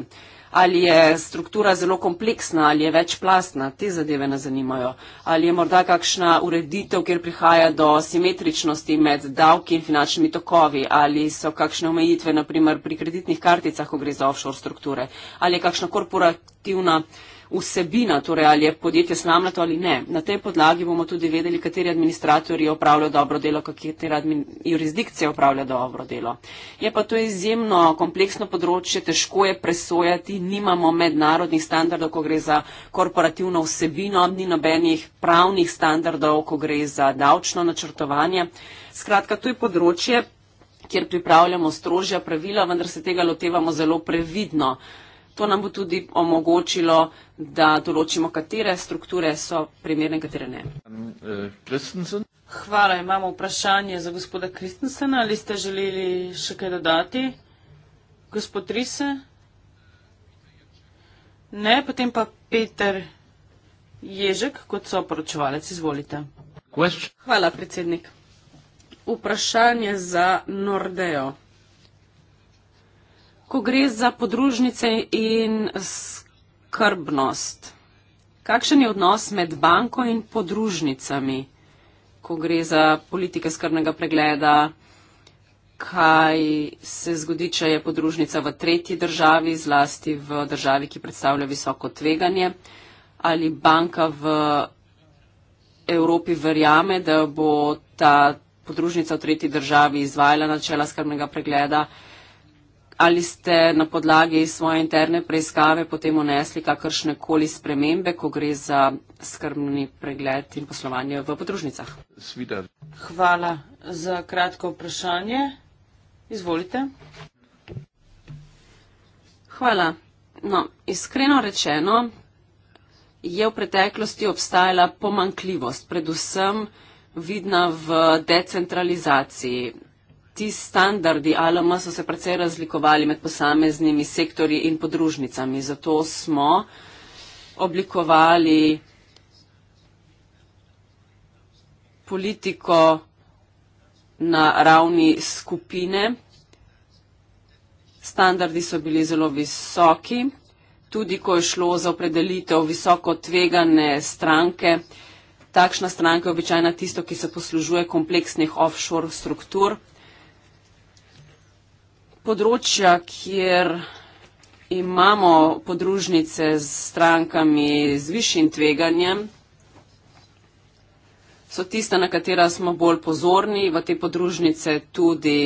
ali je struktura zelo kompleksna, ali je večplastna, te zadeve nas zanimajo, ali je morda kakšna ureditev, kjer prihaja do simetričnosti med davki in finančnimi tokovi, ali so kakšne omejitve, naprimer pri kreditnih karticah, ko gre za offshore strukture, ali je kakšna korporativna vsebina, torej ali je podjetje snamljato ali ne. Na tej podlagi bomo tudi vedeli, kateri administratorji opravljajo dobro delo, katera jurisdikcija opravlja dobro delo. Je pa to izjemno kompleksno področje, težko je presojati, nimamo mednarodnih standardov, ko gre za korporativno vsebino, ni nobenih pravnih standardov, ko gre za davčno načrtovanje. Skratka, to je področje, kjer pripravljamo strožja pravila, vendar se tega lotevamo zelo previdno. To nam bo tudi omogočilo, da določimo, katere strukture so primerne, katere ne. Eh, Hvala, imamo vprašanje za gospoda Kristensena. Ali ste želeli še kaj dodati? Gospod Rise? Ne, potem pa Peter Ježek kot soporočevalec. Izvolite. Hvala, predsednik. Vprašanje za Nordejo ko gre za podružnice in skrbnost? Kakšen je odnos med banko in podružnicami, ko gre za politike skrbnega pregleda? Kaj se zgodi, če je podružnica v tretji državi, zlasti v državi, ki predstavlja visoko tveganje? Ali banka v Evropi verjame, da bo ta podružnica v tretji državi izvajala načela skrbnega pregleda? ali ste na podlagi svoje interne preiskave potem unesli kakršne koli spremembe, ko gre za skrbni pregled in poslovanje v podružnicah? Svida. Hvala za kratko vprašanje. Izvolite. Hvala. No, iskreno rečeno, je v preteklosti obstajala pomankljivost, predvsem vidna v decentralizaciji ti standardi Alama so se precej razlikovali med posameznimi sektorji in podružnicami. Zato smo oblikovali politiko na ravni skupine. Standardi so bili zelo visoki, tudi ko je šlo za opredelitev visoko tvegane stranke. Takšna stranka je običajna tisto, ki se poslužuje kompleksnih offshore struktur področja, kjer imamo podružnice z strankami z višjim tveganjem, so tista, na katera smo bolj pozorni, v te podružnice tudi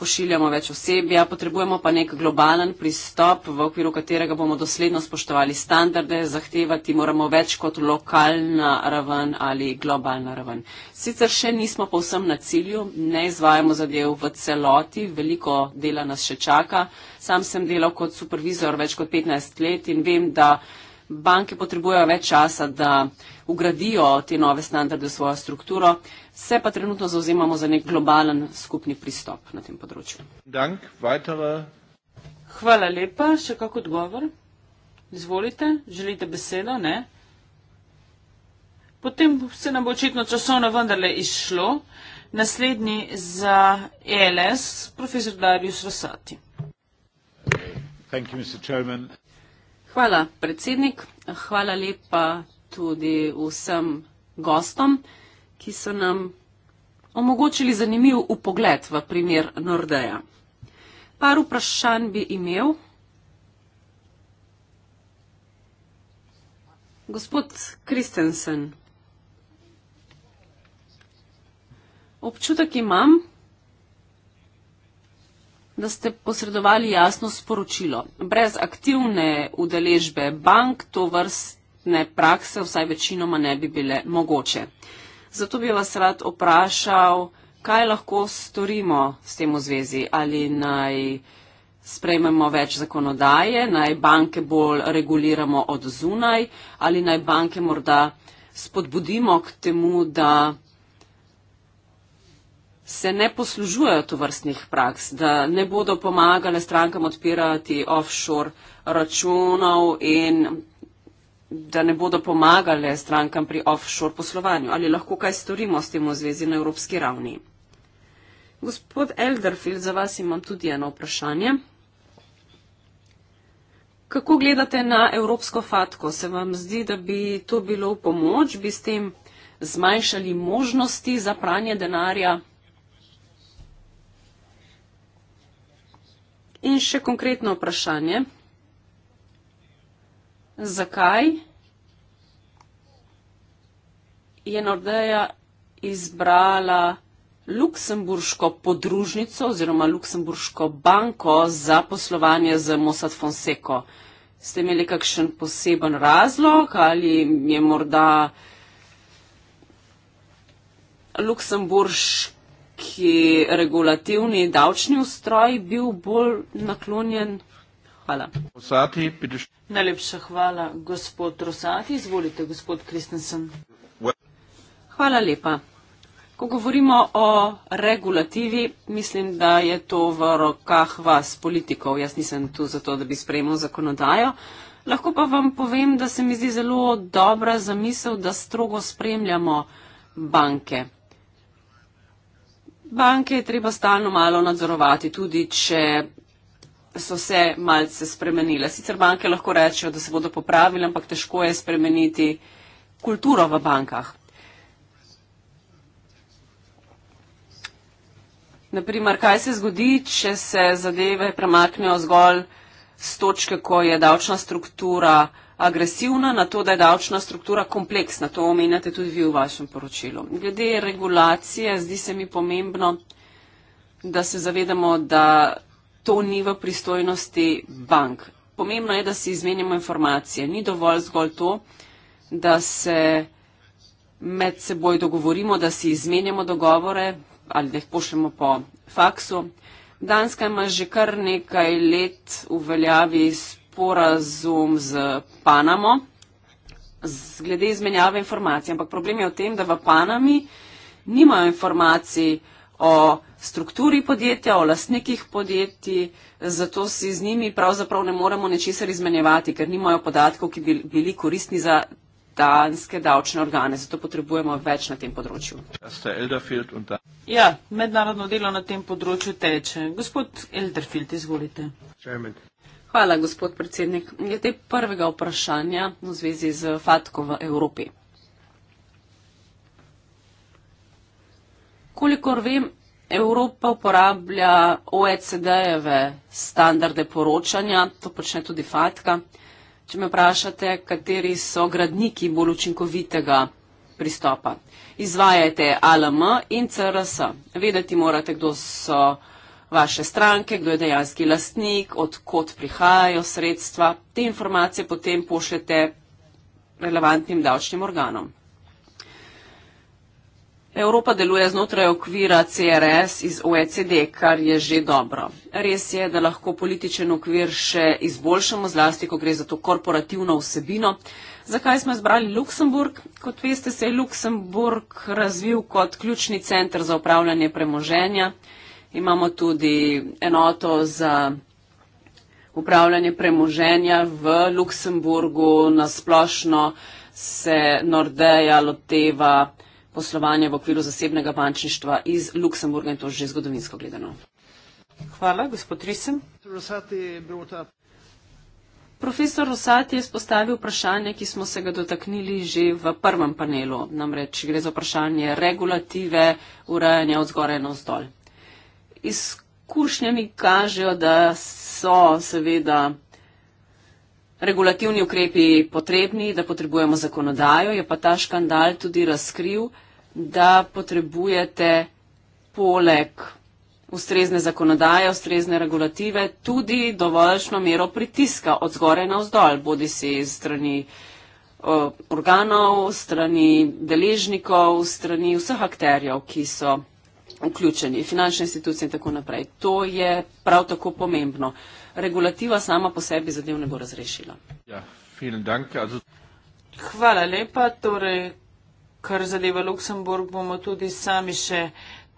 pošiljamo več osebja, potrebujemo pa nek globalen pristop, v okviru katerega bomo dosledno spoštovali standarde, zahtevati moramo več kot lokalna raven ali globalna raven. Sicer še nismo povsem na cilju, ne izvajamo zadev v celoti, veliko dela nas še čaka. Sam sem delal kot supervizor več kot 15 let in vem, da banke potrebujejo več časa, da ugradijo te nove standarde v svojo strukturo, se pa trenutno zauzemamo za nek globalen skupni pristop na tem področju. Dank, Hvala lepa. Še kak odgovor? Izvolite, želite besedo? Ne? Potem se nam bo očitno časovno vendarle izšlo. Naslednji za ELS, profesor Darius Rosati. Thank you, Mr. Chairman. Hvala, predsednik. Hvala lepa tudi vsem gostom, ki so nam omogočili zanimiv upogled v primer Nordeja. Par vprašanj bi imel. Gospod Kristensen, občutek imam, da ste posredovali jasno sporočilo. Brez aktivne udeležbe bank to vrstne prakse vsaj večinoma ne bi bile mogoče. Zato bi vas rad vprašal, kaj lahko storimo s tem v zvezi. Ali naj sprejmemo več zakonodaje, naj banke bolj reguliramo od zunaj, ali naj banke morda spodbudimo k temu, da se ne poslužujejo tovrstnih praks, da ne bodo pomagale strankam odpirati offshore računov in da ne bodo pomagale strankam pri offshore poslovanju. Ali lahko kaj storimo s tem v zvezi na evropski ravni? Gospod Elderfield, za vas imam tudi eno vprašanje. Kako gledate na evropsko fatko? Se vam zdi, da bi to bilo v pomoč, bi s tem zmanjšali možnosti za pranje denarja? In še konkretno vprašanje. Zakaj je Nordeja izbrala luksemburško podružnico oziroma luksemburško banko za poslovanje z Mossad Fonseco? Ste imeli kakšen poseben razlog ali je morda luksemburški neki regulativni davčni ustroj bil bolj naklonjen. Hvala. Rosati, Najlepša hvala, gospod Rosati. Izvolite, gospod Kristensen. Hvala lepa. Ko govorimo o regulativi, mislim, da je to v rokah vas, politikov. Jaz nisem tu zato, da bi sprejemal zakonodajo. Lahko pa vam povem, da se mi zdi zelo dobra zamisel, da strogo spremljamo banke banke je treba stalno malo nadzorovati, tudi če so se malce spremenile. Sicer banke lahko rečejo, da se bodo popravile, ampak težko je spremeniti kulturo v bankah. Naprimer, kaj se zgodi, če se zadeve premaknejo zgolj z točke, ko je davčna struktura agresivna na to, da je davčna struktura kompleksna. To omenjate tudi vi v vašem poročilu. Glede regulacije, zdi se mi pomembno, da se zavedamo, da to ni v pristojnosti bank. Pomembno je, da si izmenjamo informacije. Ni dovolj zgolj to, da se med seboj dogovorimo, da si izmenjamo dogovore ali da jih pošljemo po faksu. Danska ima že kar nekaj let v veljavi sporazum z Panamo glede izmenjave informacij. Ampak problem je v tem, da v Panami nimajo informacij o strukturi podjetja, o lastnikih podjetij, zato si z njimi pravzaprav ne moremo ničesar izmenjevati, ker nimajo podatkov, ki bi bili koristni za danske davčne organe. Zato potrebujemo več na tem področju. Ja, mednarodno delo na tem področju teče. Gospod Elderfield, izvolite. Chairman. Hvala, gospod predsednik. Je te prvega vprašanja v zvezi z Fatko v Evropi. Kolikor vem, Evropa uporablja OECD-jeve standarde poročanja, to počne tudi Fatka. Če me vprašate, kateri so gradniki bolj učinkovitega pristopa. Izvajate ALM in CRS. Vedeti morate, kdo so vaše stranke, kdo je dejanski lastnik, odkot prihajajo sredstva. Te informacije potem pošljete relevantnim davčnim organom. Evropa deluje znotraj okvira CRS iz OECD, kar je že dobro. Res je, da lahko političen okvir še izboljšamo, zlasti, ko gre za to korporativno vsebino. Zakaj smo izbrali Luksemburg? Kot veste, se je Luksemburg razvil kot ključni center za upravljanje premoženja. Imamo tudi enoto za upravljanje premoženja v Luksemburgu, nasplošno se Nordeja loteva poslovanje v okviru zasebnega bančništva iz Luksemburga in to že zgodovinsko gledano. Hvala, gospod Risem. Profesor Rosati je spostavil vprašanje, ki smo se ga dotaknili že v prvem panelu, namreč gre za vprašanje regulative urejanja od zgore na vzdolj izkušnje mi kažejo, da so seveda regulativni ukrepi potrebni, da potrebujemo zakonodajo, je pa ta škandal tudi razkril, da potrebujete poleg ustrezne zakonodaje, ustrezne regulative, tudi dovoljšno mero pritiska od zgore na vzdolj, bodi si strani organov, strani deležnikov, strani vseh akterjev, ki so vključeni, finančne institucije in tako naprej. To je prav tako pomembno. Regulativa sama po sebi zadev ne bo razrešila. Ja, Hvala lepa. Torej, kar zadeva Luksemburg, bomo tudi sami še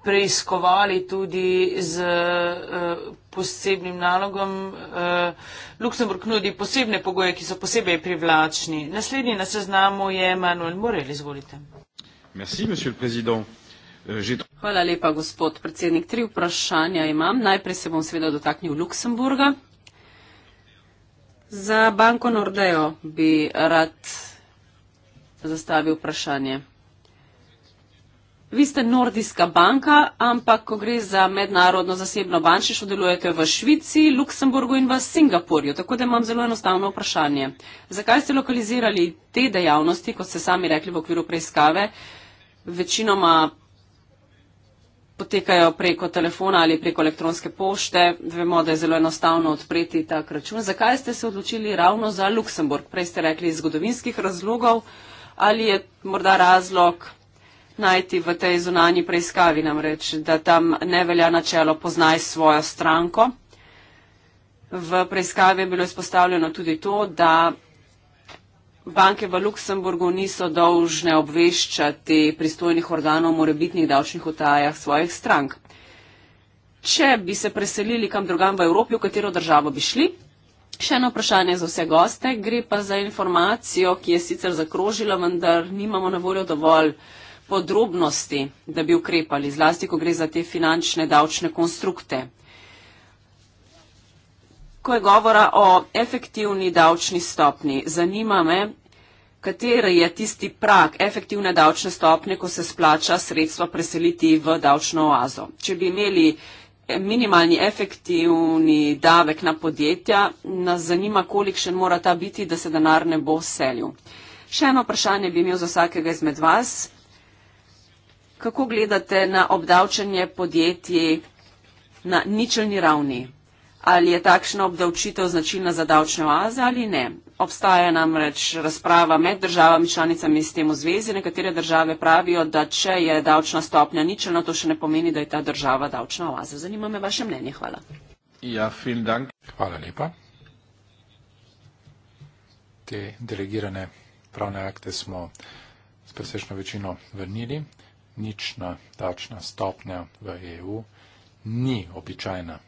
preiskovali tudi z uh, posebnim nalogom. Uh, Luksemburg nudi posebne pogoje, ki so posebej privlačni. Naslednji na seznamu je Manuel Morel. Izvolite. Merci, Eh, Židov. Hvala lepa, gospod predsednik. Tri vprašanja imam. Najprej se bom seveda dotaknil Luksemburga. Za banko Nordejo bi rad zastavil vprašanje. Vi ste nordijska banka, ampak ko gre za mednarodno zasebno bančništvo, delujete v Švici, Luksemburgu in v Singapurju. Tako da imam zelo enostavno vprašanje. Zakaj ste lokalizirali te dejavnosti, kot ste sami rekli v okviru preiskave, večinoma potekajo preko telefona ali preko elektronske pošte. Vemo, da je zelo enostavno odpreti tak račun. Zakaj ste se odločili ravno za Luksemburg? Prej ste rekli iz zgodovinskih razlogov. Ali je morda razlog najti v tej zunanji preiskavi namreč, da tam ne velja načelo poznaj svojo stranko? V preiskavi je bilo izpostavljeno tudi to, da banke v Luksemburgu niso dolžne obveščati pristojnih organov o morebitnih davčnih utajah svojih strank. Če bi se preselili kam drugam v Evropi, v katero državo bi šli? Še eno vprašanje za vse goste. Gre pa za informacijo, ki je sicer zakrožila, vendar nimamo na voljo dovolj podrobnosti, da bi ukrepali, zlasti ko gre za te finančne davčne konstrukte ko je govora o efektivni davčni stopni. Zanima me, kater je tisti prak efektivne davčne stopne, ko se splača sredstva preseliti v davčno oazo. Če bi imeli eh, minimalni efektivni davek na podjetja, nas zanima, kolikšen mora ta biti, da se denar ne bo selil. Še eno vprašanje bi imel za vsakega izmed vas. Kako gledate na obdavčanje podjetij na ničelni ravni? ali je takšna obdavčitev značilna za davčne oaze ali ne. Obstaja namreč razprava med državami članicami s tem v zvezi. Nekatere države pravijo, da če je davčna stopnja ničelna, to še ne pomeni, da je ta država davčna oaza. Zanima me vaše mnenje. Hvala. Ja, dank. Hvala lepa. Te delegirane pravne akte smo s presečno večino vrnili. Nična davčna stopnja v EU ni običajna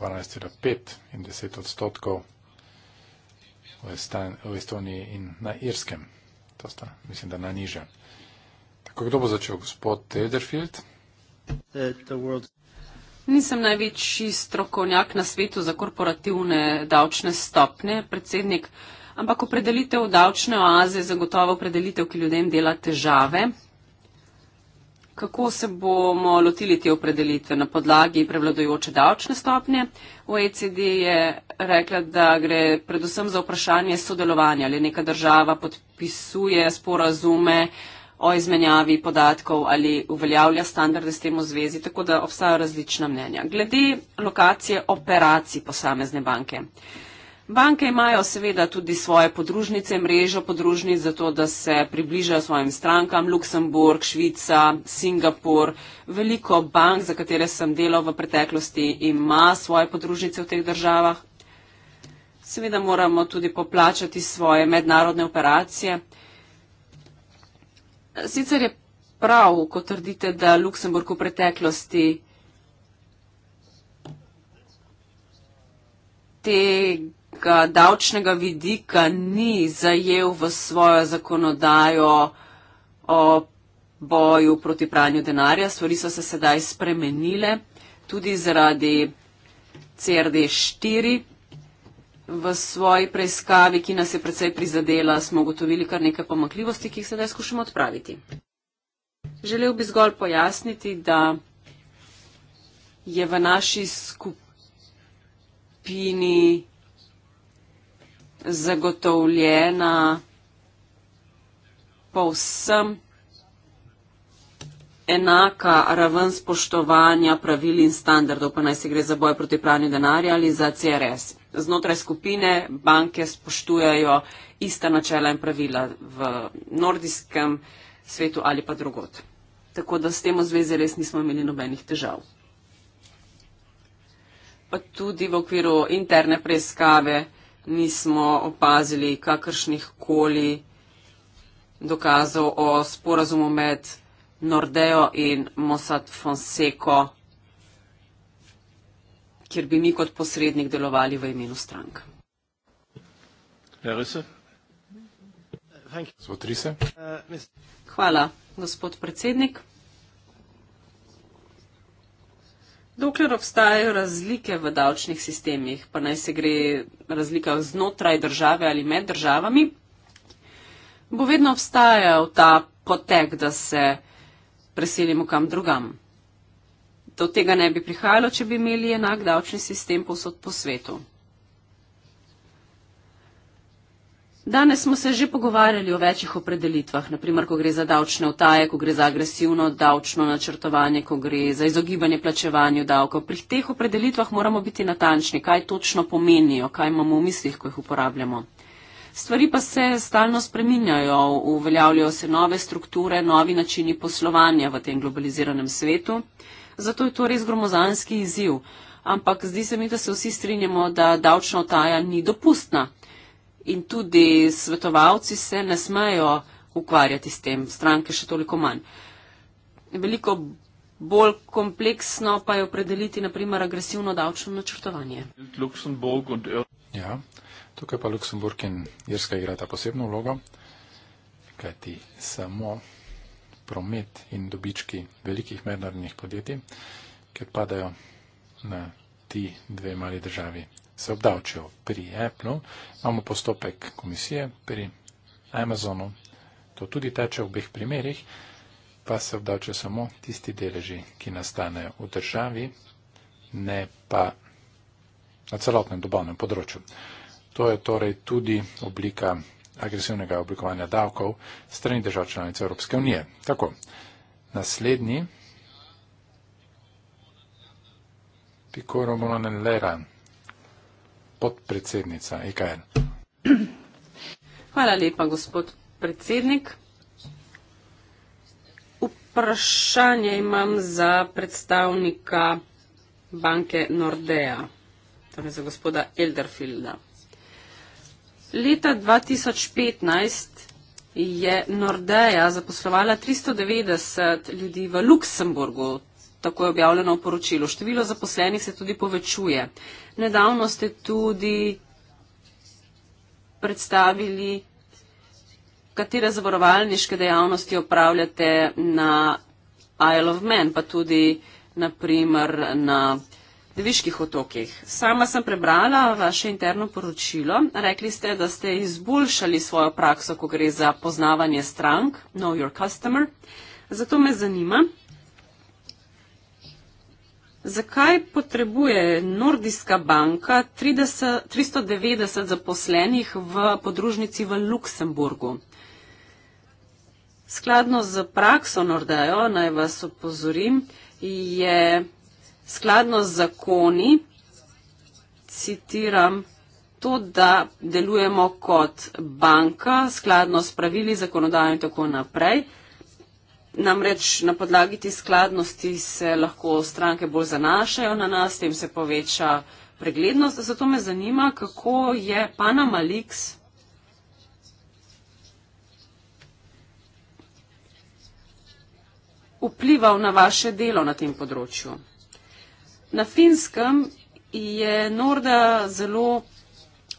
12,5 in 10 odstotkov v, Estan, v Estoniji in na Irskem. To sta, mislim, da najnižja. Tako kdo bo začel? Gospod Ederfield? Nisem največji strokovnjak na svetu za korporativne davčne stopne, predsednik, ampak opredelitev davčne oaze je zagotovo opredelitev, ki ljudem dela težave kako se bomo lotili te opredelitve na podlagi prevladojoče davčne stopnje. OECD je rekla, da gre predvsem za vprašanje sodelovanja, ali neka država podpisuje sporazume o izmenjavi podatkov ali uveljavlja standarde s tem v zvezi, tako da obstajajo različna mnenja. Glede lokacije operacij posamezne banke. Banke imajo seveda tudi svoje podružnice, mrežo podružnic, zato da se približajo svojim strankam, Luksemburg, Švica, Singapur. Veliko bank, za katere sem delal v preteklosti, ima svoje podružnice v teh državah. Seveda moramo tudi poplačati svoje mednarodne operacije. Sicer je prav, ko trdite, da Luksemburg v preteklosti. Te tega davčnega vidika ni zajel v svojo zakonodajo o boju proti pranju denarja. Stvari so se sedaj spremenile tudi zaradi CRD 4. V svoji preiskavi, ki nas je predvsej prizadela, smo ugotovili kar nekaj pomakljivosti, ki jih sedaj skušamo odpraviti. Želel bi zgolj pojasniti, da je v naši skupini zagotovljena povsem enaka raven spoštovanja pravil in standardov, pa naj se gre za boj proti pranju denarja ali za CRS. Znotraj skupine banke spoštujajo ista načela in pravila v nordijskem svetu ali pa drugot. Tako da s tem v zvezi res nismo imeli nobenih težav. Pa tudi v okviru interne preiskave nismo opazili kakršnih koli dokazov o sporazumu med Nordejo in Mossad Fonseco, kjer bi mi kot posrednik delovali v imenu strank. Uh, Hvala, gospod predsednik. Dokler obstajajo razlike v davčnih sistemih, pa naj se gre razlika znotraj države ali med državami, bo vedno obstajal ta potek, da se preselimo kam drugam. Do tega ne bi prihajalo, če bi imeli enak davčni sistem posod po svetu. Danes smo se že pogovarjali o večjih opredelitvah, naprimer, ko gre za davčne vtaje, ko gre za agresivno davčno načrtovanje, ko gre za izogibanje plačevanju davkov. Pri teh opredelitvah moramo biti natančni, kaj točno pomenijo, kaj imamo v mislih, ko jih uporabljamo. Stvari pa se stalno spreminjajo, uveljavljajo se nove strukture, novi načini poslovanja v tem globaliziranem svetu. Zato je to res gromozanski izziv. Ampak zdi se mi, da se vsi strinjamo, da davčna vtaja ni dopustna in tudi svetovalci se ne smejo ukvarjati s tem, stranke še toliko manj. Veliko bolj kompleksno pa je opredeliti, naprimer, agresivno davčno načrtovanje. Ja, tukaj pa Luksemburg in Irska igrata posebno vlogo, kajti samo promet in dobički velikih mednarodnih podjetij, ki odpadajo na ti dve mali državi, se obdavčijo pri Apple, imamo postopek komisije pri Amazonu, to tudi teče v obeh primerjih, pa se obdavčijo samo tisti deleži, ki nastanejo v državi, ne pa na celotnem dobavnem področju. To je torej tudi oblika agresivnega oblikovanja davkov strani držav članice Evropske unije. Tako, naslednji, Piccolo Bononellera, podpredsednica EKN. Hvala lepa, gospod predsednik. Vprašanje imam za predstavnika banke Nordea, torej za gospoda Elderfielda. Leta 2015 je Nordeja zaposlovala 390 ljudi v Luksemburgu, tako je objavljeno v poročilu. Število zaposlenih se tudi povečuje. Nedavno ste tudi predstavili, katere zavarovalniške dejavnosti opravljate na Isle of Man, pa tudi na primer na Deviških otokih. Sama sem prebrala vaše interno poročilo. Rekli ste, da ste izboljšali svojo prakso, ko gre za poznavanje strank, Know Your Customer. Zato me zanima, Zakaj potrebuje Nordijska banka 30, 390 zaposlenih v podružnici v Luksemburgu? Skladno z prakso Nordejo, naj vas opozorim, je skladno z zakoni, citiram, to, da delujemo kot banka, skladno s pravili zakonodajo in tako naprej. Namreč na podlagi te skladnosti se lahko stranke bolj zanašajo na nas, tem se poveča preglednost. Zato me zanima, kako je Panama Leaks. vplival na vaše delo na tem področju. Na finskem je Norda zelo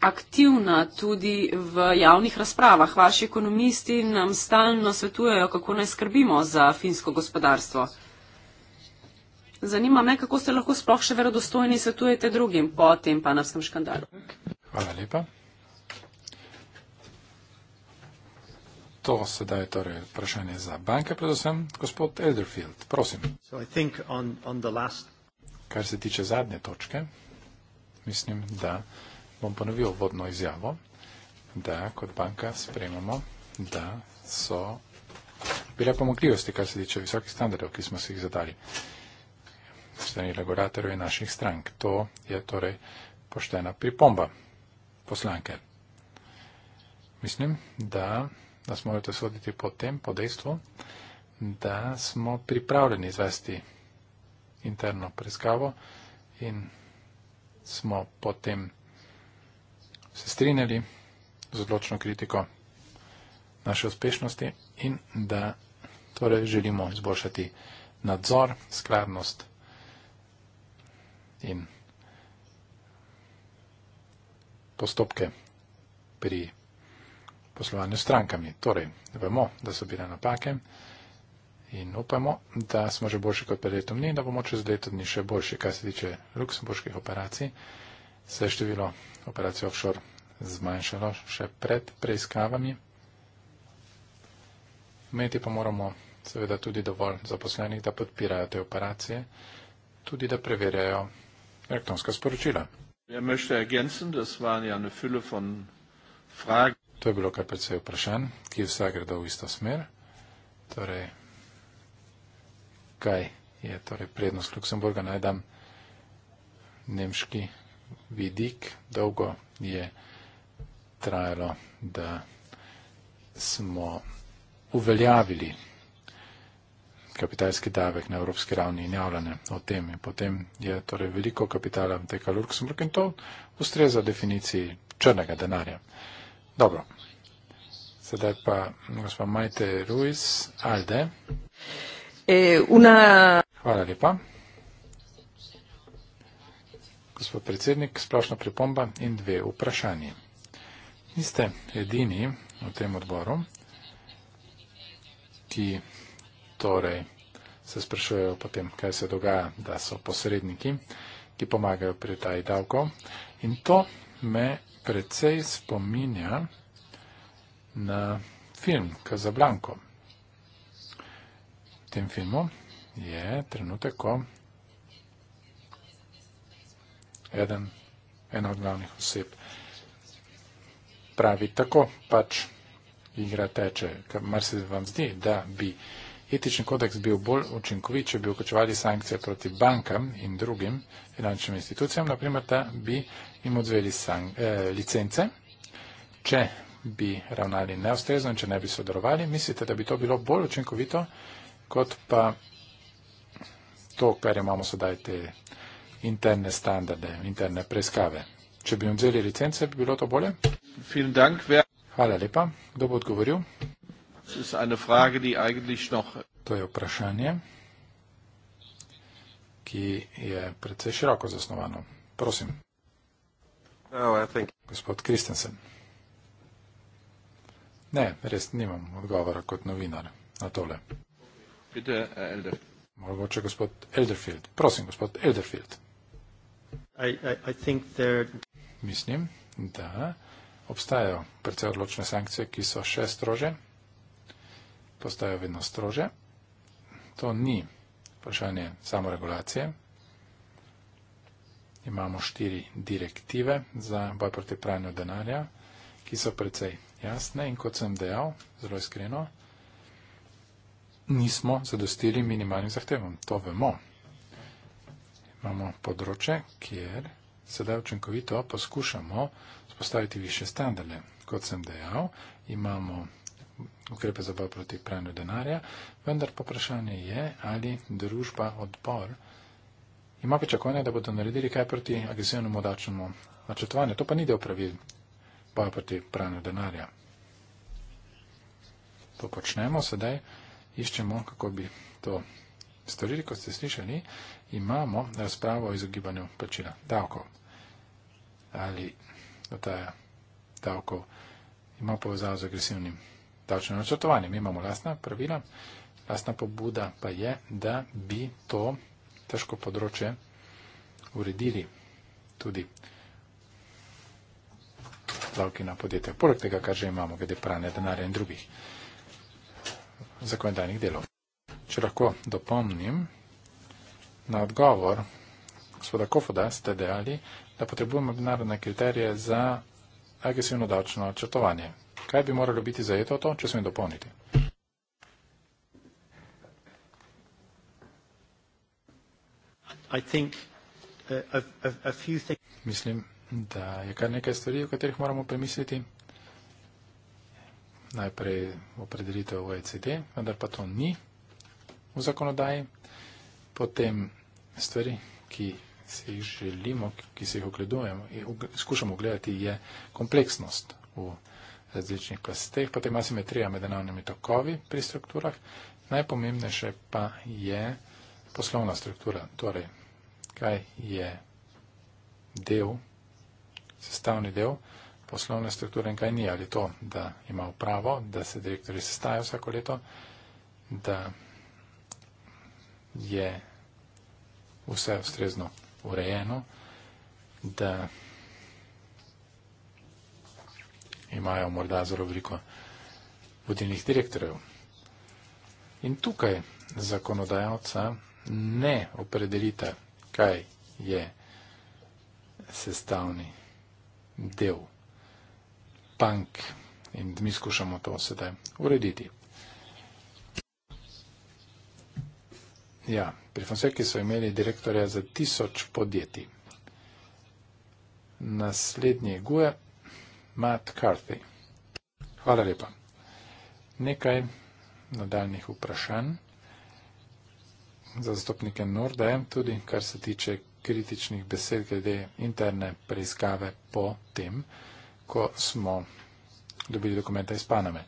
aktivna tudi v javnih razpravah. Vaši ekonomisti nam stalno svetujejo, kako naj skrbimo za finsko gospodarstvo. Zanima me, kako ste lahko sploh še verodostojni svetujete drugim po tem panarskem škandalu. Hvala lepa. To sedaj je torej vprašanje za banke, predvsem gospod Elderfield. Prosim. So I think on, on the last... Kar se tiče zadnje točke, mislim, da bom ponovil vodno izjavo, da kot banka spremamo, da so bile pomogljivosti, kar se tiče visokih standardov, ki smo si jih zadali strani regulatorjev in naših strank. To je torej poštena pripomba poslanke. Mislim, da nas morate soditi po tem, po dejstvu, da smo pripravljeni izvesti interno preiskavo in smo potem tem se strinjali z odločno kritiko naše uspešnosti in da torej želimo izboljšati nadzor, skladnost in postopke pri poslovanju s strankami. Torej, vemo, da so bile napake in upamo, da smo že boljši kot pred letom dni in da bomo čez leto dni še boljši, kar se tiče luksemburških operacij, se število operacijo offshore zmanjšalo še pred preiskavami. Imeti pa moramo seveda tudi dovolj zaposlenih, da podpirajo te operacije, tudi da preverjajo elektronska sporočila. Ja to je bilo kar predvsej vprašanj, ki vsa gredo v isto smer. Torej, kaj je torej prednost Luksemburga? Najdem nemški vidik, dolgo je trajalo, da smo uveljavili kapitalski davek na evropski ravni in javljanje o tem. Potem je torej veliko kapitala teka Luxemburg in to ustreza definiciji črnega denarja. Dobro. Sedaj pa gospod Majte Ruiz Alde. E, una... Hvala lepa gospod predsednik, splošna pripomba in dve vprašanji. Niste edini v tem odboru, ki torej se sprašujejo potem, kaj se dogaja, da so posredniki, ki pomagajo pri taj davko. In to me precej spominja na film Kazablanko. V tem filmu je trenutek, ko eden, ena od glavnih oseb. Pravi tako, pač igra teče. Mar se vam zdi, da bi etični kodeks bil bolj učinkovit, če bi vključevali sankcije proti bankam in drugim finančnim institucijam, naprimer, da bi jim odzveli sank, eh, licence, če bi ravnali neustrezno in če ne bi sodelovali. Mislite, da bi to bilo bolj učinkovito, kot pa to, kar imamo sedaj te. Eh, interne standarde, interne preiskave. Če bi jim vzeli licence, bi bilo to bolje. Hvala lepa. Kdo bo odgovoril? To je vprašanje, ki je predvsej široko zasnovano. Prosim. Oh, gospod Kristensen. Ne, res nimam odgovora kot novinar na tole. Mogoče gospod Elderfield. Prosim, gospod Elderfield. Mislim, da obstajajo precej odločne sankcije, ki so še strože, postajajo vedno strože. To ni vprašanje samoregulacije. Imamo štiri direktive za boj proti pranju denarja, ki so precej jasne in kot sem dejal, zelo iskreno, nismo zadostili minimalnim zahtevam. To vemo imamo področje, kjer sedaj učinkovito poskušamo spostaviti više standarde. Kot sem dejal, imamo ukrepe za boj proti pranju denarja, vendar poprašanje je, ali družba odpor ima pričakovanje, da bodo naredili kaj proti agresivnemu davčnemu načrtovanju. To pa ni del pravil boja proti pranju denarja. To počnemo sedaj, iščemo, kako bi to storili, kot ste slišali, imamo razpravo o izogibanju plačila davkov. Ali otaja davkov ima povezavo z agresivnim davčnim načrtovanjem. Mi imamo lastna pravila, lastna pobuda pa je, da bi to težko področje uredili tudi davki na podjetja. Poleg tega, kar že imamo, glede pranja denarja in drugih zakonodajnih delov. Če lahko dopomnim, na odgovor gospoda Kofoda ste dejali, da potrebujemo binarne kriterije za agresivno davčno črtovanje. Kaj bi moralo biti zajeto to, če smem dopolniti? Uh, Mislim, da je kar nekaj stvari, o katerih moramo premisliti. Najprej opredelitev OECD, vendar pa to ni v zakonodaji, potem stvari, ki si jih želimo, ki si jih ogledujemo in skušamo ogledati, je kompleksnost v različnih klasteh, potem asimetrija med enavnimi tokovi pri strukturah, najpomembnejše pa je poslovna struktura, torej kaj je del, sestavni del poslovne strukture in kaj ni, ali to, da ima upravo, da se direktori sestajajo vsako leto, da je vse ustrezno urejeno, da imajo morda zelo veliko vodilnih direktorjev. In tukaj zakonodajalca ne opredelite, kaj je sestavni del bank in mi skušamo to sedaj urediti. Ja, pri Fonseki so imeli direktorja za tisoč podjetij. Naslednji je Gue, Matt Carthy. Hvala lepa. Nekaj nadaljnih vprašanj za zastopnike Nordajem, tudi kar se tiče kritičnih besed glede interne preiskave po tem, ko smo dobili dokumenta iz Paname,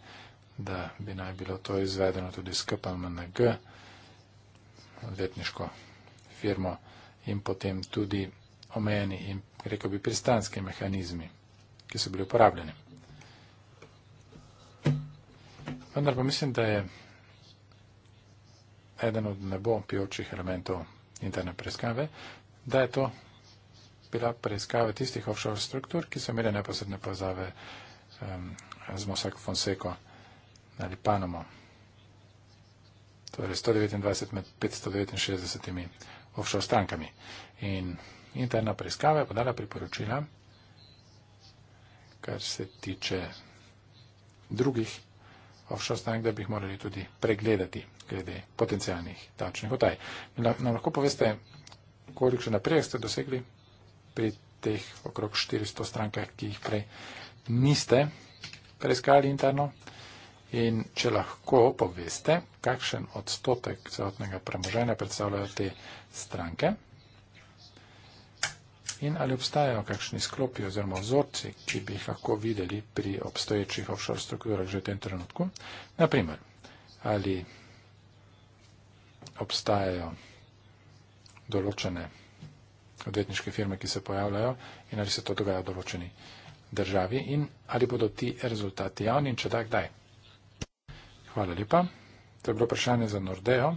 da bi naj bilo to izvedeno tudi s KPMNG odvetniško firmo in potem tudi omejeni in rekel bi pristanski mehanizmi, ki so bili uporabljeni. Vendar pa mislim, da je eden od nebo pijočih elementov interne preiskave, da je to bila preiskava tistih offshore struktur, ki so imeli neposredne povezave um, z Mosak Fonseko ali Panamo torej 129 med 569 offshore strankami. In interna preiskava je podala priporočila, kar se tiče drugih offshore strank, da bi jih morali tudi pregledati glede potencijalnih davčnih otaj. Nam lahko poveste, koliko napredek ste dosegli pri teh okrog 400 strankah, ki jih prej niste preiskali interno. In če lahko poveste, kakšen odstotek celotnega premoženja predstavljajo te stranke in ali obstajajo kakšni sklopi oziroma vzorci, ki bi jih lahko videli pri obstoječih offshore strukturah že v tem trenutku. Naprimer, ali obstajajo določene odvetniške firme, ki se pojavljajo in ali se to dogaja v določeni državi in ali bodo ti rezultati javni in če da, kdaj. Hvala lepa. To je bilo vprašanje za Nordejo.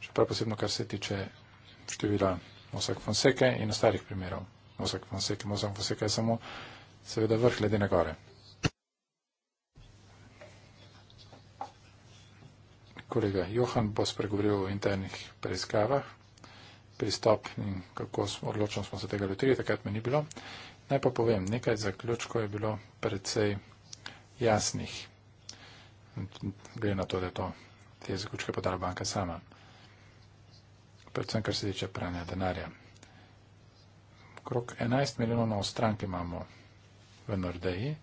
Še prav posebno, kar se tiče števila Mosak Fonseke in ostalih primerov. Mosak Fonseke, Mosak Fonseke je samo seveda vrh ledene gore. Kolega Johan bo spregovoril o internih preiskavah, pristop in kako odločno smo se tega lotili, takrat me ni bilo. Naj pa povem, nekaj zaključkov je bilo predvsej jasnih gre na to, da to te zaključke podala banka sama. Predvsem, kar se tiče pranja denarja. Krok 11 milijonov strank imamo v Nordeji.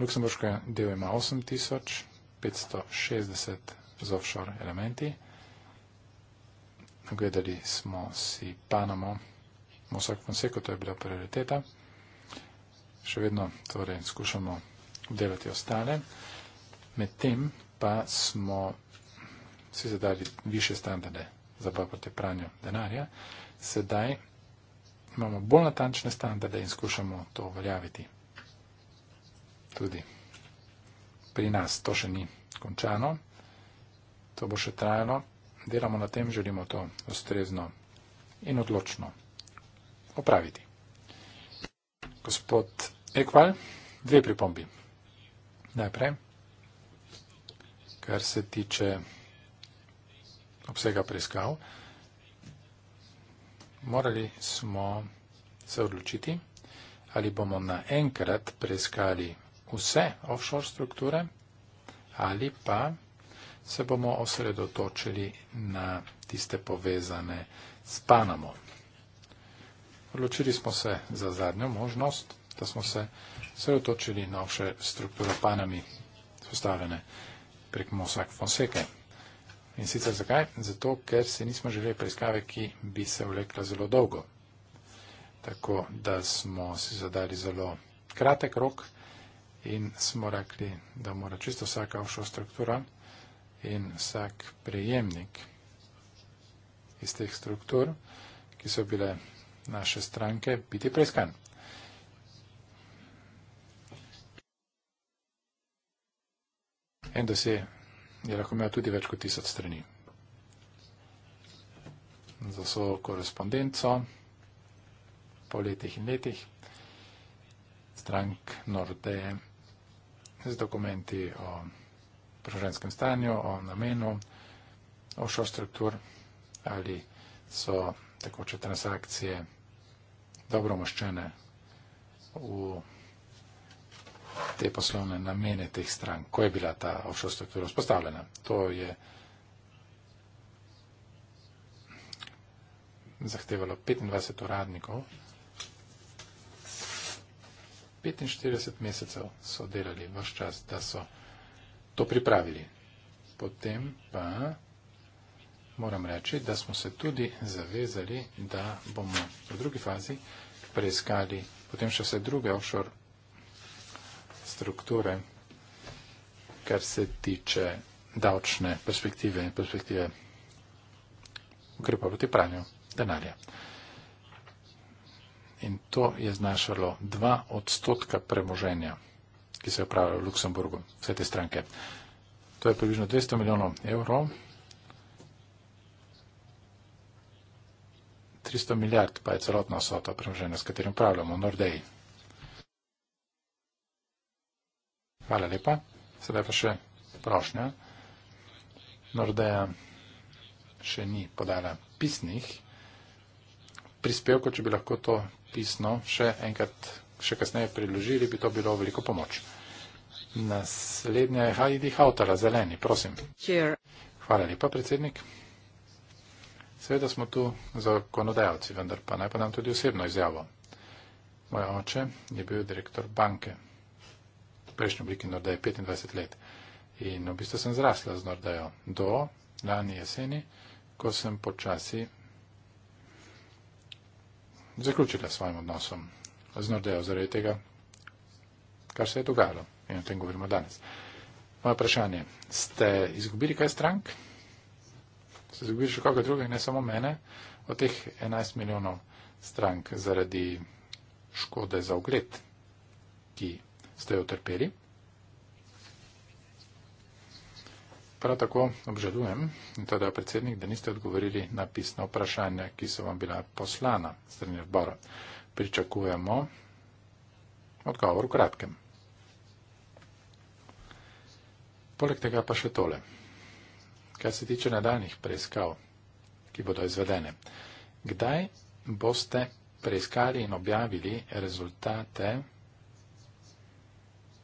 Luksemburško del ima 8560 z offshore elementi. Gledali smo si Panamo, Mosak Fonseca, to je bila prioriteta. Še vedno torej skušamo obdelati ostale medtem pa smo si zadali više standarde za boj proti pranju denarja, sedaj imamo bolj natančne standarde in skušamo to uveljaviti. Tudi pri nas to še ni končano, to bo še trajalo, delamo na tem, želimo to ustrezno in odločno opraviti. Gospod Ekval, dve pripombi. Najprej kar se tiče obsega preiskav, morali smo se odločiti, ali bomo naenkrat preiskali vse offshore strukture ali pa se bomo osredotočili na tiste povezane s Panamo. Odločili smo se za zadnjo možnost, da smo se osredotočili na offshore strukture Panami, sestavljene prek Mosak Fonseke. In sicer zakaj? Zato, ker se nismo želeli preiskave, ki bi se vlekla zelo dolgo. Tako da smo si zadali zelo kratek rok in smo rekli, da mora čisto vsaka ovšo struktura in vsak prejemnik iz teh struktur, ki so bile naše stranke, biti preiskan. En dosje je lahko imel tudi več kot tisoč strani. Za svojo korespondenco po letih in letih strank Nordeje z dokumenti o proženskem stanju, o namenu, o šo struktur ali so takoče transakcije dobro moščene v te poslovne namene teh strank, ko je bila ta offshore struktura vzpostavljena. To je zahtevalo 25 uradnikov. 45 mesecev so delali vse čas, da so to pripravili. Potem pa moram reči, da smo se tudi zavezali, da bomo v drugi fazi preiskali potem še vse druge offshore strukture, kar se tiče davčne perspektive in perspektive ukrepa proti pranju denarja. In to je znašalo dva odstotka premoženja, ki se je upravljalo v Luksemburgu, vse te stranke. To je približno 200 milijonov evrov, 300 milijard pa je celotna osota premoženja, s katerim upravljamo Nordeji. Hvala lepa. Sedaj pa še prošnja. Nordeja še ni podala pisnih prispevkov, če bi lahko to pisno še enkrat, še kasneje priložili, bi to bilo veliko pomoč. Naslednja je Heidi Hautala, zeleni, prosim. Here. Hvala lepa, predsednik. Seveda smo tu zakonodajalci, vendar pa naj pa nam tudi osebno izjavo. Moj oče je bil direktor banke prejšnji obliki Nordeje 25 let. In v bistvu sem zrasla z Nordejo do lani jeseni, ko sem počasi zaključila s svojim odnosom z Nordejo zaradi tega, kar se je dogajalo. In o tem govorimo danes. Moje vprašanje, ste izgubili kaj strank? Ste izgubili še koga drugega, ne samo mene, od teh 11 milijonov strank zaradi škode za ugled, ki ste jo trpeli. Prav tako obžalujem, da predsednik, da niste odgovorili na pisna vprašanja, ki so vam bila poslana strani odbora. Pričakujemo odgovor v kratkem. Poleg tega pa še tole. Kaj se tiče nadaljnih preiskav, ki bodo izvedene, kdaj boste preiskali in objavili rezultate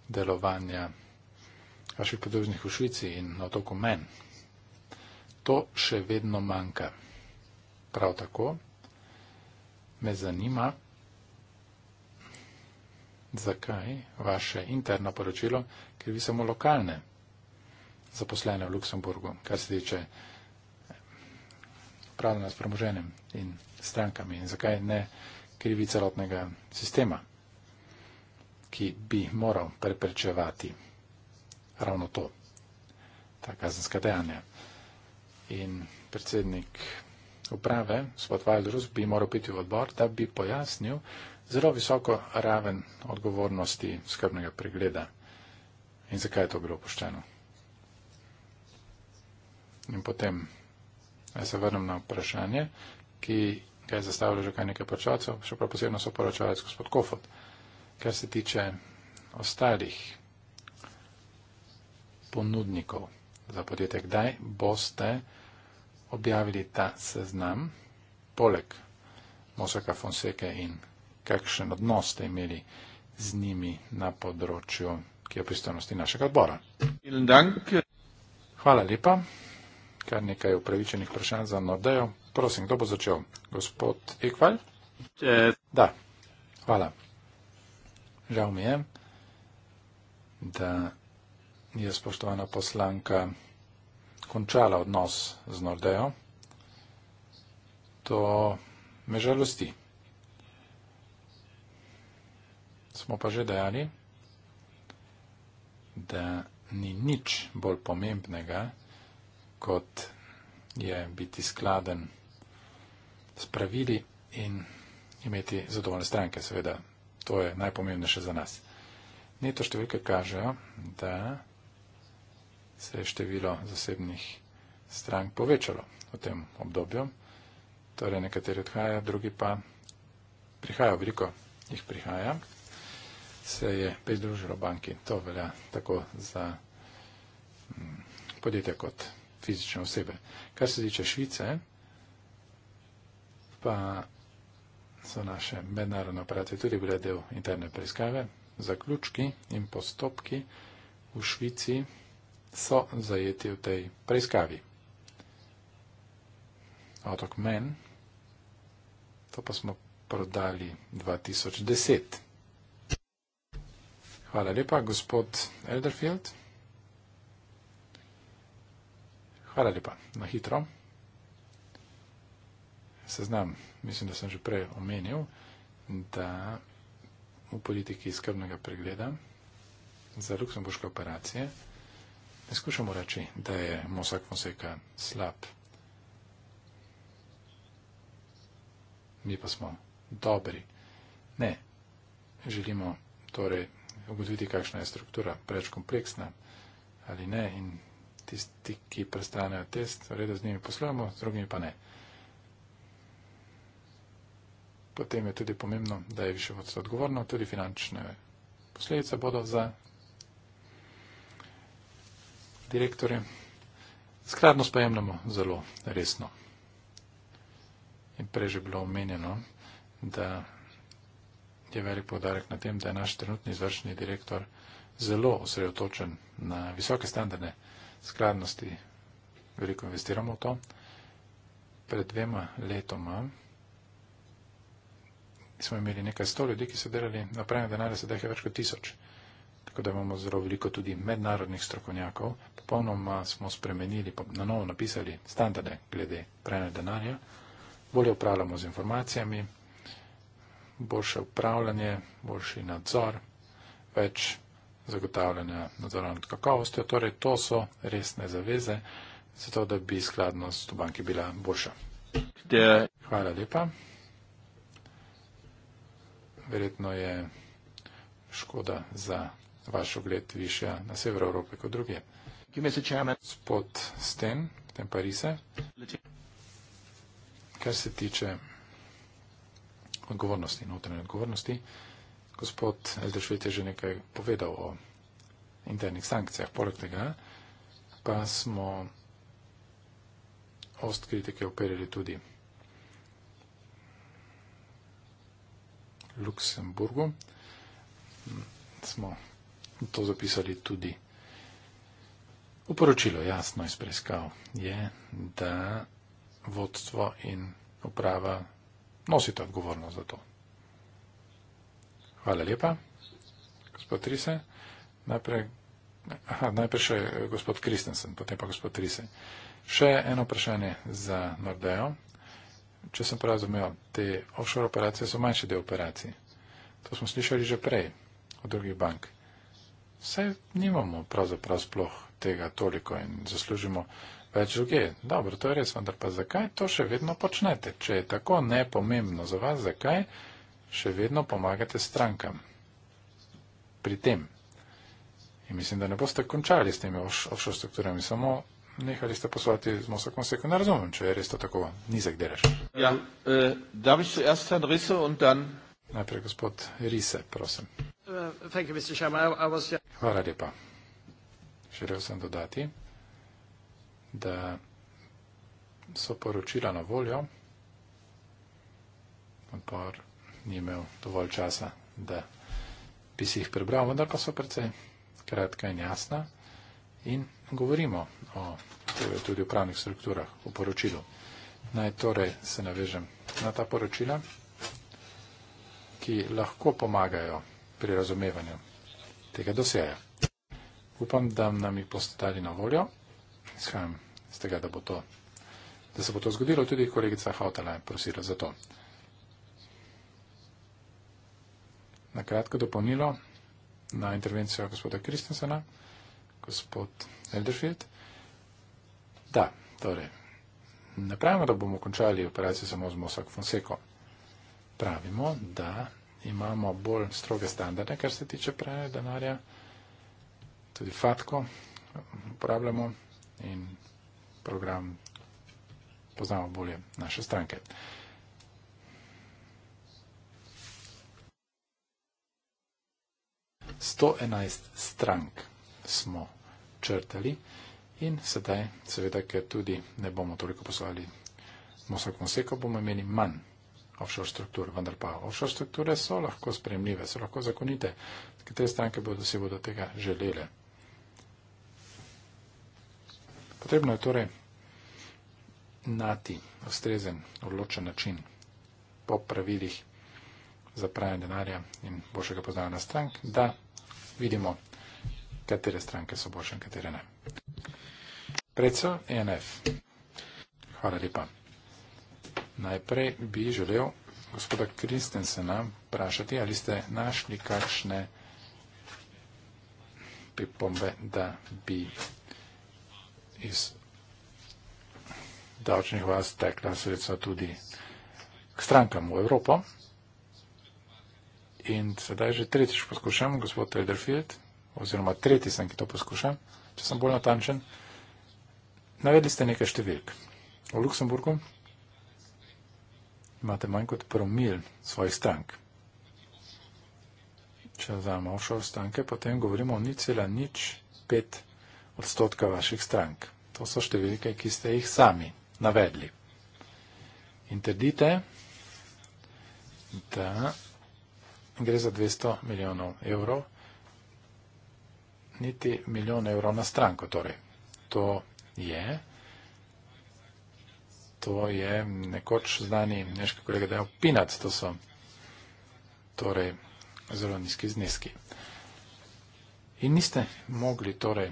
delovanja vaših podružnih v Švici in na otoku Men. To še vedno manjka. Prav tako me zanima, zakaj vaše interno poročilo, ker vi samo lokalne zaposlene v Luksemburgu, kar se tiče upravljanja s premoženjem in strankami in zakaj ne krivi celotnega sistema ki bi moral preprečevati ravno to, ta kazenska dejanja. In predsednik uprave, gospod Vajdrus, bi moral piti v odbor, da bi pojasnil zelo visoko raven odgovornosti skrbnega pregleda in zakaj je to bilo opuščeno. In potem ja se vrnem na vprašanje, ki ga je zastavilo že kaj nekaj poročalcev, še prav posebno so poročalec gospod Kofot kar se tiče ostalih ponudnikov za podjetje, kdaj boste objavili ta seznam, poleg Mosaka Fonseke in kakšen odnos ste imeli z njimi na področju, ki je pristojnosti našega odbora. Hvala lepa. Kar nekaj upravičenih vprašanj za Nordejo. Prosim, kdo bo začel? Gospod Ekval? Da. Hvala. Žal mi je, da je spoštovana poslanka končala odnos z Nordejo. To me žalosti. Smo pa že dejali, da ni nič bolj pomembnega, kot je biti skladen s pravili in imeti zadovoljne stranke, seveda To je najpomembnejše za nas. Neto številke kažejo, da se je število zasebnih strank povečalo v tem obdobju. Torej, nekateri odhajajo, drugi pa prihajajo, veliko jih prihaja. Se je pridružilo banki, to velja tako za mm, podjetja kot fizične osebe. Kar se tiče Švice, pa so naše mednarodne operacije tudi bile del interne preiskave. Zaključki in postopki v Švici so zajeti v tej preiskavi. Otok Men, to pa smo prodali 2010. Hvala lepa, gospod Elderfield. Hvala lepa, na hitro. Seznam mislim, da sem že prej omenil, da v politiki skrbnega pregleda za luksemburške operacije ne skušamo reči, da je Mosak Fonseca slab. Mi pa smo dobri. Ne, želimo torej ugotoviti, kakšna je struktura, preveč kompleksna ali ne in tisti, ki prestanejo test, redo z njimi poslujemo, z drugimi pa ne potem je tudi pomembno, da je višje vodstvo odgovorno, tudi finančne posledice bodo za direktorje. Skladnost pa jemljamo zelo resno. In prej že bilo omenjeno, da je velik podarek na tem, da je naš trenutni izvršni direktor zelo osredotočen na visoke standarde skladnosti. Veliko investiramo v to. Pred dvema letoma smo imeli nekaj sto ljudi, ki so delali na pranju denarja, sedaj je več kot tisoč. Tako da imamo zelo veliko tudi mednarodnih strokovnjakov. Popolnoma smo spremenili, na novo napisali standarde glede pranja denarja. Bolje upravljamo z informacijami, boljše upravljanje, boljši nadzor, več zagotavljanja nadzora nad kakovostjo. Torej, to so resne zaveze, zato da bi skladnost v banki bila boljša. Hvala lepa verjetno je škoda za vaš ogled više na severu Evrope kot druge. Gospod Sten, tem Parise. Kar se tiče odgovornosti, notranje odgovornosti, gospod Eldešvet je že nekaj povedal o internih sankcijah. Poleg tega pa smo ost kritike operili tudi Luksemburgu. Smo to zapisali tudi. Uporočilo jasno iz preiskav je, da vodstvo in uprava nosita odgovornost za to. Hvala lepa, gospod Trise. Najprej, aha, najprej še gospod Kristensen, potem pa gospod Trise. Še eno vprašanje za Nordejo če sem prav razumel, te offshore operacije so manjši del operacij. To smo slišali že prej od drugih bank. Saj nimamo pravzaprav sploh tega toliko in zaslužimo več druge. Dobro, to je res, vendar pa zakaj to še vedno počnete? Če je tako nepomembno za vas, zakaj še vedno pomagate strankam pri tem? In mislim, da ne boste končali s temi offshore strukturami, samo nehali ste poslati z Mosakom Seko. Ne razumem, če je res to tako nizek delež. Ja, uh, eh, da bi se jaz sam risal in dan. Najprej gospod Rise, prosim. Eh, Hvala lepa. Želel sem dodati, da so poročila na voljo. Odpor ni imel dovolj časa, da bi si jih prebral, vendar pa so precej kratka in jasna. In govorimo o tudi o pravnih strukturah v poročilu. Naj torej se navežem na ta poročila, ki lahko pomagajo pri razumevanju tega dosjeja. Upam, da nam jih boste dali na voljo. Izhajam z tega, da, bo to, da se bo to zgodilo. Tudi kolegica Hautala je prosila za to. Na kratko dopolnilo na intervencijo gospoda Kristensena, gospod Elderfield ta. Torej, ne pravimo, da bomo končali operacijo samo z Mosak Fonseko. Pravimo, da imamo bolj stroge standarde, kar se tiče pranja denarja. Tudi FATKO uporabljamo in program poznamo bolje naše stranke. Sto enajst strank smo črtali. In sedaj, seveda, ker tudi ne bomo toliko poslali Mosul Konseko, bomo imeli manj offshore struktur, vendar pa offshore strukture so lahko spremljive, so lahko zakonite, katere stranke bodo si bodo tega želele. Potrebno je torej nati ustrezen, odločen način po pravilih za pranje denarja in boljšega poznanja strank, da vidimo, katere stranke so boljše in katere ne. Preco e NF. Hvala lepa. Najprej bi želel gospoda Kristensena vprašati, ali ste našli kakšne pripombe, da bi iz davčnih vas tekla sredstva tudi k strankam v Evropo. In sedaj že tretjič poskušam, gospod Trederfield, oziroma tretji sem, ki to poskušam če sem bolj natančen. Navedli ste nekaj številk. V Luksemburgu imate manj kot promil svojih strank. Če vzamemo offshore stranke, potem govorimo o nič cela nič pet odstotka vaših strank. To so številke, ki ste jih sami navedli. In trdite, da gre za 200 milijonov evrov niti milijon evrov na stranko. Torej, to je, to je nekoč znani neški kolega dejal pinac, to so torej zelo nizki zneski. In niste mogli torej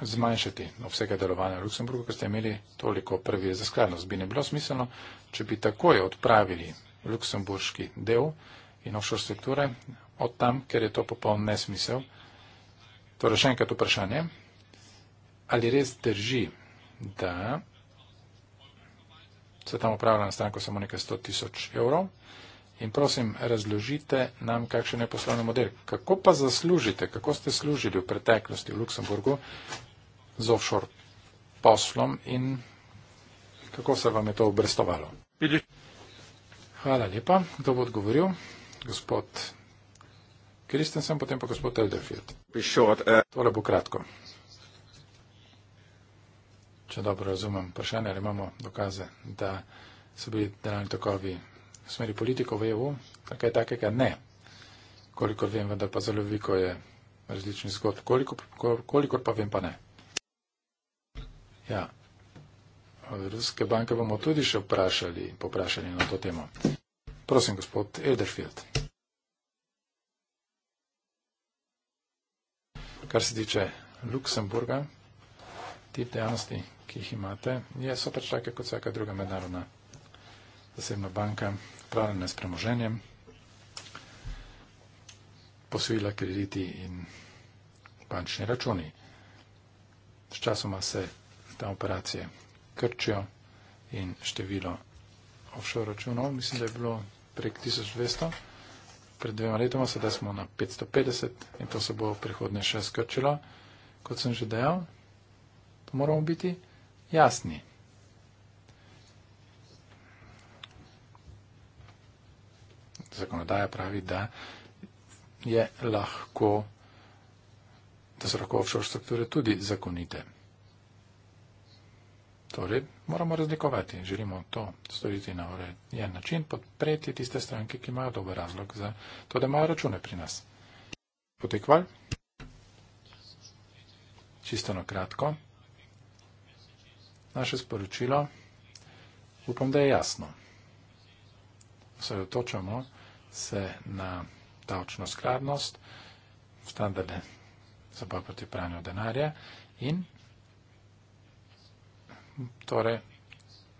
zmanjšati obsega delovanja v Luksemburgu, ker ste imeli toliko prvi za skladnost. Bi ne bilo smiselno, če bi takoj odpravili luksemburški del in offshore strukture od tam, ker je to popoln nesmisel. Torej, še enkrat vprašanje. Ali res drži, da se tam upravlja na stranko samo nekaj 100 tisoč evrov? In prosim, razložite nam, kakšen je poslovni model. Kako pa zaslužite, kako ste služili v preteklosti v Luksemburgu z offshore poslom in kako se vam je to obrestovalo? Hvala lepa. Kdo bo odgovoril? Gospod Kristensen, potem pa gospod Elderfield. Eh. Tole bo kratko. Če dobro razumem vprašanje, ali imamo dokaze, da so bili denarni tokovi v smeri politikov v EU, kaj takega ne. Kolikor vem, vendar pa zelo veliko je različnih zgodb. Koliko, kolikor pa vem, pa ne. Ja. Ruske banke bomo tudi še vprašali, poprašali na to temo. Prosim, gospod Elderfield. kar se tiče Luksemburga, tip dejavnosti, ki jih imate, je, so pač take kot vsaka druga mednarodna zasebna banka, upravljanje s premoženjem, posojila, krediti in bančni računi. Sčasoma se ta operacije krčijo in število offshore računov, mislim, da je bilo prek 1200 pred dvema letoma, sedaj smo na 550 in to se bo v prihodnje še skrčilo, kot sem že dejal. Pa moramo biti jasni. Zakonodaja pravi, da je lahko, da so lahko offshore strukture tudi zakonite. Torej, moramo razlikovati in želimo to storiti na urejen način, podpreti tiste stranke, ki imajo dober razlog za to, da imajo račune pri nas. Potekval? Čisto na kratko. Naše sporočilo, upam, da je jasno. Osredotočamo se na davčno skladnost, standarde za boj proti pranju denarja in torej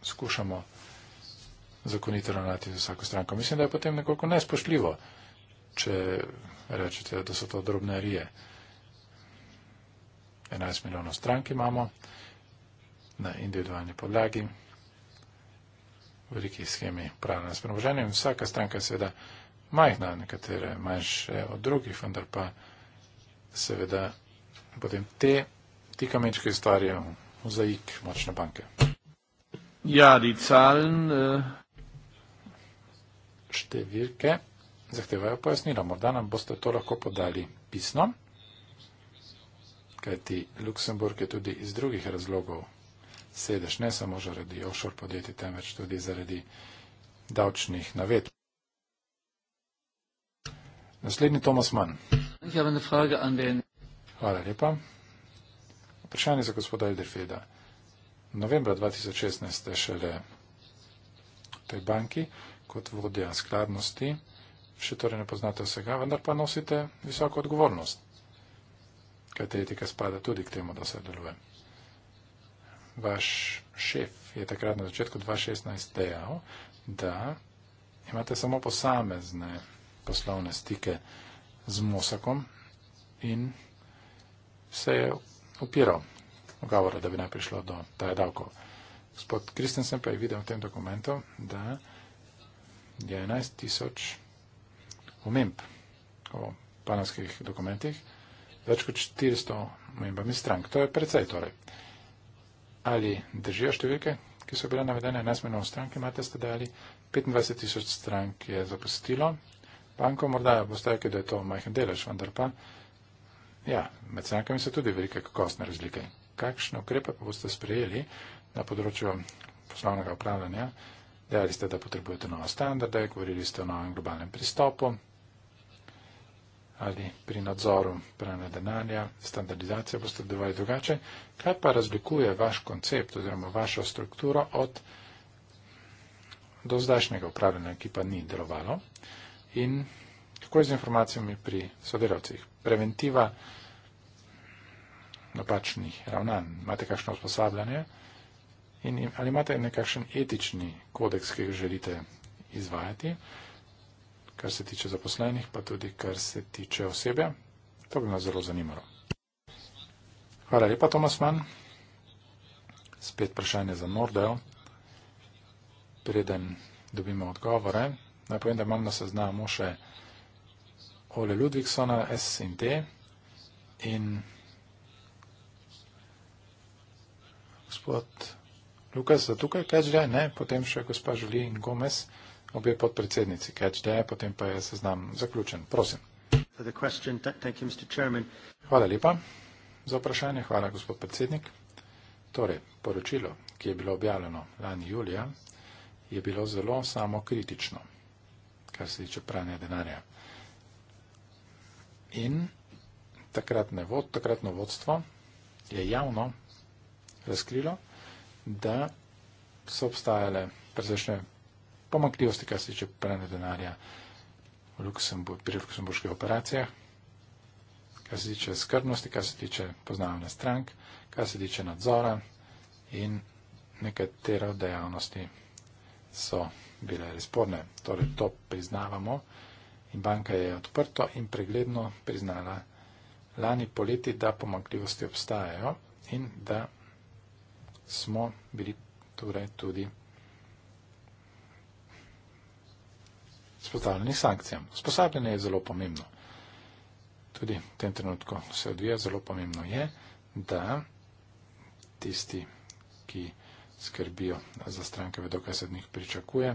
skušamo zakonito ravnati z vsako stranko. Mislim, da je potem nekoliko nespošljivo, če rečete, da so to drobne rije. 11 milijonov strank imamo na individualni podlagi, v veliki schemi pravna s premoženjem. Vsaka stranka je seveda majhna, nekatere manjše od drugih, vendar pa seveda potem te, ti kamenčki ustvarjajo Mozaik, močna banka. Ja, die Zahlen. Äh... Številke zahtevajo pojasnila. Morda nam boste to lahko podali pisno, kajti Luksemburg je tudi iz drugih razlogov sedež, ne samo zaradi offshore podjetij, temveč tudi zaradi davčnih navedb. Naslednji Tomas Mann. Hvala lepa. Vprašanje za gospoda Elderfeda. Novembra 2016 ste šele v tej banki kot vodja skladnosti, še torej ne poznate vsega, vendar pa nosite visoko odgovornost, kaj te etika spada tudi k temu, da se deluje. Vaš šef je takrat na začetku 2016 dejal, da imate samo posamezne poslovne stike z Mosakom in se je upiral v govoru, da bi naj prišlo do taj davkov. Gospod Kristensen pa je videl v tem dokumentu, da je 11 tisoč umemb o panamskih dokumentih, več kot 400 umembami strank. To je precej torej. Ali držijo številke, ki so bile navedene 11 milijonov strank, imate ste dali 25 tisoč strank je zapustilo. Banko morda postavljate, da je to majhen delež, vendar pa. Ja, med strankami so tudi velike kakostne razlike. Kakšne ukrepe pa boste sprejeli na področju poslovnega upravljanja? Dejali ste, da potrebujete nove standarde, govorili ste o novem globalnem pristopu ali pri nadzoru pranja denarja, standardizacijo boste delovali drugače. Kaj pa razlikuje vaš koncept oziroma vašo strukturo od do zdajšnjega upravljanja, ki pa ni delovalo? In kako je z informacijami pri sodelavcih? preventiva napačnih ravnanj? Imate kakšno usposabljanje? In ali imate nekakšen etični kodeks, ki ga želite izvajati, kar se tiče zaposlenih, pa tudi kar se tiče osebe? To bi nas zelo zanimalo. Hvala lepa, Tomas Mann. Spet vprašanje za Nordel. Preden dobimo odgovore, naj povem, da imam na seznamu še Ole Ludvigsona, SND. In gospod Lukas, za tukaj Kečdaj, ne, potem še gospa Žuli in Gomez, obe podpredsednici Kečdaj, potem pa je seznam zaključen. Prosim. You, hvala lepa za vprašanje, hvala gospod predsednik. Torej, poročilo, ki je bilo objavljeno lani julija, je bilo zelo samokritično, kar se tiče pranja denarja in takratne vod, takratno vodstvo je javno razkrilo, da so obstajale presečne pomakljivosti, kar se tiče pranja denarja v Luksembur, pri luksemburških operacijah, kar se tiče skrbnosti, kar se tiče poznavanja strank, kar se tiče nadzora in nekatero dejavnosti so bile res sporne. Torej, to priznavamo in banka je odprto in pregledno priznala lani poleti, da pomakljivosti obstajajo in da smo bili torej tudi spostavljeni sankcijam. Sposabljanje je zelo pomembno. Tudi v tem trenutku se odvija, zelo pomembno je, da tisti, ki skrbijo za stranke, vedo, kaj se od njih pričakuje,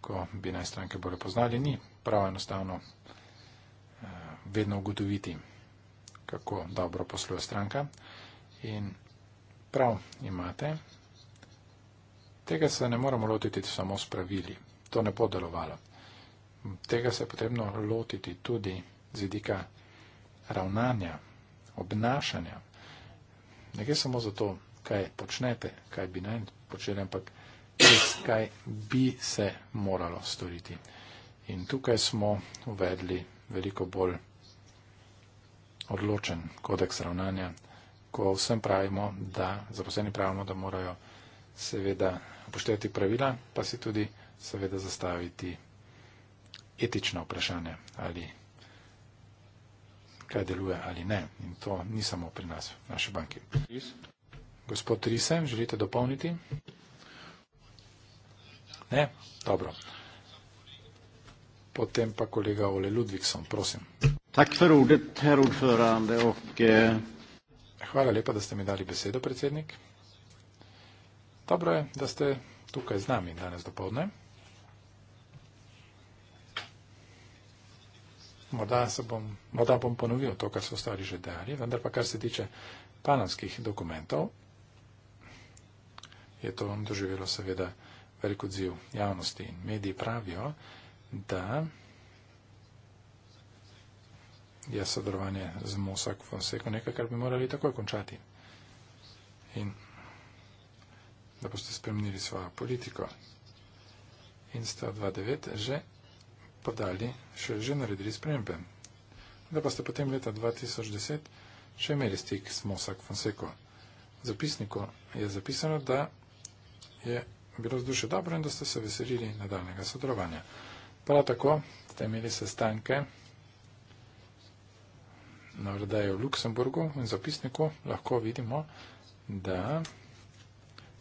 ko bi naj stranke bolje poznali, ni prav enostavno eh, vedno ugotoviti, kako dobro posluje stranka. In prav imate, tega se ne moramo lotiti samo s pravili, to ne bo delovalo. Tega se je potrebno lotiti tudi z vidika ravnanja, obnašanja. Ne gre samo za to, kaj počnete, kaj bi naj počeli, ampak res, kaj bi se moralo storiti. In tukaj smo uvedli veliko bolj odločen kodeks ravnanja, ko vsem pravimo, da zaposleni pravimo, da morajo seveda upoštevati pravila, pa si tudi seveda zastaviti etično vprašanje, ali kaj deluje ali ne. In to ni samo pri nas, v naši banki. Ries. Gospod Rise, želite dopolniti? Ne? Dobro. Potem pa kolega Ole Ludvikson, prosim. Tak för ordet, herr ordförande, och, eh... Hvala lepa, da ste mi dali besedo, predsednik. Dobro je, da ste tukaj z nami danes dopoledne. Morda, morda bom ponovil to, kar so ostali že dejali, vendar pa kar se tiče panamskih dokumentov, je to doživelo seveda velik odziv javnosti in mediji pravijo, da je ja, sodelovanje z Mosak v Seku nekaj, kar bi morali takoj končati. In da boste spremnili svojo politiko. In ste v 2009 že podali, še že naredili spremembe. Da pa ste potem leta 2010 še imeli stik s Mosak Fonseko. V zapisniku je zapisano, da je bilo vzdušje dobro in da ste se veselili nadaljnega sodelovanja. Prav tako ste imeli sestanke na vrdaju v Luksemburgu in zapisniku lahko vidimo, da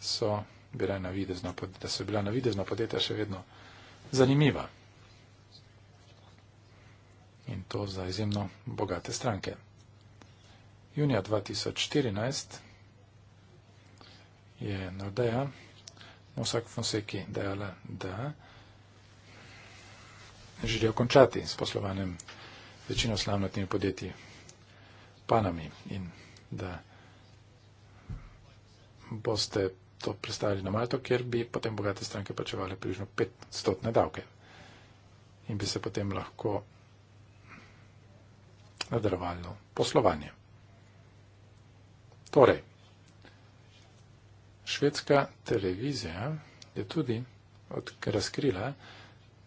so bila na videzno, da so bila na videzno podjetja še vedno zanimiva. In to za izjemno bogate stranke. Junija 2014 je Nordeja Mosak Fonseki dejala, da je želijo končati s poslovanjem večino slavnatnih podjetij Panami in da boste to prestali na Malto, kjer bi potem bogate stranke plačevali približno 500 davke in bi se potem lahko nadaljevalo poslovanje. Torej, švedska televizija je tudi razkrila,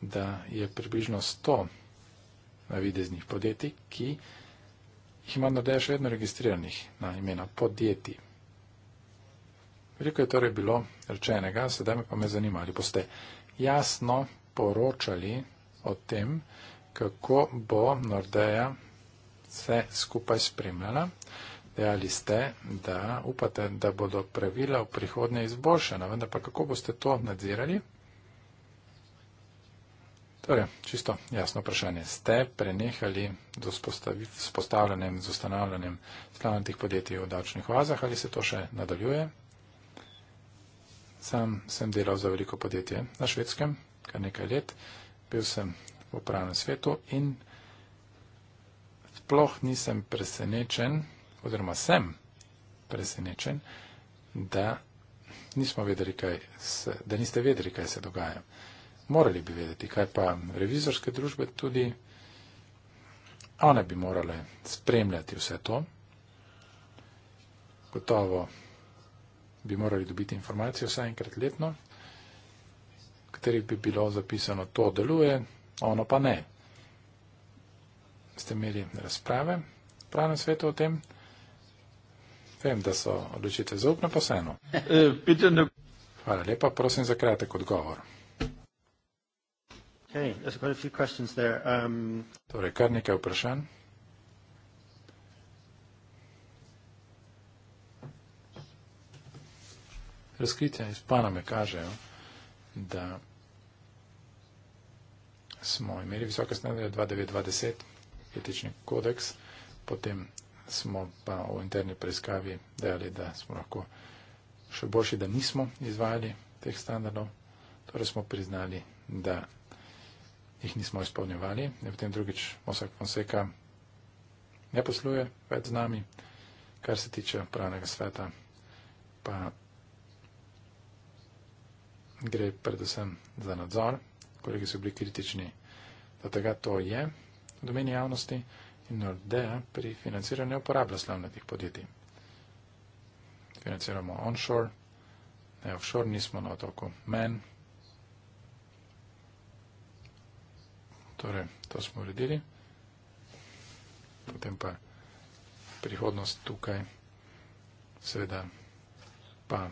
da je približno 100 navideznih podjetij, ki jih ima nadeja še vedno registriranih na imena podjetij. Veliko je torej bilo rečenega, sedaj me pa me zanima, ali boste jasno poročali o tem, kako bo Nordeja vse skupaj spremljala. Dejali ste, da upate, da bodo pravila v prihodnje izboljšana, vendar pa kako boste to nadzirali? Torej, čisto jasno vprašanje. Ste prenehali z vzpostavljanjem, z ustanavljanjem slavnih podjetij v davčnih vazah ali se to še nadaljuje? Sam sem delal za veliko podjetje na švedskem, kar nekaj let, bil sem v upravnem svetu in sploh nisem presenečen, oziroma sem presenečen, da, vedeli, se, da niste vedeli, kaj se dogaja. Morali bi vedeti, kaj pa revizorske družbe tudi. One bi morale spremljati vse to. Gotovo bi morali dobiti informacije vsaj enkrat letno, v katerih bi bilo zapisano, to deluje, ono pa ne. Ste imeli razprave v pravnem svetu o tem? Vem, da so odločitve zaupne, pa vseeno. Eh, Hvala lepa, prosim za kratek odgovor. Okay, there's quite a few questions there. Um, torej, kar nekaj vprašanj. Razkritja iz Paname kažejo, da smo imeli visoke standarde 2.9.20, etični kodeks, potem smo pa v interni preiskavi dejali, da smo lahko še boljši, da nismo izvajali teh standardov, torej smo priznali, da jih nismo izpolnjevali. In potem drugič Mosak Fonseka ne posluje več z nami, kar se tiče pravnega sveta, pa gre predvsem za nadzor. Kolegi so bili kritični, da tega to je v domeni javnosti in Nordea pri financiranju uporablja slavnetih podjetij. Financiramo onshore, ne offshore, nismo na otoku Men, Torej, to smo uredili. Potem pa prihodnost tukaj, seveda, pa eh,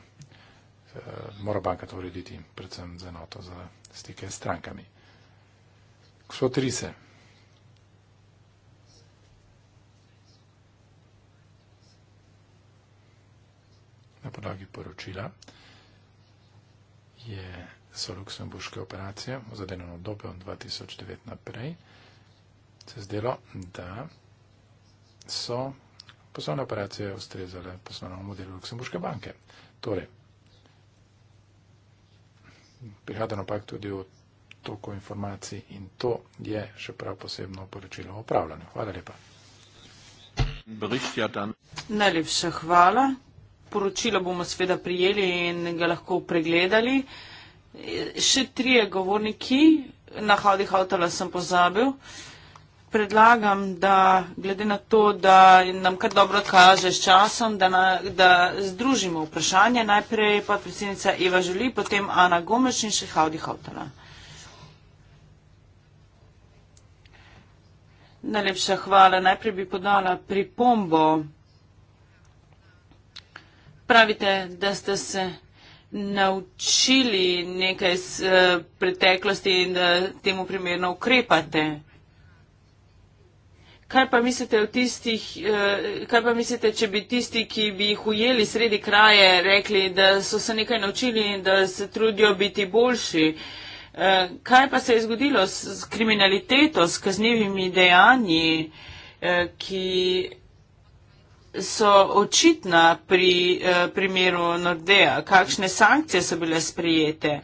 mora banka to urediti, predvsem za enoto za stike s strankami. Gospod Rise. Na podlagi poročila je. Yeah so luksemburške operacije v zadenem obdobju od 2009 naprej, se je zdelo, da so poslovne operacije ustrezale poslovnemu modelu luksemburške banke. Torej, prihaja napak tudi v toku informacij in to je še prav posebno poročilo o upravljanju. Hvala lepa. Ja, Najlepša hvala. Poročilo bomo sveda prijeli in ga lahko pregledali še trije govorniki, na Haudi Hautala sem pozabil. Predlagam, da glede na to, da nam kar dobro kaže s časom, da, na, da združimo vprašanje. Najprej podpredsednica Eva Želi, potem Ana Gomeš in še Haudi Hautala. Najlepša hvala. Najprej bi podala pripombo. Pravite, da ste se naučili nekaj iz uh, preteklosti in da temu primerno ukrepate. Kaj pa, tistih, uh, kaj pa mislite, če bi tisti, ki bi jih ujeli sredi kraje, rekli, da so se nekaj naučili in da se trudijo biti boljši? Eh, kaj pa se je zgodilo s kriminaliteto, s kaznjivimi dejanji, ki so očitna pri eh, primeru Nordeja? Kakšne sankcije so bile sprijete?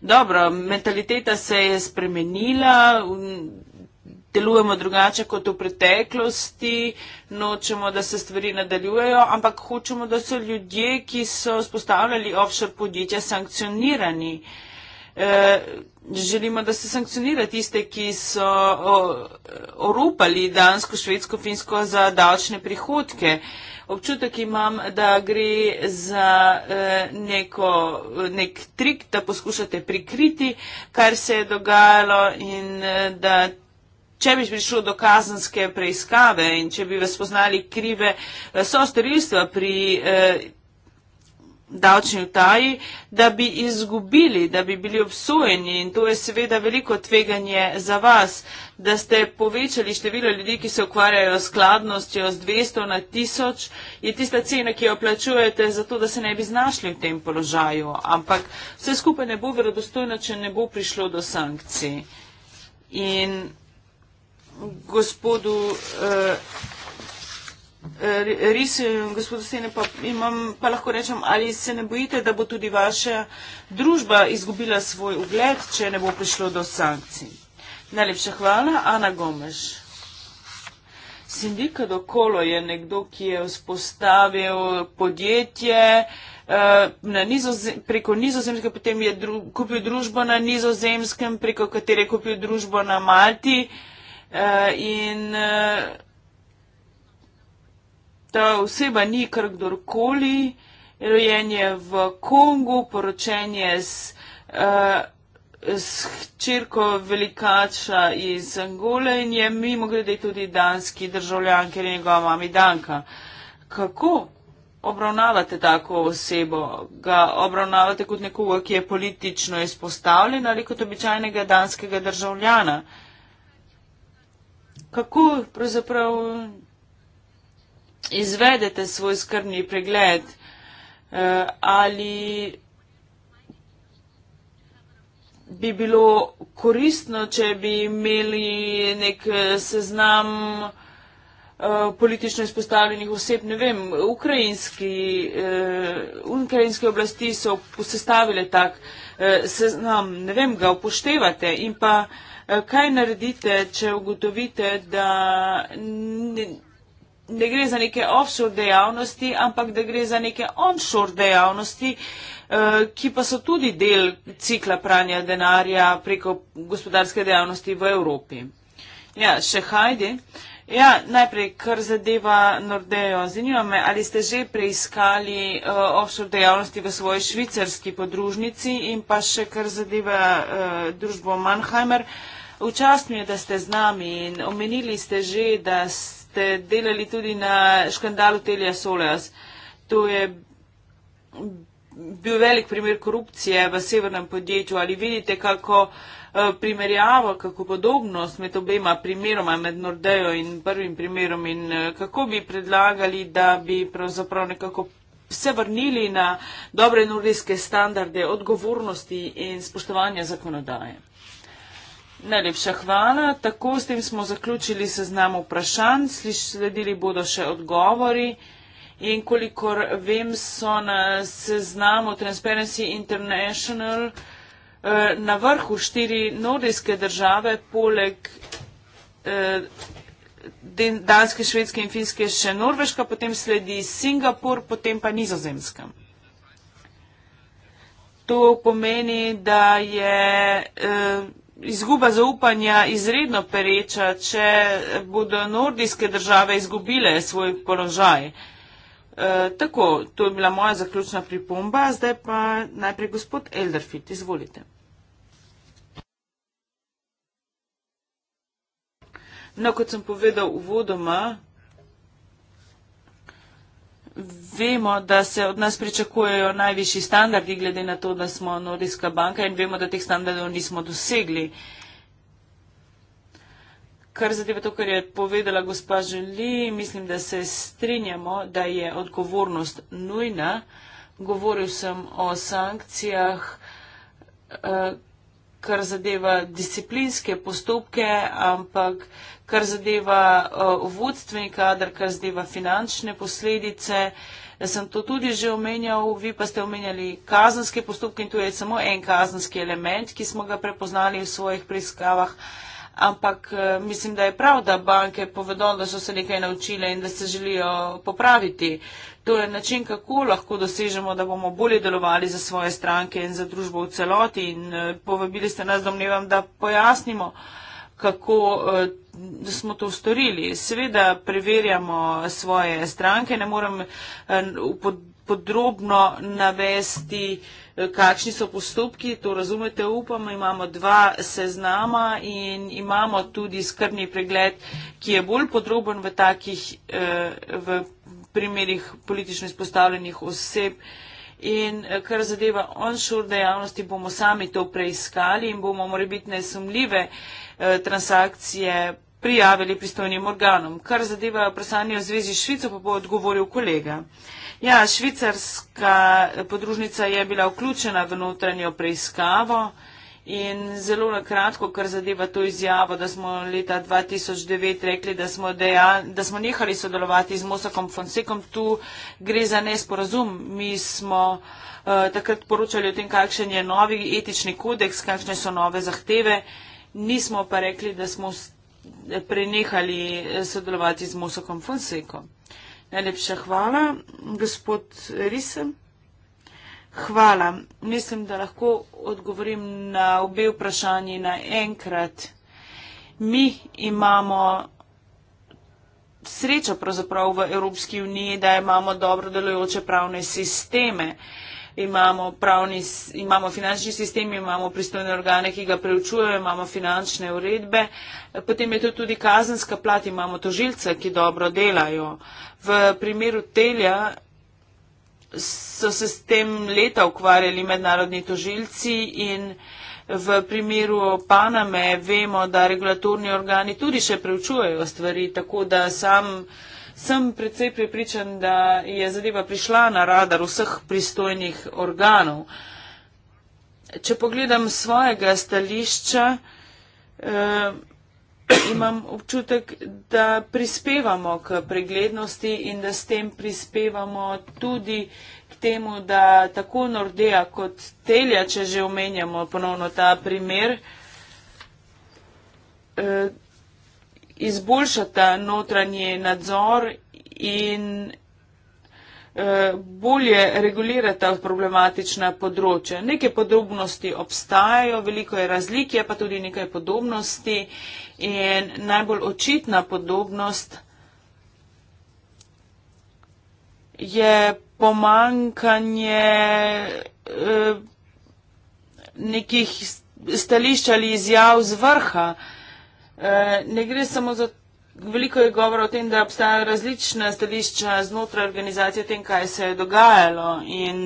Dobro, mentaliteta se je spremenila, delujemo drugače kot v preteklosti, nočemo, da se stvari nadaljujejo, ampak hočemo, da so ljudje, ki so spostavljali offshore podjetja, sankcionirani. Uh, Eh, želimo, da se sankcionira tiste, ki so orupali Dansko, Švedsko, Finsko za davčne prihodke. Občutek imam, da gre za eh, neko, nek trik, da poskušate prikriti, kar se je dogajalo in eh, da. Če bi prišlo do kazanske preiskave in če bi vas poznali krive sostorilstva pri eh, davčni utaji, da bi izgubili, da bi bili obsojeni in to je seveda veliko tveganje za vas, da ste povečali število ljudi, ki se ukvarjajo skladnostjo z 200 na 1000, je tista cena, ki jo plačujete, zato da se ne bi znašli v tem položaju. Ampak vse skupaj ne bo verodostojno, če ne bo prišlo do sankcij. In gospodu. Eh, Eh, risi, eh, gospodu Stene, pa, imam, pa lahko rečem, ali se ne bojite, da bo tudi vaša družba izgubila svoj ugled, če ne bo prišlo do sankcij. Najlepša hvala, Ana Gomeš. Sindika do kolo je nekdo, ki je vzpostavil podjetje eh, nizozem, preko nizozemske, potem je dru, kupil družbo na nizozemskem, preko katere je kupil družbo na Malti. Eh, in, eh, Ta oseba ni kar kdorkoli, rojen je v Kongu, poročen je s, uh, s hčerko velikača iz Angole in je mimo grede tudi danski državljan, ker je njegova mama Danka. Kako obravnavate tako osebo? Ga obravnavate kot nekoga, ki je politično izpostavljen ali kot običajnega danskega državljana? Kako pravzaprav izvedete svoj skrbni pregled eh, ali bi bilo koristno, če bi imeli nek eh, seznam eh, politično izpostavljenih oseb, ne vem, ukrajinski, ukrajinske oblasti so posestavile tak seznam, ne vem, ga upoštevate in pa kaj naredite, če ugotovite, da ne, ne gre za neke offshore dejavnosti, ampak da gre za neke onshore dejavnosti, eh, ki pa so tudi del cikla pranja denarja preko gospodarske dejavnosti v Evropi. Ja, še hajde. Ja, najprej, kar zadeva Nordejo, zanima me, ali ste že preiskali uh, offshore dejavnosti v svoji švicarski podružnici in pa še kar zadeva uh, družbo Mannheimer. Včasno je, da ste z nami in omenili ste že, da ste delali tudi na škandalu Telja Soleas. To je bil velik primer korupcije v severnem podjetju. Ali vidite kako eh, primerjavo, kako podobnost med obema primeroma, med Nordejo in prvim primerom in eh, kako bi predlagali, da bi pravzaprav nekako se vrnili na dobre nordijske standarde odgovornosti in spoštovanja zakonodaje? Najlepša hvala. Tako s tem smo zaključili seznam vprašanj, sledili bodo še odgovori. In kolikor vem, so na seznamu Transparency International eh, na vrhu štiri nordijske države, poleg eh, Danske, Švedske in Finske še Norveška, potem sledi Singapur, potem pa Nizozemska. To pomeni, da je. Uh, izguba zaupanja izredno pereča, če bodo nordijske države izgubile svoj položaj. E, tako, to je bila moja zaključna pripomba, zdaj pa najprej gospod Elderfit, izvolite. No, kot sem povedal uvodoma, vemo, da se od nas pričakujejo najvišji standardi, glede na to, da smo nordijska banka in vemo, da teh standardov nismo dosegli. Kar zadeva to, kar je povedala gospa Želi, mislim, da se strinjamo, da je odgovornost nujna. Govoril sem o sankcijah. Uh, kar zadeva disciplinske postopke, ampak kar zadeva uh, vodstveni kadr, kar zadeva finančne posledice. Jaz sem to tudi že omenjal, vi pa ste omenjali kazanske postopke in to je samo en kazanski element, ki smo ga prepoznali v svojih preiskavah. Ampak e, mislim, da je prav, da banke povedo, da so se nekaj naučile in da se želijo popraviti. To je način, kako lahko dosežemo, da bomo bolje delovali za svoje stranke in za družbo v celoti. In eh, povabili ste nas, domnevam, da pojasnimo, kako eh, smo to storili. Seveda preverjamo svoje stranke, ne morem eh, podrobno navesti, kakšni so postopki. To razumete, upam, imamo dva seznama in imamo tudi skrbni pregled, ki je bolj podroben v takih. V primerih politično izpostavljenih oseb. In eh, kar zadeva onshore dejavnosti, bomo sami to preiskali in bomo morebitne sumljive eh, transakcije prijavili pristojnim organom. Kar zadeva vprašanje v zvezi s Švico, pa bo odgovoril kolega. Ja, švicarska eh, podružnica je bila vključena v notranjo preiskavo. In zelo na kratko, kar zadeva to izjavo, da smo leta 2009 rekli, da smo, dejal, da smo nehali sodelovati z Mosakom Fonsekom, tu gre za nesporazum. Mi smo uh, takrat poročali o tem, kakšen je novi etični kodeks, kakšne so nove zahteve. Nismo pa rekli, da smo prenehali eh, sodelovati z Mosakom Fonsekom. Najlepša hvala, gospod Risem. Hvala. Mislim, da lahko odgovorim na obe vprašanji naenkrat. Mi imamo srečo pravzaprav v Evropski uniji, da imamo dobro delujoče pravne sisteme. Imamo, pravni, imamo finančni sistem, imamo pristojne organe, ki ga preučujejo, imamo finančne uredbe. Potem je to tudi kazenska plat, imamo tožilce, ki dobro delajo. V primeru telja so se s tem leta ukvarjali mednarodni tožilci in v primeru Paname vemo, da regulatorni organi tudi še preučujejo stvari, tako da sam sem predvsej pripričan, da je zadeva prišla na radar vseh pristojnih organov. Če pogledam svojega stališča, eh, Torej, imam občutek, da prispevamo k preglednosti in da s tem prispevamo tudi k temu, da tako Nordeja kot Telja, če že omenjamo ponovno ta primer, eh, izboljšata notranji nadzor in bolje regulira ta problematična področja. Neke podrobnosti obstajajo, veliko je razlik, je pa tudi nekaj podobnosti in najbolj očitna podobnost je pomankanje eh, nekih stališč ali izjav z vrha. Eh, ne gre samo za to, Veliko je govora o tem, da obstajajo različna stališča znotraj organizacije o tem, kaj se je dogajalo. In,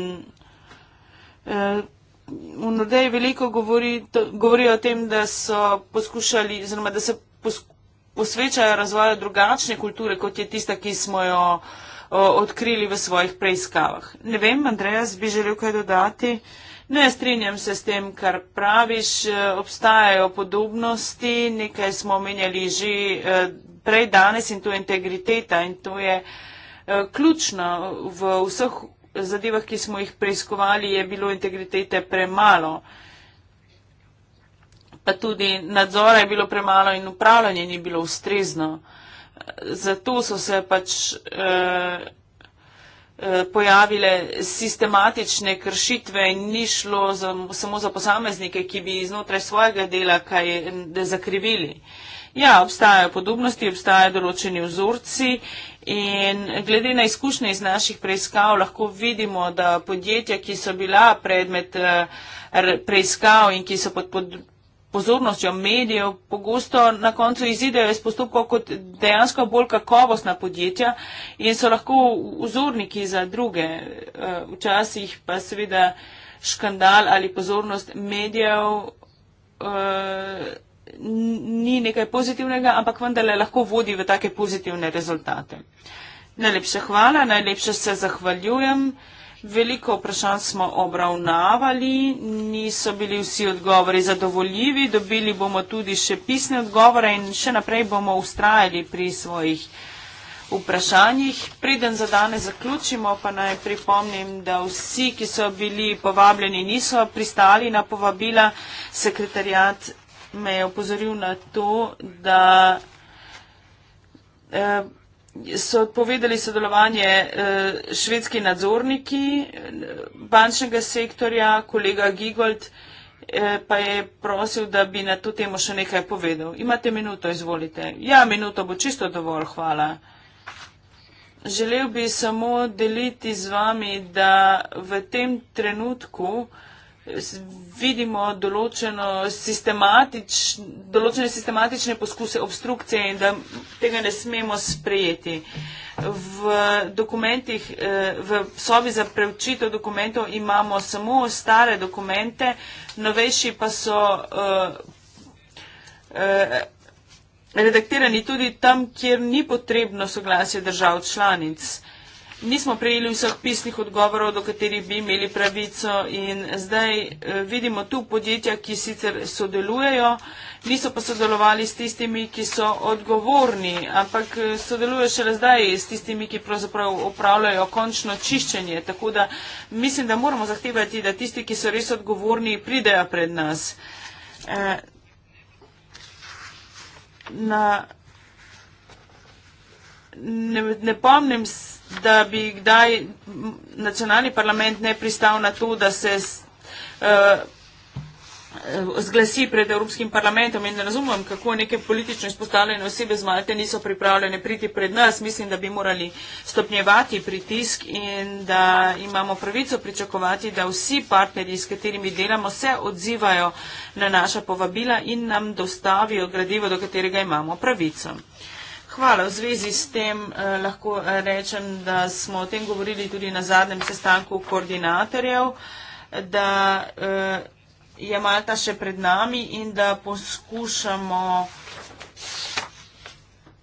eh, v Nordeji veliko govori, to, govori o tem, da so poskušali, oziroma da se posvečajo razvoju drugačne kulture, kot je tista, ki smo jo o, odkrili v svojih preiskavah. Ne vem, Andreas, bi želel kaj dodati. Ne strinjam se s tem, kar praviš. Eh, obstajajo podobnosti, nekaj smo omenjali že eh, prej danes in to je integriteta in to je eh, ključno v vseh zadevah, ki smo jih preiskovali, je bilo integritete premalo. Pa tudi nadzora je bilo premalo in upravljanje ni bilo ustrezno. Zato so se pač eh, eh, pojavile sistematične kršitve in ni šlo za, samo za posameznike, ki bi iznotraj svojega dela kaj zakrivili. Uh, Ja, obstajajo podobnosti, obstajajo določeni vzorci in glede na izkušnje iz naših preiskav lahko vidimo, da podjetja, ki so bila predmet eh, preiskav in ki so pod pozornostjo medijev, pogosto na koncu izidejo iz postopkov kot dejansko bolj kakovostna podjetja in so lahko vzorniki za druge. Eh, včasih pa seveda škandal ali pozornost medijev. Eh, ni nekaj pozitivnega, ampak vendarle lahko vodi v take pozitivne rezultate. Najlepše hvala, najlepše se zahvaljujem. Veliko vprašanj smo obravnavali, niso bili vsi odgovori zadovoljivi, dobili bomo tudi še pisne odgovore in še naprej bomo ustrajali pri svojih vprašanjih. Preden za danes zaključimo, pa naj pripomnim, da vsi, ki so bili povabljeni, niso pristali na povabila sekretarjat me je opozoril na to, da eh, so odpovedali sodelovanje eh, švedski nadzorniki eh, bančnega sektorja, kolega Gigold pa je prosil, da bi na to temo še nekaj povedal. Imate minuto, izvolite. Ja, minuto bo čisto dovolj, hvala. Želel bi samo deliti z vami, da v tem trenutku vidimo določeno sistematič, določene sistematične poskuse obstrukcije in da tega ne smemo sprejeti. V dokumentih, eh, v sobi za preučitev dokumentov imamo samo stare dokumente, novejši pa so eh, eh, redaktirani tudi tam, kjer ni potrebno soglasje držav članic nismo prejeli vseh pisnih odgovorov, do katerih bi imeli pravico in zdaj eh, vidimo tu podjetja, ki sicer sodelujejo, niso pa sodelovali s tistimi, ki so odgovorni, ampak eh, sodelujejo šele zdaj s tistimi, ki pravzaprav upravljajo končno čiščenje. Tako da mislim, da moramo zahtevati, da tisti, ki so res odgovorni, pridejo pred nas. Eh, na, ne, ne pomnim, da bi kdaj nacionalni parlament ne pristal na to, da se uh, eh, eh, zglesi pred Evropskim parlamentom in ne razumem, kako neke politično izpostavljene osebe z Malte niso pripravljene priti pred nas. Mislim, da bi morali stopnjevati pritisk in da imamo pravico pričakovati, da vsi partnerji, s katerimi delamo, se odzivajo na naša povabila in nam dostavijo gradivo, do katerega imamo pravico hvala. V zvezi s tem eh, lahko eh, rečem, da smo o tem govorili tudi na zadnjem sestanku koordinatorjev, da eh, je Malta še pred nami in da poskušamo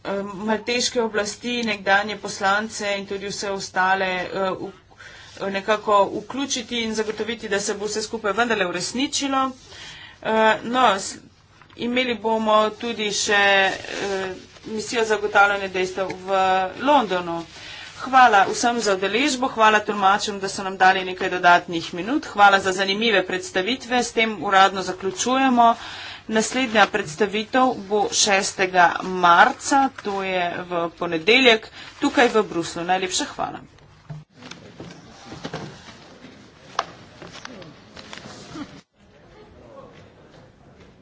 eh, malteške oblasti, nekdanje poslance in tudi vse ostale eh, nekako vključiti in zagotoviti, da se bo vse skupaj vendarle uresničilo. Eh, no, imeli bomo tudi še. Eh, misijo zagotavljanja dejstev v Londonu. Hvala vsem za deležbo, hvala tolmačem, da so nam dali nekaj dodatnih minut, hvala za zanimive predstavitve, s tem uradno zaključujemo. Naslednja predstavitev bo 6. marca, to je v ponedeljek, tukaj v Bruslu. Najlepša hvala.